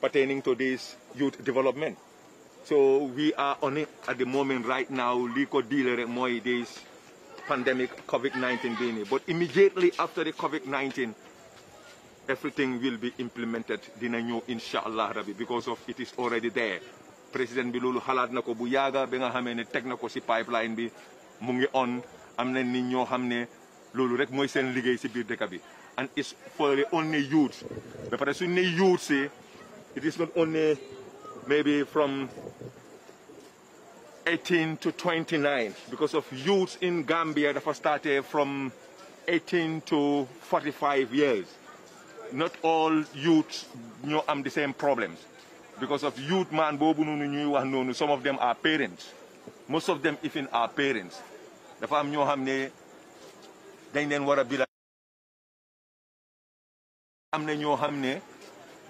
C: pertaining to this youth development so we are on it at the moment right now lii ko diile rek this pandemic COVID-19 but immediately after the COVID-19 everything will be implemented dina ñëw inshallah allah because of it is already there président bi loolu xalaat na ko bu yaaga ba nga pipeline bi mu ngi on am na nit ñoo xam ne loolu rek mooy seen liggéey si biir dëkk bi and it's for the only youth ba pare suñ ne youth it is not only maybe from 18 to 29 because of youths in Gambia dafa started from 18 to 45 years not all youths know have the same problems because of youth man some of them are parents most of them even are parents dafa am ñoo xam ne dañ then war a I am na ñoo xam i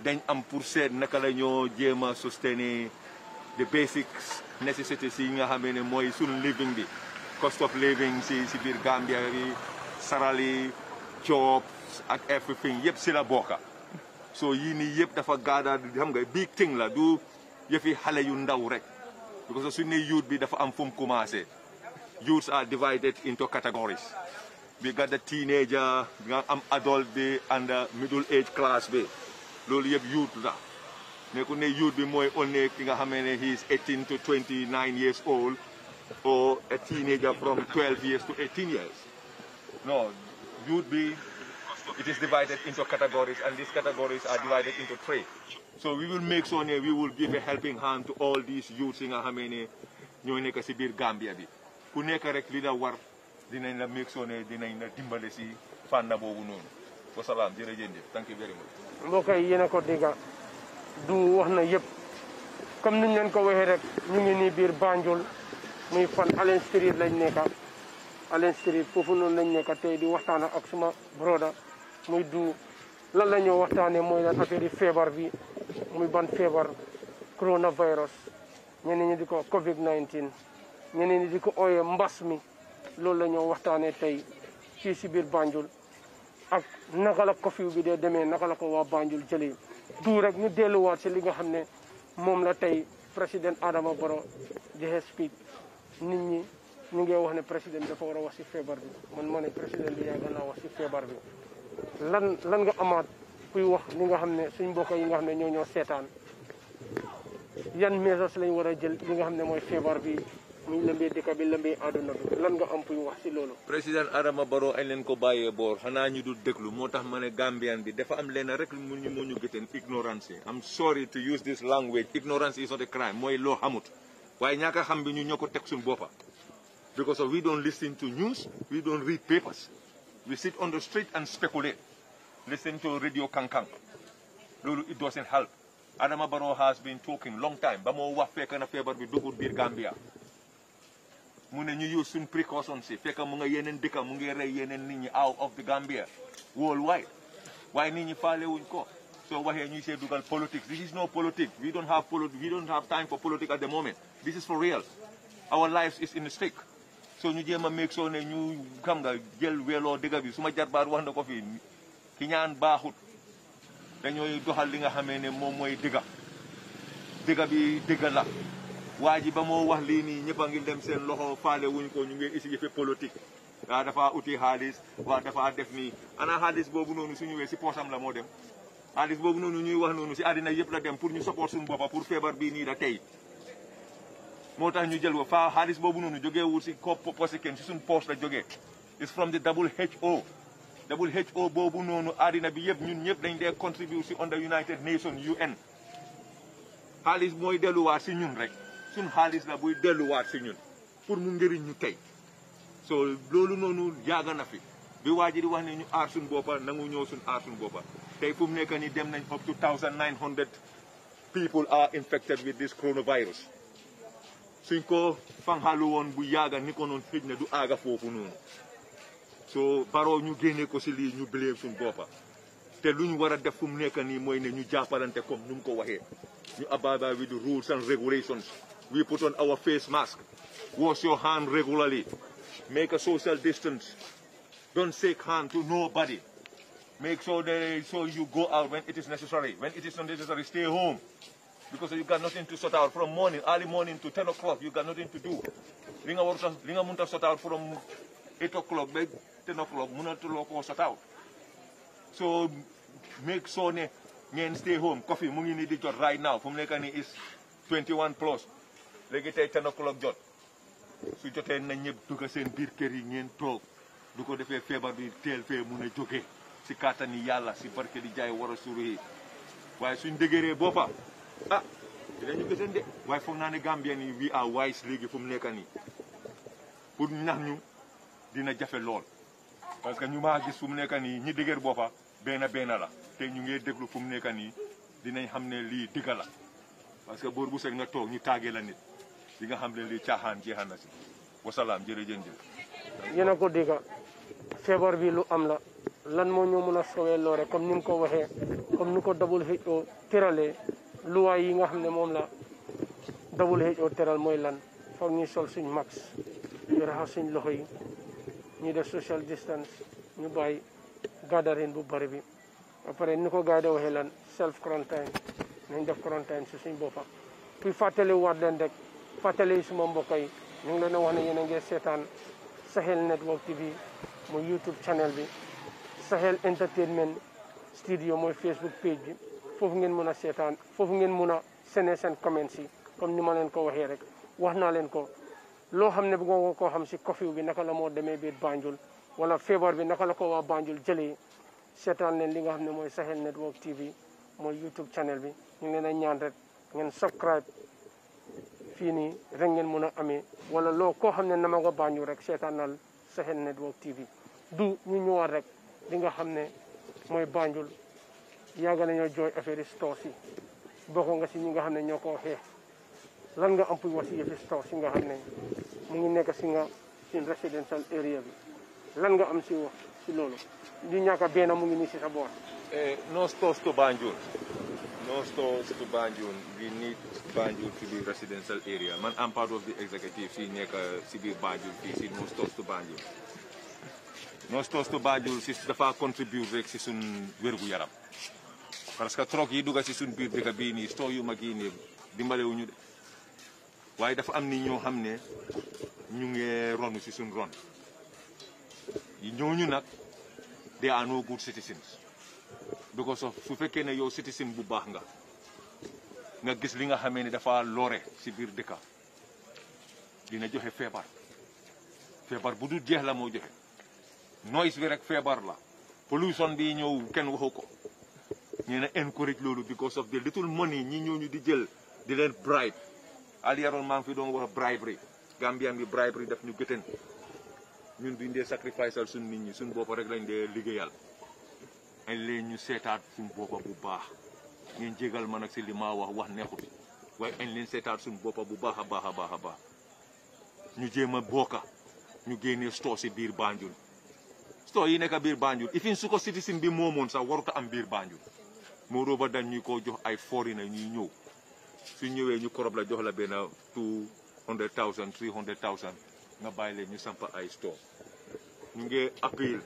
C: dañ am pour seet naka la ñoo jéem a sustainer the basics necessities yi nga xam ne mooy suñu living the cost of living si si biir Gambia sarali coob at everything yep, si la so yii nii yëpp dafa gaada xam nga big thing la do yëfi hale yu ndaw because su ne youth bi dafa am fu mu commencé youths are divided into categories We got the teenager we nga am adult bi and middle age class bi loolu yëpp youth la ne ku ne youth be mooy onne ki hamene xamee he is 18 to 29 years old or a teenager from 12 years to 18 years no youth be it is divided into categories, and these categories are divided into three. So we will make sure we will give a helping hand to all these youths in Ahamene, ñoo nekk Sibir Gambia bi ku rek li war make sure dinañ la dimbale si fànn boobu thank you very much.
B: mbokk yi yéen du wax muy fan Street Street di muy du la ñoo waxtaane mooy lan affaire yi feebar bi muy ban feebar coronavirus ñeneen ñi di ko Covid 19 ñeneen ñi di ko ooyee mbas mi loolu la ñoo waxtaanee tey fii si biir Banjul ak naka la curfew bi dee demee naka la ko waa Banjul jëlee du rek ñu delluwaat si li nga xam ne moom la tey président Adama Barrow joxe speak nit ñi ñu ngi wax ne président dafa war a wax si feebar bi man ma ne président bi yàgg naa wax si feebar bi. lan lan nga amaat kuy wax li nga xam ne suñ mbokk yi nga xam ne ñoo ñoo seetaan yan mesures lañ war a jël li nga xam ne mooy feebar bi muy lëmbee dëkk bi lëmbee àdduna bi lan nga am kuy wax si loolu.
C: président Adama Barrow añ leen ko bàyyee boor xanaa ñi dul déglu moo tax ma ne Gambian bi dafa am leen rek mu ñu mu ñu gëteen ignorance am sorry to use this language ignorance is not a crime mooy loo xamut waaye ñaaka xam bi ñu ñoo ko teg suñu boppa because of we don't listen to news we don't We sit on the street and speculate, listen to Radio Kankang. It doesn't help. Adama Barrow has been talking long time. Bamo wax fekk na feebar bi dugul biir Gambia. mu ne ñu use suñ précaution si fekk mu nga yeneen dëkka mu ngi rey out of the Gambia worldwide waaye nit ñi faale wuñ ko why waxee you see dugal politics this is no politics we don't have we don't have time for politics at the moment this is for real our lives is in the stake soo ñu jéem a méeg soo ñu xam nga jël weeloo dëgg bi suma ma jarbaar wax na ko fii ki ñaan baaxut dañooy doxal li nga xamee ne moom mooy dëgg dëgg bi dëgg la waa ji ba moo wax lii nii ñëpp a ngi dem seen loxo faale wuñ ko ñu ngi essayé politique waa dafa uti xaalis waa dafa def nii ana xaalis boobu noonu su ñëwee si poosam la moo dem xaalis boobu noonu ñuy wax noonu si àddina yëpp la dem pour ñu support suñu boppa pour feebar bii nii da tey moo tax ñu jël ko faa xaalis boobu noonu jógee wul si ko posi suñ poche la jógee is from the WHO WHO boobu noonu àddina bi yëpp ñun ñëpp dañ dee contribute si on United Nations UN xaalis mooy delluwaat si ñun rek suñ xaalis la buy delluwaat si ñun pour mu ngëriñ ñu tey so loolu noonu yàgg na fi bi waa di wax ne ñu aar suñ boppa nangu ñëw suñ aar suñ boppa tey fu mu nekk nii dem nañ up to 1900 people are infected with this coronavirus suñ ko fanxalu woon bu yàgga ni ko noonu xëj na du aaga foofu noonu soo baroo ñu génnee ko si lii ñu bileem suñ boppa te lu ñu war a def fu mu nekk nii mooy ne ñu jàppalante comme nu ko waxee ñu ababa with the rules and regulations we put on our face mask wash your hand regularly make a social distance don't shake hand to nobody make sure that so you go out when it is necessary when it is not necessary stay home because you got nothing to sort out from morning, early morning to 10 o'clock, you got nothing to do. Linga waruta, linga munta sort out from 8 o'clock, 10 o'clock, muna to loko sort out. So make sure ne, ngen stay home. Coffee mungi ni di jot right now. From neka ni is 21 plus. Legi te 10 o'clock jot. jot en na nyeb dugga sen bir keri yi ngeen tok. Du fe défé fébar bi tel muna joke, si kata ni Yalla si parke di jaay wara suru yi. Waye suñ dégéré ah dinañu gësën de waaye foog naa ni Gambien yi a waaye wise léegi fu nekk nii pour nax ñu dina jafe lool. parce que ñu maa gis fu mu nekk nii ñi dëgër boppa benn benn la te ñu ngi déglu fu mu nii dinañ xam ne lii digg parce que boor bu seg na toog ñi taagee la nit di nga xam ne lii caaxaan jeexaan na si wasalaam jërëjëf.
B: yéen a ko dégg feebar bi lu am la. lan moo ñu mën a sowee loore comme ni ko waxee comme ni ko dabul xëccoo tëralee luwaay yi nga xam ne moom la WHO teral mooy lan foog ñi sol suñ max ñu raxas suñ loxo yi ñu def social distance ñu bàyyi gathering bu bari bi ba pare ni ko gars yi lan self quarantine nañ def quarantine si suñ boppa pi fàttali waat leen rek fàttali suma mbokk yi ñu ngi leen a wax ne yéen a ngi seetaan Sahel Network bi mooy YouTube channel bi Sahel Entertainment Studio mooy Facebook page bi foofu ngeen mën a seetaan foofu ngeen mën a sene seen comments yi comme ni ma leen ko waxee rek wax naa leen ko loo xam ne bu nga koo xam si curfew bi naka la moo demee bi Banjul wala feebar bi naka la ko wax Banjul jëlee seetaan leen li nga xam ne mooy Sahel Network TV mooy YouTube channel bi ñu ngi leen a ñaan rek ngeen subscribe fii nii rek ngeen mën a amee wala loo koo xam ne nama nga Banjul rek seetaanal Sahel Network TV du ñu ñëwaat rek li nga xam ne mooy Banjul yàgg nañoo jooy affaire yi stores yi bokk nga si ñu nga xam ne ñoo ko waxee lan nga am pour wax si yëfi stores yi nga xam ne mu ngi nekk si nga seen residential area lan nga am si wax si loolu ñu ñàkk a benn mu ngi nii si sa boor.
C: Eh, no stores to Banjul. no stores to Banjul we need Banjul to be residential area man am part of the executive si nekk biir Banjul fii si no stores to to Banjul si dafa contribuer rek si suñ wér-gu-yaram. parce que trop yi dugga si suñ biir ka bi ni sto yu mag yi dimbalé wuñu dé waye dafa am ni ñoo xamné ñu ngi ronu ci sun ron ñooñu nak dé are no good citizens because of su né yow citizen bu baax nga nga gis li nga xamé ni dafa lore si biir dëkka dina joxé fébar fébar bu du jeex la mo joxé noise bi rek fébar la pollution bi ñëw kenn waxuko ñu encourage lulu because of the little money ñi ñooñu di jël di len bribe al maa ma fi doon wax bribery gambian bi bribery daf ñu gëtën ñun duñ dee sacrificeal sun nit ñi suñ bopp rek lañ dé ligéyal ay lé ñu sétat suñ boppa bu baax ñen jégal ma nag ci li ma wax wax neexut way añ leen sétat sun boppa bu baaxa baaxa baaxa baax ñu jéma boka ñu store si bir Banjul store yi nekk bir Banjul ifin suko citizen bi momon sa warut am bir Banjul moreover dañ ñu ko jox ay na ñuy ñëw su ñëwee ñu korob la jox la benn two hundred thousand three hundred thousand nga bàyyi leen ñu samp ay store ñu ngi appel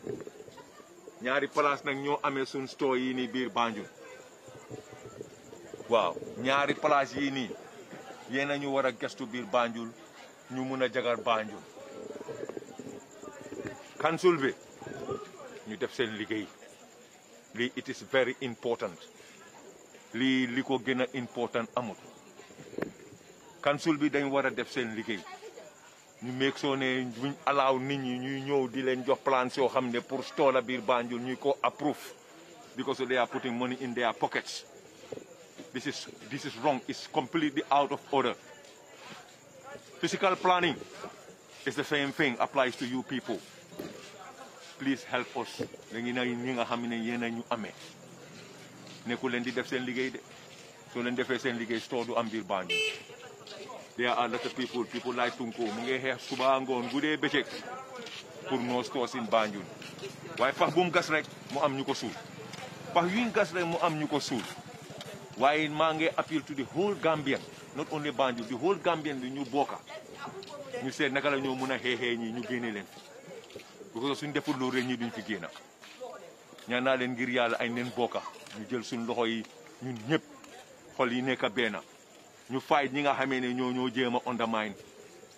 C: ñaari place nag ñoo amee suñ store yii nii biir Banjul waaw ñaari place yii nii yéen a ñu war a gestu biir Banjul ñu mun a jagar Banjul kansul bi ñu def seen liggéey lii it is very important lii li ko gën important amut kansul bi dañ war a def seen liggéey ñu meeg soo ne buñ allow nit ñi ñuy ñëw di leen jox plan so xam ne pour stoola biir Banjul ko approve because they are putting money in their pockets this is this is wrong it's completely out of order physical planning is the same thing applies to you people please help us da ngi ñi nga xam ne ñu nekku leen di def seen liggéey de soo leen defee seen liggéey soo du am biir Banjul there are a lot of people people like Tunko mu ngi xeex suba ngoon guddee bëccëg pour no stores in Banjul waaye pax bu mu rek mu am ñu ko suul pax yuñ rek mu am ñu ko suul waaye maa appeal to the whole Gambian not only Banjul the whole Gambian ñu bokka ñu seet naka la ñoo mën a ñi ñu génne leen fi suñ deful loolu rek ñi duñ fi génna ñaan ngir yàlla añ leen bokka ñu jël suñ loxo yi ñun ñëpp xol yi nekk benn ñu fay ñi nga xamee ne ñoo ñoo jéem a undermine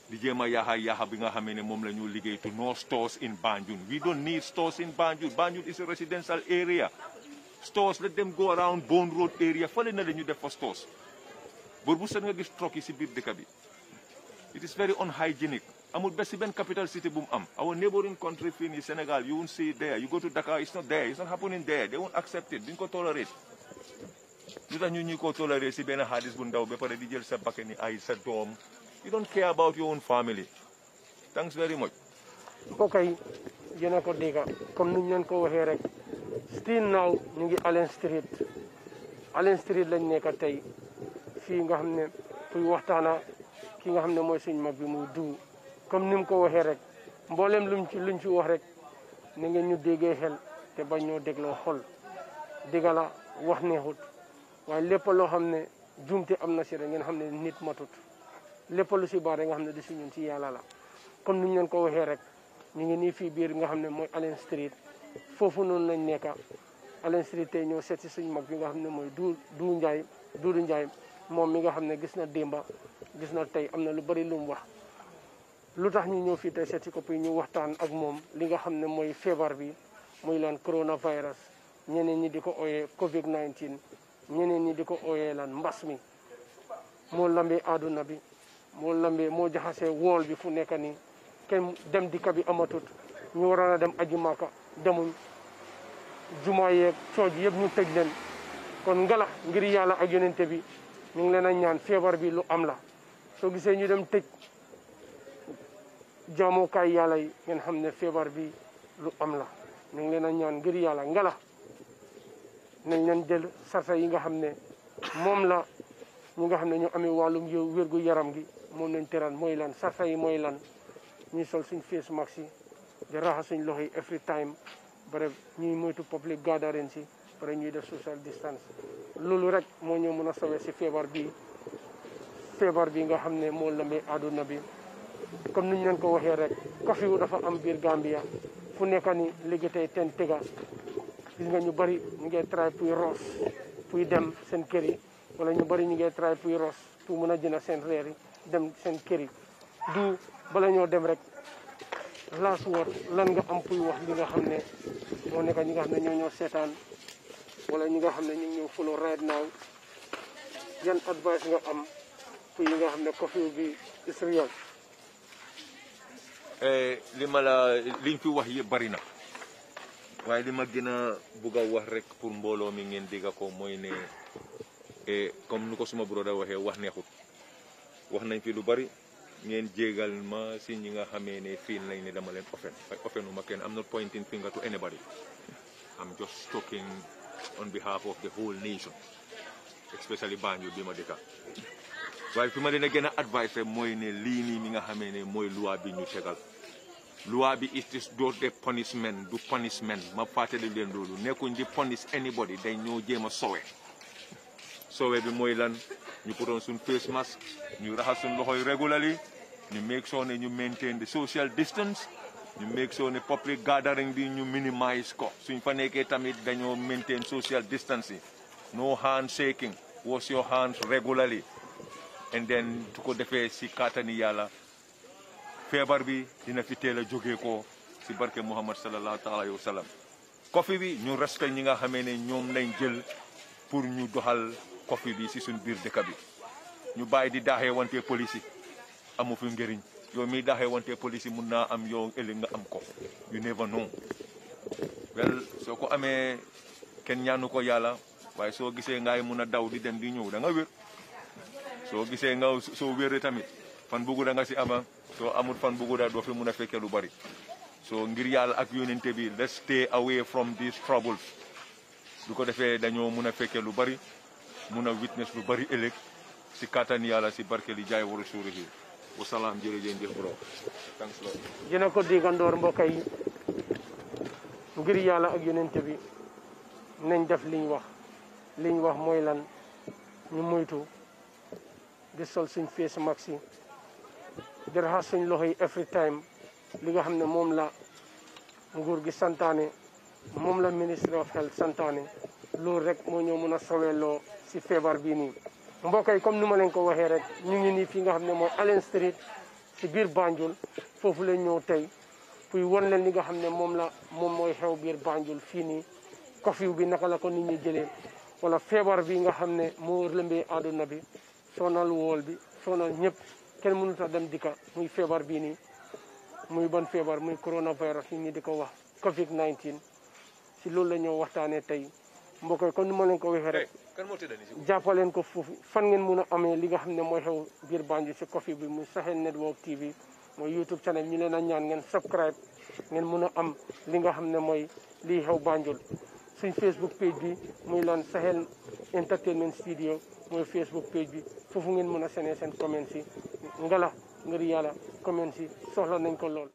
C: di jéem a yaaxa yaaxa bi nga xamee ne moom la ñu liggéey to no stores in Banjul we don't need stores in Banjul Banjul is a residential area stores let them go around Bond Road area fële na la ñu def fa stores bor bu set nga gis troc yi si biir dëkk bi it is very unhygienic amul si benn capital city bu am our neighboring country fii nii Sénégal you won't see it there you go to Dakar it's not there it's not happening there they won't accept it duñ ko tolerate lu tax ñu ñu ko tolerate si benn xaalis bu ndaw be pare di jël sa bakke ni ay sa doom you don't care about your own family thanks very much
B: ok yéen a ko dégga comme nuñ leen ko waxee rek still now ñu ngi Allen Street Allen Street lañ nekk nga xam ne kuy waxtaana ki nga xam mooy suñ mag bi muy du comme ni mu ko waxee rek mboolem luñ ci luñ ci wax rek ni ngeen ñu déggee xel te bañ ñoo dégloo xol digala wax neexut waaye lépp loo xam ne juumte am na si rek ngeen xam ne nit matut lépp lu si baax rek nga xam ne du si ñun si yàlla la comme ni ñu leen ko waxee rek ñu ngi nii fii biir nga xam ne mooy Allen Street foofu noonu lañ nekka Allen Street tey ñoo seet si suñ mag bi nga xam ne mooy du du Njaay Duudu Njaay moom mi nga xam ne gis na démba gis na tey am na lu bari lu wax lu tax ñu ñëw fii tey seeti ko pii ñu waxtaan ak moom li nga xam ne mooy feebar bi muy lan coronavirus ñeneen ñi di ko ooyee Covid 19 ñeneen ñi di ko ooyee lan mbas mi. mu lambee àdduna bi moo lambee moo jaxasee wool bi fu nekk nii kenn dem di dikka bi amatut ñu waroon a dem aji màkka demuñ jumaa yeeg cooj yëpp ñu tëj leen kon ngalax ngir yàlla ak yonente bi ñu ngi leen a ñaan feebar bi lu am la soo gisee ñu dem tëj. kay yalla yi ngeen xamne febar bi lu am la ñu ngi leena ñaan ngir yàlla ngala nañ leen jël safa yi nga xamne mom la ñi nga xamne ñu amé walum yow wërgu yaram gi lañ téran moy lan safa yi moy lan ñi sol suñ face mask yi di suñ every time bref ñi moytu public gathering si Bare ñuy def social distance loolu rek mo ñu mëna sawé ci si bi febar bi nga xamne mo lamé aduna bi comme ni ñu leen ko waxee rek curfew dafa am biir Gambia fu nekka ni léegi tey tega gis ñu bëri ñu ngi try puy roos dem seen kër yi wala ñu bëri ñu ngi try puy pour mën a jënd seen reer dem seen kër yi bala ñoo dem rek last word lan nga am puy wax nga xam ne moo nekk ñi nga xam ne ñoo seetaan wala ñi nga xam ne ñu ngi ñëw follow right now yan advice nga am pour yi nga xam ne curfew bi is real
C: Eh, li ma la liñ fi wax yëpp bari na waaye li ma gën a bugg wax rek pour mbooloo mi ngeen dégg ko mooy ne eh, comme nu ko suma broda waxee wax ne neexut wax nañ fi lu bari ngeen jégal ma si ñi nga xamee ne fii lañ ne dama leen offen offenu ma kenn am not pointing finger to anybody am just talking on behalf of the whole nation especially Banjul bi ma dëkka waaye fi ma leen a gën a advice mooy ne lii nii mi nga xamee ne mooy loi bi ñu tegal Luabi, bi it is do the punishment do punishment ma fàttali leen loolu nekkuñ di punish anybody they ñoo jéem a So sowe be moilan. You put on some face mask You raxas suñ loxoy regularly You make sure that you maintain the social distance You make sure ne public gathering bi you minimize So if you get a meet, then you maintain social distancing no handshaking. wash your hands regularly and then su the defee si kàttani Yala. febar bi dina fi teel a ko si barke Muhammad sallallahu taala wa sallam kofi bi ñu respect ñi nga xamé ne ñom lañ jël pour ñu doxal kofi bi si suñ bir de kabi ñu bay di daaxee wante police amu fi njëriñ yo mi daaxee wante police yi am yo ëllëg nga am ko you never know wel soko amé ken kenn ñaanu ko so waaye soo gisee ngaay mun a daw di dem di ñew da nga wër so gisé nga so wër tamit fan bugu da nga si ama so amul fan buguda do fi mu fekke lu bari so ngir yalla ak yonenté bi let's stay away from these troubles du ko defé dañoo muna fekke lu bari na witness lu bari elek ci katan yalla ci barke li jay waru hi wa salam jere jeen def bro thanks lord
B: dina ko gandor mbokay ngir yalla ak yonenté bi nañ def liñ wax liñ wax moy lan ñu moytu di sol suñ fess maxi di raxas suñ loxo yi every time li nga xam ne moom la nguur gi santaane moom la ministry of health santaane loolu rek moo ñoo mën a loo si feebar bii nii mbokk yi comme ni ma leen ko waxee rek ñu ngi nii fii nga xam ne mooy Allen Street si biir Banjul foofu la ñëw tey puy won leen li nga xam ne moom la moom mooy xew biir Banjul fii nii curfew bi naka la ko nit ñi jëlee wala feebar bi nga xam ne moo lëmbee àdduna bi sonal wool bi sonal ñëpp kenn mënut a dem dikka muy feebar bii nii muy ban feebar muy coronavirus yi ñu di ko wax Covid 19 si loolu la ñoo waxtaanee tey mbokk yi kon ni ma leen ko waxee rek. jàppaleen ko foofu fan ngeen mun a amee li nga xam ne mooy xew biir Banjul si Covid bi muy Sahel Network TV mooy YouTube channel ñu leen a ñaan ngeen subscribe ngeen mun a am li nga xam ne mooy lii xew Banjul suñ Facebook page bi muy lan Sahel Entertainment Studio mooy Facebook page bi foofu ngeen mun a senee seen comments yi. ngelax yàlla commune si nañ ko lool.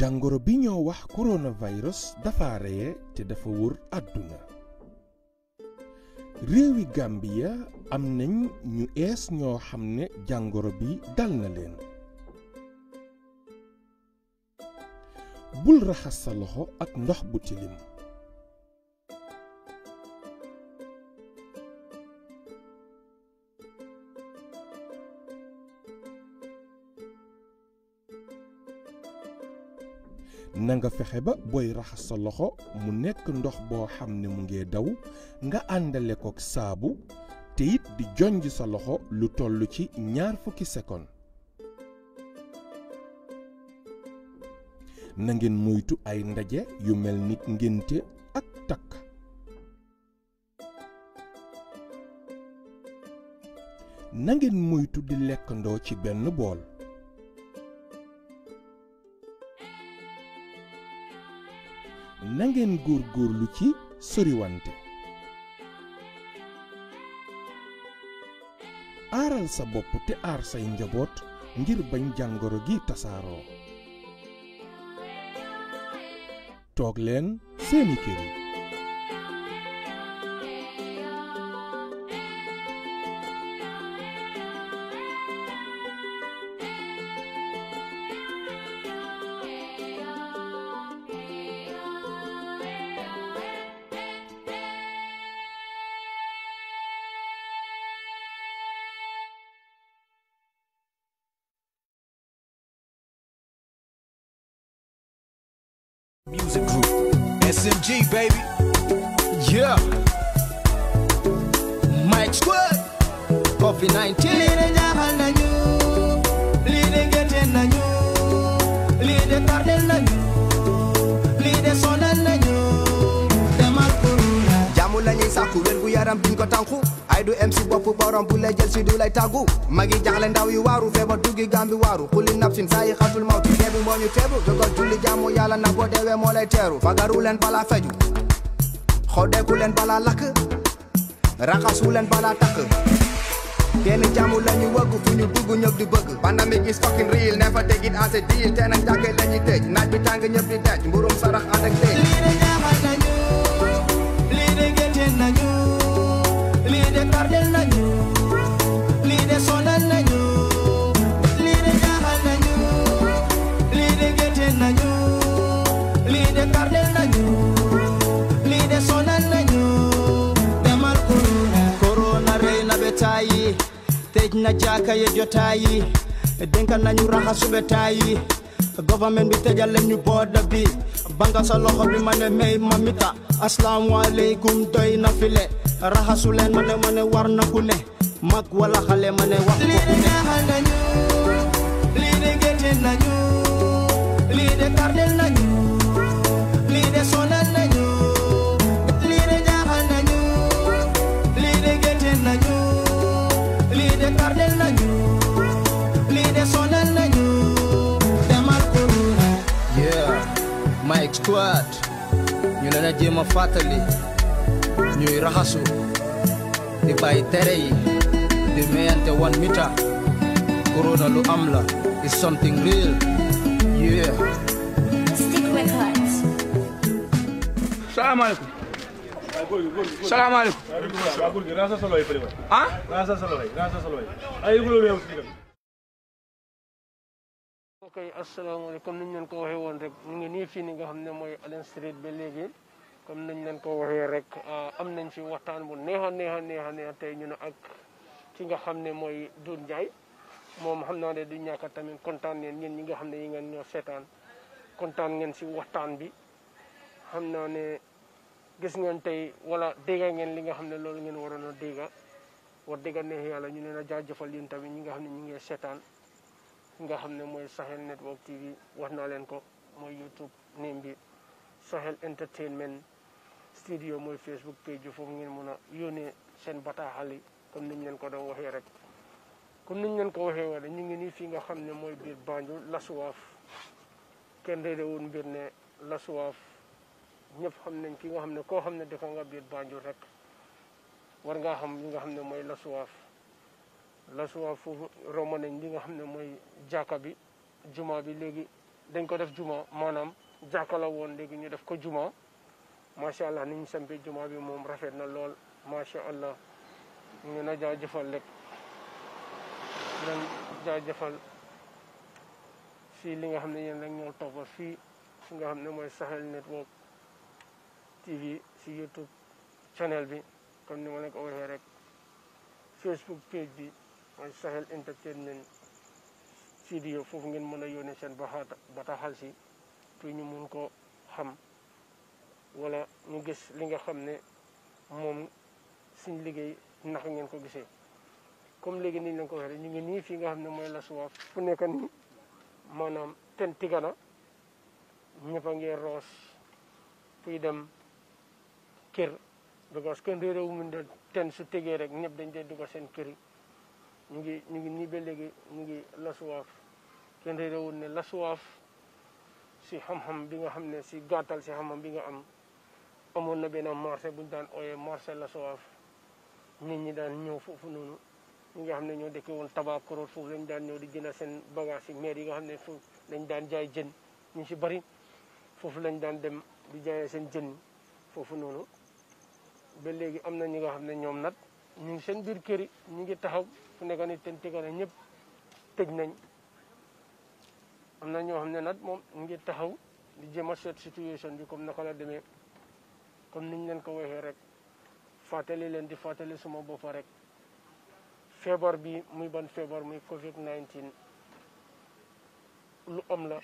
D: jàngoro bi ñoo wax coronavirus dafa reye te dafa wër àdduna réewi Gambia am nañ ñu ees ñoo xam ne jàngoro bi dal na leen bul raxas sa loxo ak ndox bu tilim nanga fexe ba booy raxas sa loxo mu nekk ndox boo xam ne mu ngi daw nga àndale ko saabu te it di jonj sa loxo lu toll ci ñaar fukki sekon na ngeen moytu ay ndaje yu mel ni ngénte ak takk na moytu di lekkandoo ci benn bool na góor góorgóorlu ci soriwante aaral sa bopp te aar say njaboot ngir bañ jàngoro gi tasaaroo togglen seni kerak
G: baby. Yeah. Mike Squad. Coffee 19. Lide tardel Demal
H: kuruna. Jamu yaram MC bopp borom bule lay jël tagu. magi jàngle ndaw gambi waru. xuli napsin saa yi xatul maw ci deebu moo ñu teebu dogal julli jaamu yàlla nagoo deewee moo tëj di yil tey nag jàkkee la naaj bi tàng ñëpp di daj mburum sarax ànd ak tëj lii de ñaaxal nañu
G: de nañu de tardel nañu de sonal nañu de nañu de nañu de tardel nañu de sonal nañu demal corona corona rey na tëj na jàkka ye ka nañu raxasu betaay yi government bi tëjal leen banga sa loxo bi ma ne may mamita asalaamualeykum doy na file raxasu leen ma ne ma na ku ma ne wax ko ku ne lii de géttin nañu lii de kardel nañu lii de sonal nañu histoire ñu leena a fatali ñuy raxasu di bay téré yi di meyante one mita corona lu am la is something real yeah stick records
C: salaamaaleykum salaamaaleykum ah
B: ok asalaamaaleykum ni ñu leen ko waxee woon rek ñu ngi nii fii ni nga xam ne mooy Allen Street ba léegi comme nañ leen ko waxee rek ah, am nañ fi waxtaan bu neex a neex a neex a neex tey ñu ne ak ki nga xam ne mooy Dune Ndiaye moom xam naa ne du ñàkk tamit kontaan ngeen ñeen ñi nga xam ne yi ngeen ñoo seetaan kontaan ngeen si waxtaan bi xam naa ne gis ngeen tey wala dégg ngeen li nga xam ne loolu ngeen waroon a dégg wax dégg neex yàlla ñu leen a jaajëfal yéen tamit ñi nga xam ne ñu ngi seetaan nga xam ne mooy Sahel Network TV wax naa leen ko mooy YouTube nim bi Sahel Entertainment studio mooy Facebook page bi foofu ngeen mun a yónnee seen bataaxal yi comme niñ leen ko doon waxee rek. comme niñ leen ko waxee woon ñu ngi nii fii nga xam ne mooy biir Banjul Lasuwaaf kenn réerewul mbir ne Lasuwaaf ñëpp xam nañ ki nga xam ne koo xam ne dafa nga biir Banjul rek war ngaa xam li nga xam ne mooy Lasuwaaf. la suwa foofu romb nañ li nga xam ne mooy jàkka bi juma bi léegi dañ ko def juma maanaam jàkka la woon léegi ñu def ko juma macha allah ni ñu sampee juma bi moom rafet na lool macha allah ñu na jaajëfal rek jaa jëfal si li nga xam ne yéen rek ñoo toppa fii fi nga xam ne mooy Sahel Network TV si YouTube channel bi comme ni ma leen ko waxee rek Facebook page bi mooy Sahel Entertainment studio foofu ngeen mën a yónnee seen taxal si pour ñu mun ko xam wala ñu gis li nga xam ne moom suñ liggéey nax ngeen ko gisee comme léegi niñ leen ko waxee ñu ngi nii fii nga xam ne mooy la suwaaf fu nekk nii maanaam ten tigana ñëpp a roos puy dem kër because kenn mun de ten su tegee rek ñëpp dañ dee seen kër ñu ngi ñu ngi nii ba léegi ñu ngi lasuwaaf kenn réerewul ne lasuwaaf si xam-xam bi nga xam ne si gàttal si xam-xam bi nga am amoon na benn bu ñu daan ooyee marché lasuwaaf nit ñi daan ñëw foofu noonu ñi nga xam ne ñoo dekkee woon Tabakoro foofu lañ daan ñëw di jënd seen bagage yi maire yi nga xam ne foofu lañ daan jaay jën ñu si bari foofu lañ daan dem di jaayee seen jën foofu noonu ba léegi am na ñi nga xam ne ñoom nag ñu seen biir kër ñu ngi taxaw fu nekk ni ten tegale ñëpp tëj nañ am na ñoo xam ne nag moom ngi taxaw di jéem a seet situation bi comme naka la demee comme niñ leen ko waxee rek fàttali leen di fàttali suma bopp rek feebar bi muy ban feebar muy covid 19 lu am la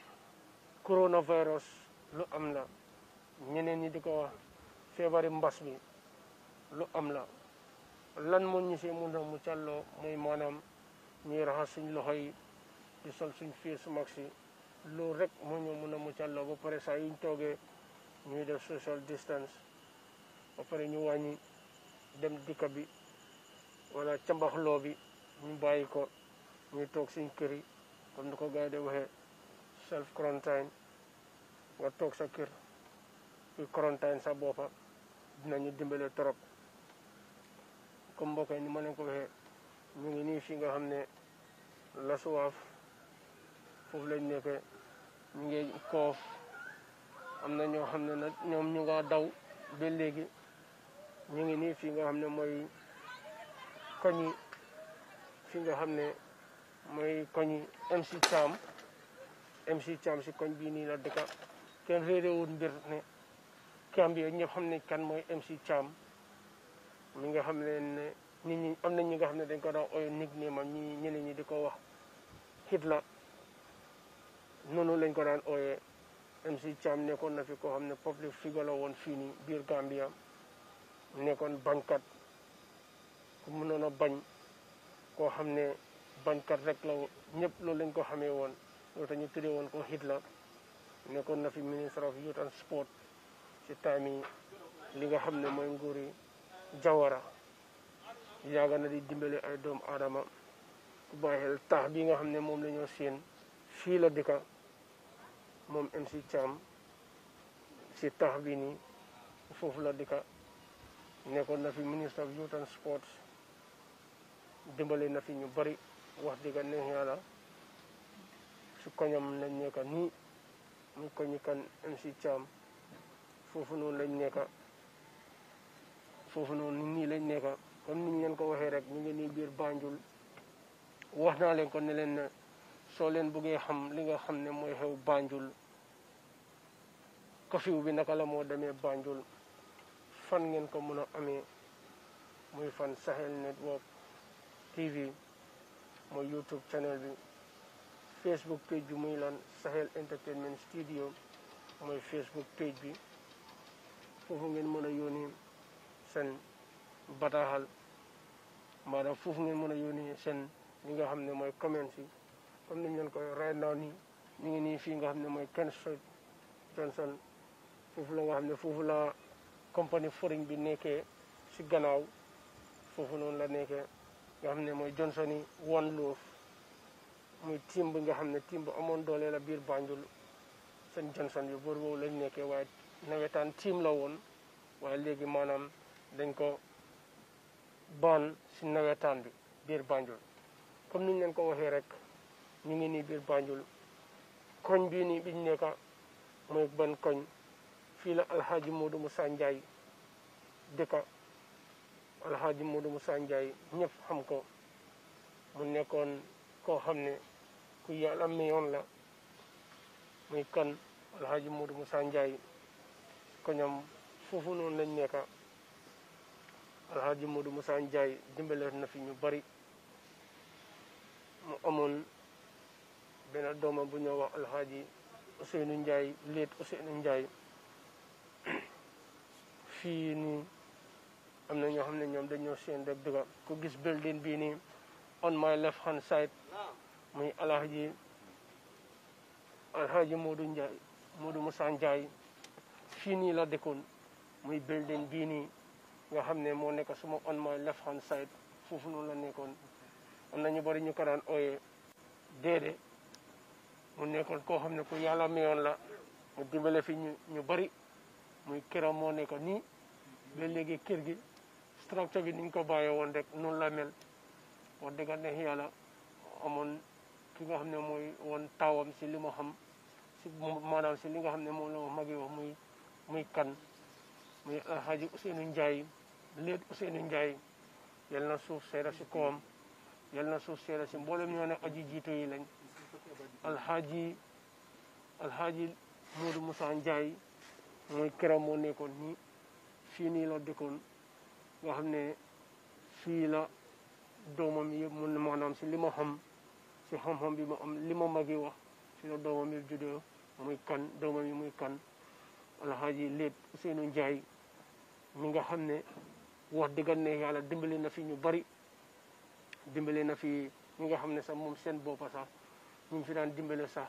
B: coronavirus lu am la ñeneen ñi di ko wax feebari mbas bi lu am la lan moo ñu see mun a mu càlloo mooy maanaam ñuy raxas suñ loxo yi di sol suñ face mask yi loolu rek moo ñu mun a mu càlloo ba pare saa yuñ toogee ñuy def social distance ba pare ñu wàññi dem dikka bi wala cambaxloo bi ñu bàyyi ko ñu toog siñ kër yi comme ni ko gars yi di waxee self quarantine nga toog sa kër ci quarantine sa boppa ñu dimbale trop kumboka ni mone ko he ñu ngi nii fi nga xam ne la suwaaf foofu lañ nekk ñu ngi koof am na ñoo xam ne nag ñoom ñu nga daw ba léegi ñu ngi nii fi nga xam ne mooy koñi fi nga xam ne mooy koñi MC Cham MC Cham si koñ bii nii la dëkka kenn réerewul mbir ne Gambie ñëpp xam ne kan mooy MC Cham mi nga xam leen ne nit ñi am nañ ñi nga xam ne dañ ko daan oyo nit ñi mam ñi ñeneen ñi di ko wax Hitler noonu lañ ko daan ooyee MC Cham nekkoon na fi koo xam ne public figure la woon fii nii biir Gambia nekkoon bañkat ku mënoon a bañ koo xam ne bañkat rek la ñëpp loolu lañ ko xamee woon loolu tax ñu woon ko Hitler nekkoon na fi ministre of youth and sport ci time yi li nga xam ne mooy nguur yi yaga na di dimbele ay doom adama ku bàyyi tax bi nga xamne mom lañu seen fi la dika mom MC cham si tax bi ni fofu la dëkka nekkoon na fi ministre of youth and sports dimbele na fi ñu bari wax dëgg neex yàlla su koñam lañ nekka ni mu koñi kan MC cham fofu non lañ nekka fofu non ni lañ comme ni ñu leen ko waxee rek ñu ngeen nii biir Banjul wax naa leen ko ne leen ne soo leen bëggee xam li nga xam ne mooy xew Banjul curfew bi naka la moo demee Banjul fan ngeen ko mën a amee muy fan Sahel Network TV mooy YouTube channel bi Facebook page bi muy lan Sahel Entertainment Studio mooy Facebook page bi foofu ngeen mën a yónni seen bataaxal maanaam foofu ngeen mën a yónnee seen li nga xam ne mooy commune si comme ni ñu leen koy right now nii ñu ngi nii fii nga xam ne mooy Ken Street Johnson foofu la nga xam ne foofu la compagnie foreign bi nekkee si gannaaw foofu noonu la nekkee nga xam ne mooy Johnson yi One Love muy team bi nga xam ne tiim bu amoon doole la biir Banjul seen Johnson yu bor boobu lañ nekkee waaye nawetaan team la woon waaye léegi maanaam dañ ko ban si nawetaan bi biir banjul comme niñ leen ko waxee rek ñu ngi nii biir banjul koñ bii nii biñ nekka mooy ban koñ fii la alhaaji moudou moussa njaay dëkka alhaaji moudou moussa njaay ñëpp xam ko mu nekkoon koo xam ne ku yàlla meyoon la muy kan alhaaji moudou moussa njaay koñam foofu noonu lañ nekka alxaaji Modou Moussa Ndiaye dimbale na fi ñu bari mu amoon benn doomam bu ñoo wax alxaaji Ousseynou Ndiaye léet Ousseynou Ndiaye fii nii am na ñoo xam ne ñoom dañoo seen def dëgga ku gis building bii nii on my left hand side muy alxaaji alxaaji Modou Ndiaye Modou Moussa fii nii la dëkkoon muy building bii nii nga xam ne moo nekk suma on my left hand side foofu noonu la nekkoon am na ñu bari ñu ko daan ooyee déedéet mu nekkoon koo xam ne ku yàlla mayoon la mu dimbale fi ñu ñu bari muy këram moo nekk nii ba léegi kër gi structure bi ni ko bàyyee woon rek noonu la mel wax dëgg neex yàlla amoon ki nga xam ne mooy woon taawam si li ma xam si maanaam si li nga xam ne moom la ma magi wax muy muy kan muy alxaaji Ousseynou Ndiaye léegi Ousseynou njaay yal na suuf seeda si koom yal na suuf seeda si mboolem ñoo ne aji jiite yi lañ alhaaji alhaaji Modou Moussa Ndiaye mooy këram moo nekkoon nii fii nii la dëkkoon nga xam ne fii la doomam yëpp mun na si lima ma xam si xam-xam bi ma am li ma magi wax si la doomam yëpp muy kan doomam yi muy kan alhaaji léet Ousseynou njaay mi nga xam ne wax dëggan ne yàlla dimbali na fi ñu bari dimbale na fi ñi nga xam ne sax moom seen boppa sax ñu fi daan dimbale sax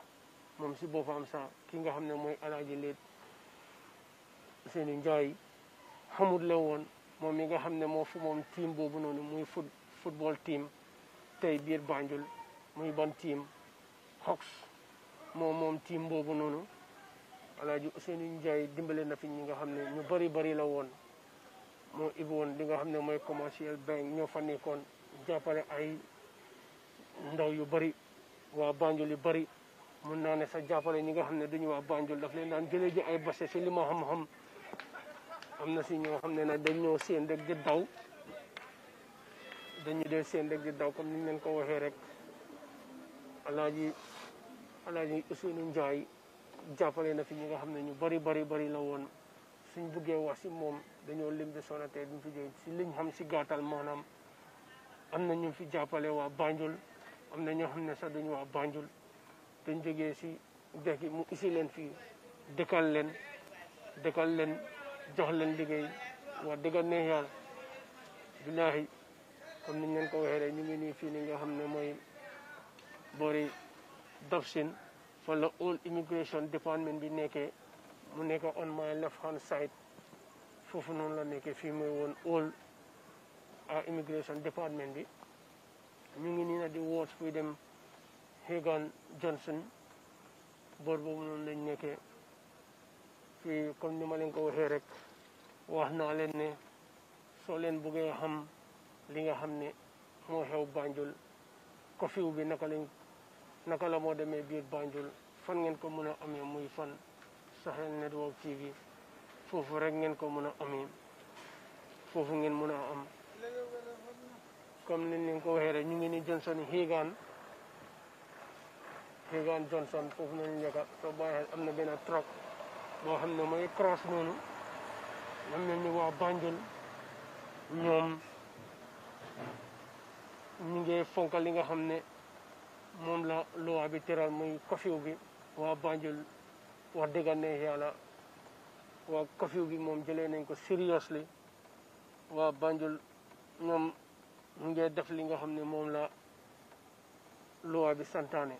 B: moom si boppam sax ki nga xam ne mooy alaaji leet seeni njaay xamut la woon moom mi nga xam ne moo fi moom team boobu noonu muy fut football tiim tey biir Banjul muy ban tiim Hawks moom moom team boobu noonu alaaji seeni njaay dimbale na fi ñi nga xam ne ñu bari bari la woon moo ibi woon li nga xam ne mooy commercial bank ñoo fa nekkoon jàppale ay ndaw yu bari waa Banjul yu bëri mun naa ne sa jàppale ñi nga xam ne duñu waa Banjul daf leen daan jëlee ji ay base si li ma xam-xam am na si ñoo xam ne nag dañ ñoo seen rek di daw dañu dee seen deg di daw comme niñ leen ko waxee rek alaaji alaaji Ousseynou Ndiaye jàppale na fi ñi nga xam ne ñu bari bari bari la woon suñ buggee wax si moom dañoo lim bi Sonatel bi fi jógee si liñ xam si gàttal maanaam am na ñu fi jàppale waa Banjul am na ñoo xam ne sax duñu waa Banjul dañ jógee si dex mu isi leen fii dëkkal leen dëkkal leen jox leen liggéey waa dëgga neex yàlla billaahi comme niñ leen ko waxee rek ñu ngi nii fii ni nga xam ne mooy boori Dobson fa la all immigration department bi nekkee mu nekk on my left hand side foofu noonu la nekkee fii mooy woon all uh, immigration department bi ñu ngi nii na di woot fuy dem Hagan Johnson boor boobu noonu lañ nekkee fii comme ni ma leen ko waxee rek wax naa leen ne soo leen bëggee xam li nga xam ne moo xew Banjul curfew bi naka lañ naka la moo demee biir Banjul fan ngeen ko mën a amee muy fan Sahel Network TV foofu rek ngeen ko mën a amee foofu ngeen mën a am comme ni ñu ko waxee rek ñu ngi ni Johnson Higan Higan Johnson foofu nañu njëkka soo bàyyi am na benn truck boo xam ne mooy cross noonu am na ñu waa Banjul ñoom ñu ngi fonka li nga xam ne moom la loi bi tëral muy curfew bi waa Banjul wax dëgg neex yàlla waa curfew gi moom jëlee nañ ko seriously waa Banjul ñoom ñu ngi def li nga xam ne moom la loi santaane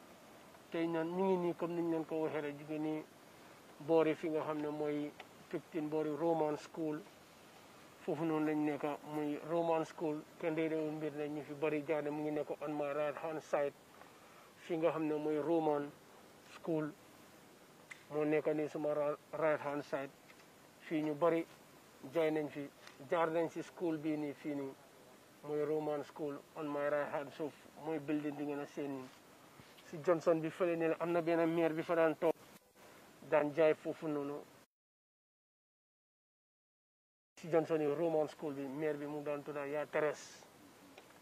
B: tey ñaan ñu ngi nii comme niñ leen ko waxee rek jóge nii boori fi nga xam ne mooy fifteen boori Roman School foofu noonu lañ nekk muy Roman School kenn déedéewul mbir ne ñu fi bari jaane mu ngi nekk on my right hand side fi nga xam ne mooy Roman School moo nekk nii suma right hand side fii ñu bari jaay nañ fi jaar nañ si school bii nii fii nii mooy Roman school on my right hand suuf mooy building bi ngeen a seen nii bi fële nii am na benn maire bi fa daan daan jaay foofu noonu si Johnson yi Roman bi maire bi mu daan tudda yaa Teres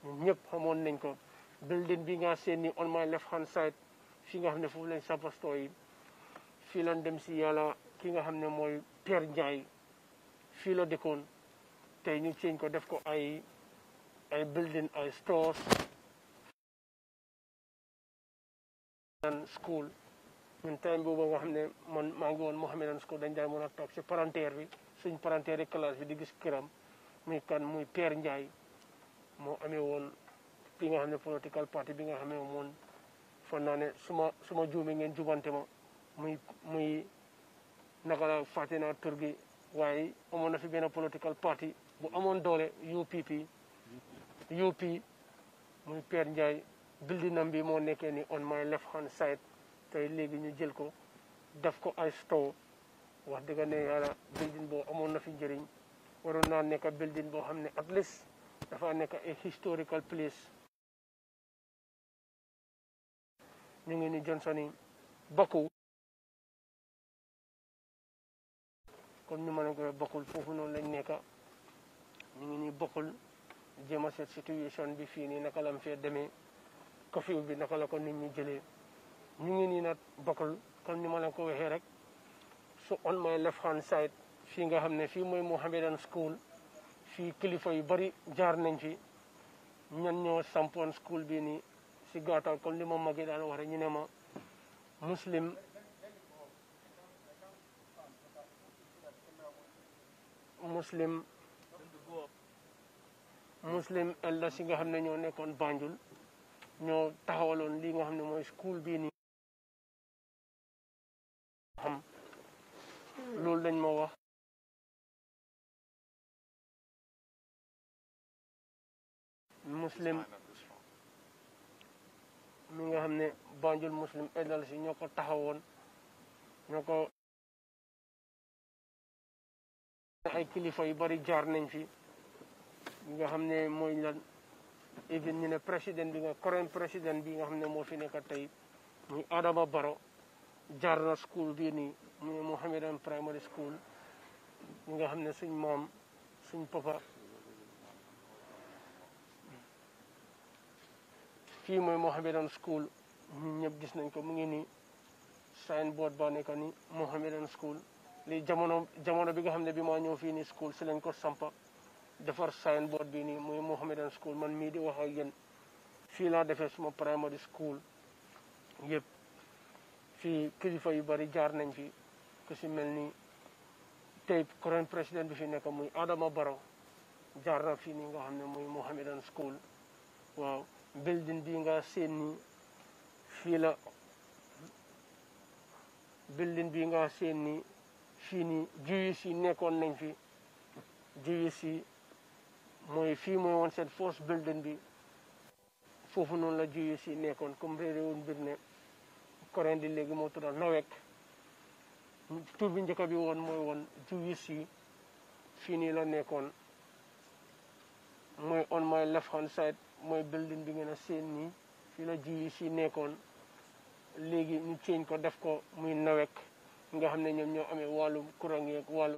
B: ñëpp xamoon nañ ko building bi nga seen nii on my left hand side fii nga xam ne foofu lañ sapastoo yi fii dem si yàlla ki nga xam ne mooy Père njaay fii la dëkkoon tey ñu ceeñ ko def ko ay ay building ay stores Mohammedan school ñun time boobu nga xam ne man maa ngi woon Mohammedan school dañ daan mën a toog si palanteer bi suñ palanteer yi classe bi di gis këram muy kan muy Père Ndiaye moo amee woon bi nga xam ne political party bi nga xam ne moom foog naa ne su juumee ngeen jubante ma muy muy naka la fàtte naa tur gi waaye amoon na fi benn political party bu amoon doole UPP UP muy Père Ndiaye building am bi moo nekkee ni on my left hand tey léegi ñu jël ko def ko ay store wax dëgg yàlla building amoon na fi njëriñ waroon naa nekk building boo xam ne at least dafa nekk a historical place
I: ñu ngi ni Johnson bakku
B: comme ñu ma la ko bokkul foofu noonu lañ nekk ñu ngi ñuy bokkul jéem a seet situation bi fii nii naka la mu fee demee curfew bi naka la ko nit ñi jëlee ñu ngi nii nag bokkul comme ni ma la ko waxee rek su on my left hand side fii nga xam ne fii mooy Mohammedan school fii kilifa yu bari jaar nañ fi ñan ñoo sampoon school bi nii si gàttal comme li ma magi daal wax ñu ne ma muslim muslim muslim elders yi nga xam ne ñoo nekkoon Banjul ñoo taxawaloon lii nga xam ne mooy school bii nii
I: xam moo dañ ma wax
B: muslim mi nga xam ne Banjul muslim elders yi ñoo ko taxawoon ñoo ko ay kilifa yu bari jaar nañ fi ñi nga xam ne mooy lan even ñu ne président bi nga current président bi nga xam ne moo fi nekka tey muy Adama Barrow jaar na school bii nii mu ne Mohammedan primary school nga xam ne suñ maam suñ papa fii mooy Mohammedan school ñun ñëpp gis nañ ko mu ngi nii signboard ba nekk ni Mohammedan school li jamono jamono bi nga xam ne bi maa ñëw fii nii school si ko sampa defar signboard bi nii muy Mohammedan school man mii di wax ak yéen fii laa defe suma primary school yëpp fii kilifa yu bari jaar nañ fi ku si mel ni tey current président bi fi nekk muy Adama Barrow jaar na fii nii nga xam ne muy Mohammedan school waaw building bi nga seen nii fii la building bi nga seen nii fii nii juif yi nekkoon nañ fi juif yi mooy fii mooy woon seen force building bi foofu noonu la juif yi nekkoon comme réeré woon mbir ne Corée léegi moo tudda Nowek tur bi njëkk bi woon mooy woon juif yi fii nii la nekkoon mooy on my left hand side mooy building bi ngeen a seen nii fii la juif yi nekkoon léegi ñu ceeñ ko def ko muy Nowek nga xam ne ñoom ñoo amee wàllu courant yeeg wàllu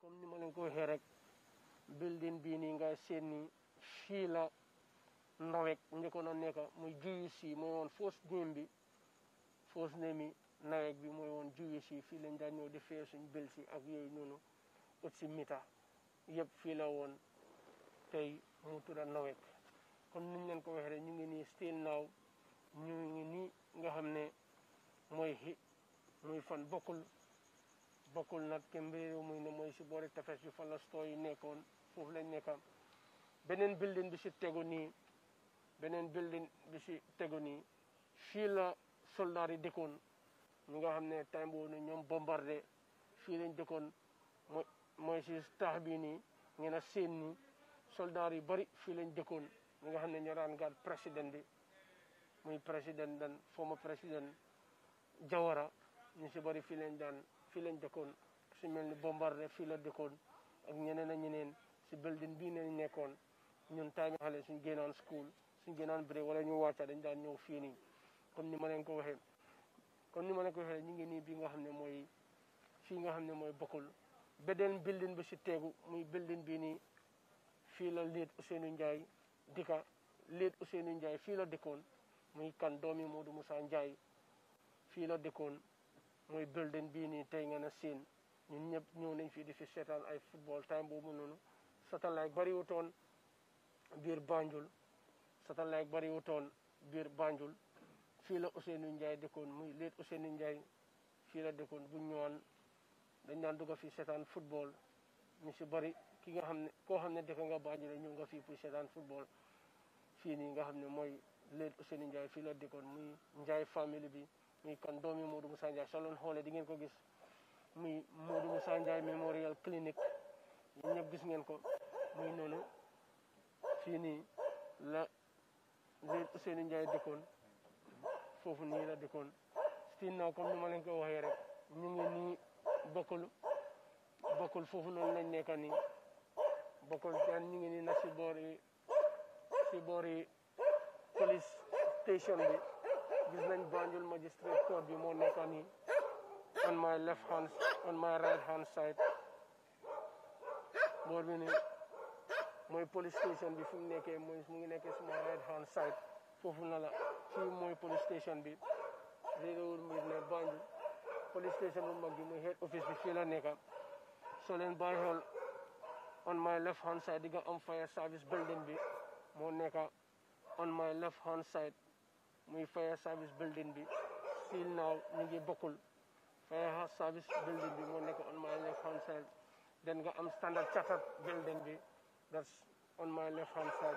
B: comme ni ma ko waxee building bii nii nga seen ni fii la Norweg njëkkoon a nekk muy GUC mooy woon first name bi first name yi Norweg bi mooy woon GUC fii lañ daan ñëw di fee suñ bil si ak yooyu noonu ut si mita yëpp fii la woon tey mu tudda kon niñ leen ko waxee ñu ngi nii still now ñu ngi nii nga xam ne mooy xi muy fan bokkul bokkul nag Kembe muy ne mooy si boori tefes yu fa la stoo yi nekkoon foofu lañ nekk beneen building bi si tegu nii beneen building bi si tegu nii fii la soldaar yi dëkkoon ñu nga xam ne time boobu ñoom bombarde fii lañ dëkkoon mooy mooy si taax bii nii ngeen a seen nii soldaar yu bari fii lañ dëkkoon ñi nga xam ne ñoo daan gaat président bi muy président dan former président Jawara ñu si bari fii lañ daan fii lañ dëkkoon su mel ni bombarde fii la dëkkoon ak ñeneen ak ñeneen si building bii nañ nekkoon ñun time xale suñ génnoon school suñ génnoon break wala ñu wàcca dañ daan ñëw fii nii comme ni ma leen ko waxee comme ni ma leen ko waxee ñu ngi nii bii nga xam ne mooy fii nga xam ne mooy bokkul beneen building bi si teegu muy building bii nii fii la lead Ousseynou Ndiaye dika lead Ousseynou njaay fii la dëkkoon muy kan doomi du musaa Ndiaye fii la dëkkoon mooy building bii nii tey nga na seen ñun ñëpp ñëw nañ fii di fi seetaan ay football time boobu noonu satalaay bariwutoon biir Banjul satalaay bariwutoon biir Banjul fii la Ousseynou Ndiaye dëkkoon muy leet Ousseynou Ndiaye fii la dëkkoon bu ñëwaan dañ daan dugg fii seetaan football ñu si bari ki nga xam ne koo xam ne dëkk nga Banjul ñëw nga fii pour seetaan football fii nii nga xam ne mooy leet Ousseynou Ndiaye fii la dëkkoon muy njaay famille bi muy kan doomi Modou Moussa Ndiaye soo leen di ngeen ko gis muy Modou Moussa Ndiaye Memorial Clinic ñëpp gis ngeen ko muy noonu fii nii la li Ousseynou Ndiaye foofu nii la dëkkoon stin na comme ni ma leen ko waxee rek ñu ngi nii bokkul bokkul foofu noonu lañ nekka nii bokkul daan ñu ngi nii na si boor boor yi police station bi gis nañ Banjul magistrate court bi moo nekka nii on my left hand on my hand side boor bi nii mooy police station bi fu mu nekkee mooy mu ngi nekkee suma right hand side foofu na la mooy police station bi réerewul mbir ne Banjul police station bu mag muy head office bi fii la nekka soo leen bàyyi xel on my left hand side di nga am fire service building bi moo nekka on my left hand side muy fire service building bi fii naaw ñu ngi bokkul fire service building bi moo nekk on my left hand side den nga am standard chartered building bi ras on maa le fan saaj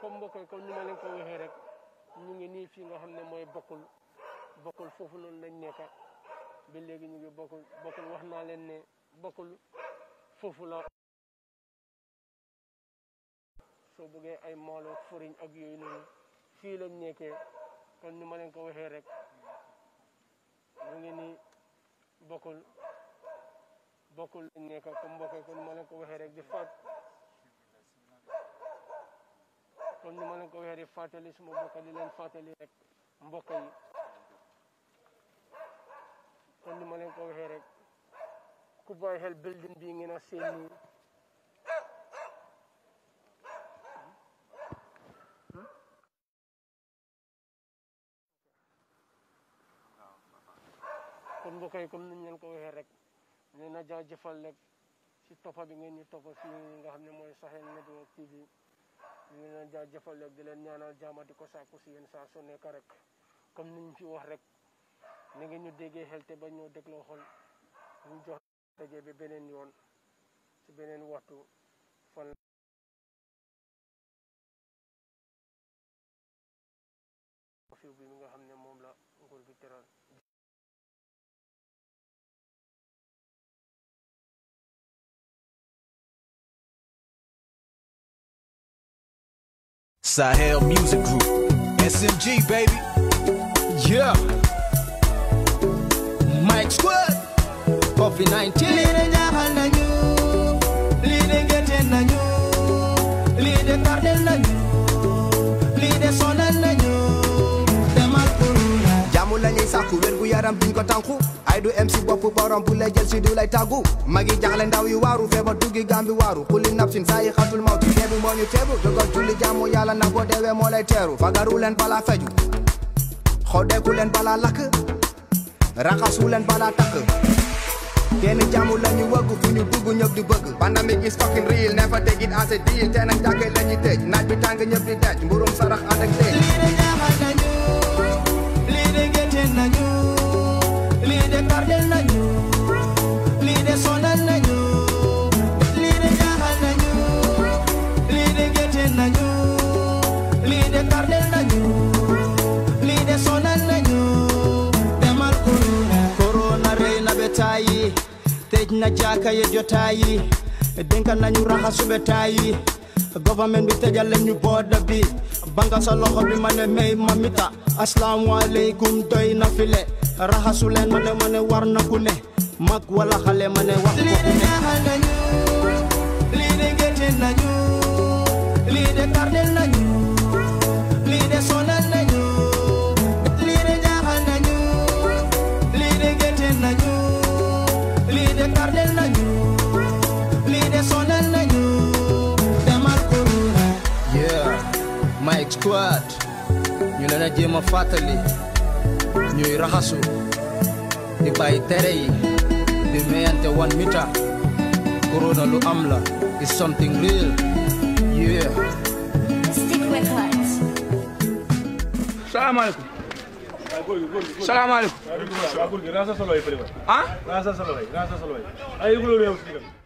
B: comme bokoy comme ni ma leen ko waxee rek ñu ngi nii fi nga xam ne mooy bokkul bokkul foofu noonu lañ nekka ba léegi ñu ngi bokkul bokkul wax naa leen ne bokkul foofu la soo bëggee ay maalo fariñ ak yooyu noonu fii lañ nekkee kon ni ma leen ko waxee rek ñu ngi nii bokkul bokkul lañ nekka comme bokkul comme ni ma leen ko waxee rek di faat kon ni ma leen ko waxee di suma mbokk di leen fàttali rek mbokk yi kon ni ma leen ko waxee rek ku bàyyi xel building bi ngeen a seen nii kon mbokk yi comme ko waxee rek nee na jaajëfal rek si toppa bi ngeen ñu toppa fii nga xam ne mooy Sahel Network TV ñu ngi leen jaajëfal ak di leen ñaanal jaama di ko sàkku si yéen saa su nekk rek comme ñu ci wax rek ni ngeen ñu déggee xel te ba ñoo dégloo xol ñu jox daje bi beneen yoon ci beneen waxtu fan
I: fiw bi mi nga xam ne moom la nguur gi tëral
G: Sahel Music Group. SMG, baby. Yeah. Mike Squad. Coffee 19.
H: aku wér gu yaram duñ ko tanku ay du MC bop borom bu lay jël si du lay tagu magi jaxle ndaw yu waru feba duggi gambi waru kulli nafsin sayi khatul maut mawti deebu moo ñu teebu yala julli jamu yalla na ko dewe mo lay teru fagaru len bala xode xodeeku len bala lak raxasu len bala tak Kenn jamu lañu wëggu fu ñu dugg ñëpp di bëgg Pandemic is fucking real never take it as a deal Te nag jàkkee lañuy tëj naaj bi tàng ñëpp di tej mburum sarax ànd ak tej
G: Jaka ye jotayi, denka nanyu raha sube tayi. government bi tëjal leen ñu border bi banga sa loxo bi ma ne may mamita asalaamualeykum doy na file raxasu ma ne ma ne war na ku ne mag wala xale ma ne wax ko ku ne lii de géttin nañu lii de karnel nañu lii de sonal Hit Squad ñu leen a jéem a fàttali ñuy raxasu di bàyyi tere yi di meyante one meter corona lu am la is something real
C: yeah. Stick with us. salaamaaleykum. salaamaaleykum.
I: ah.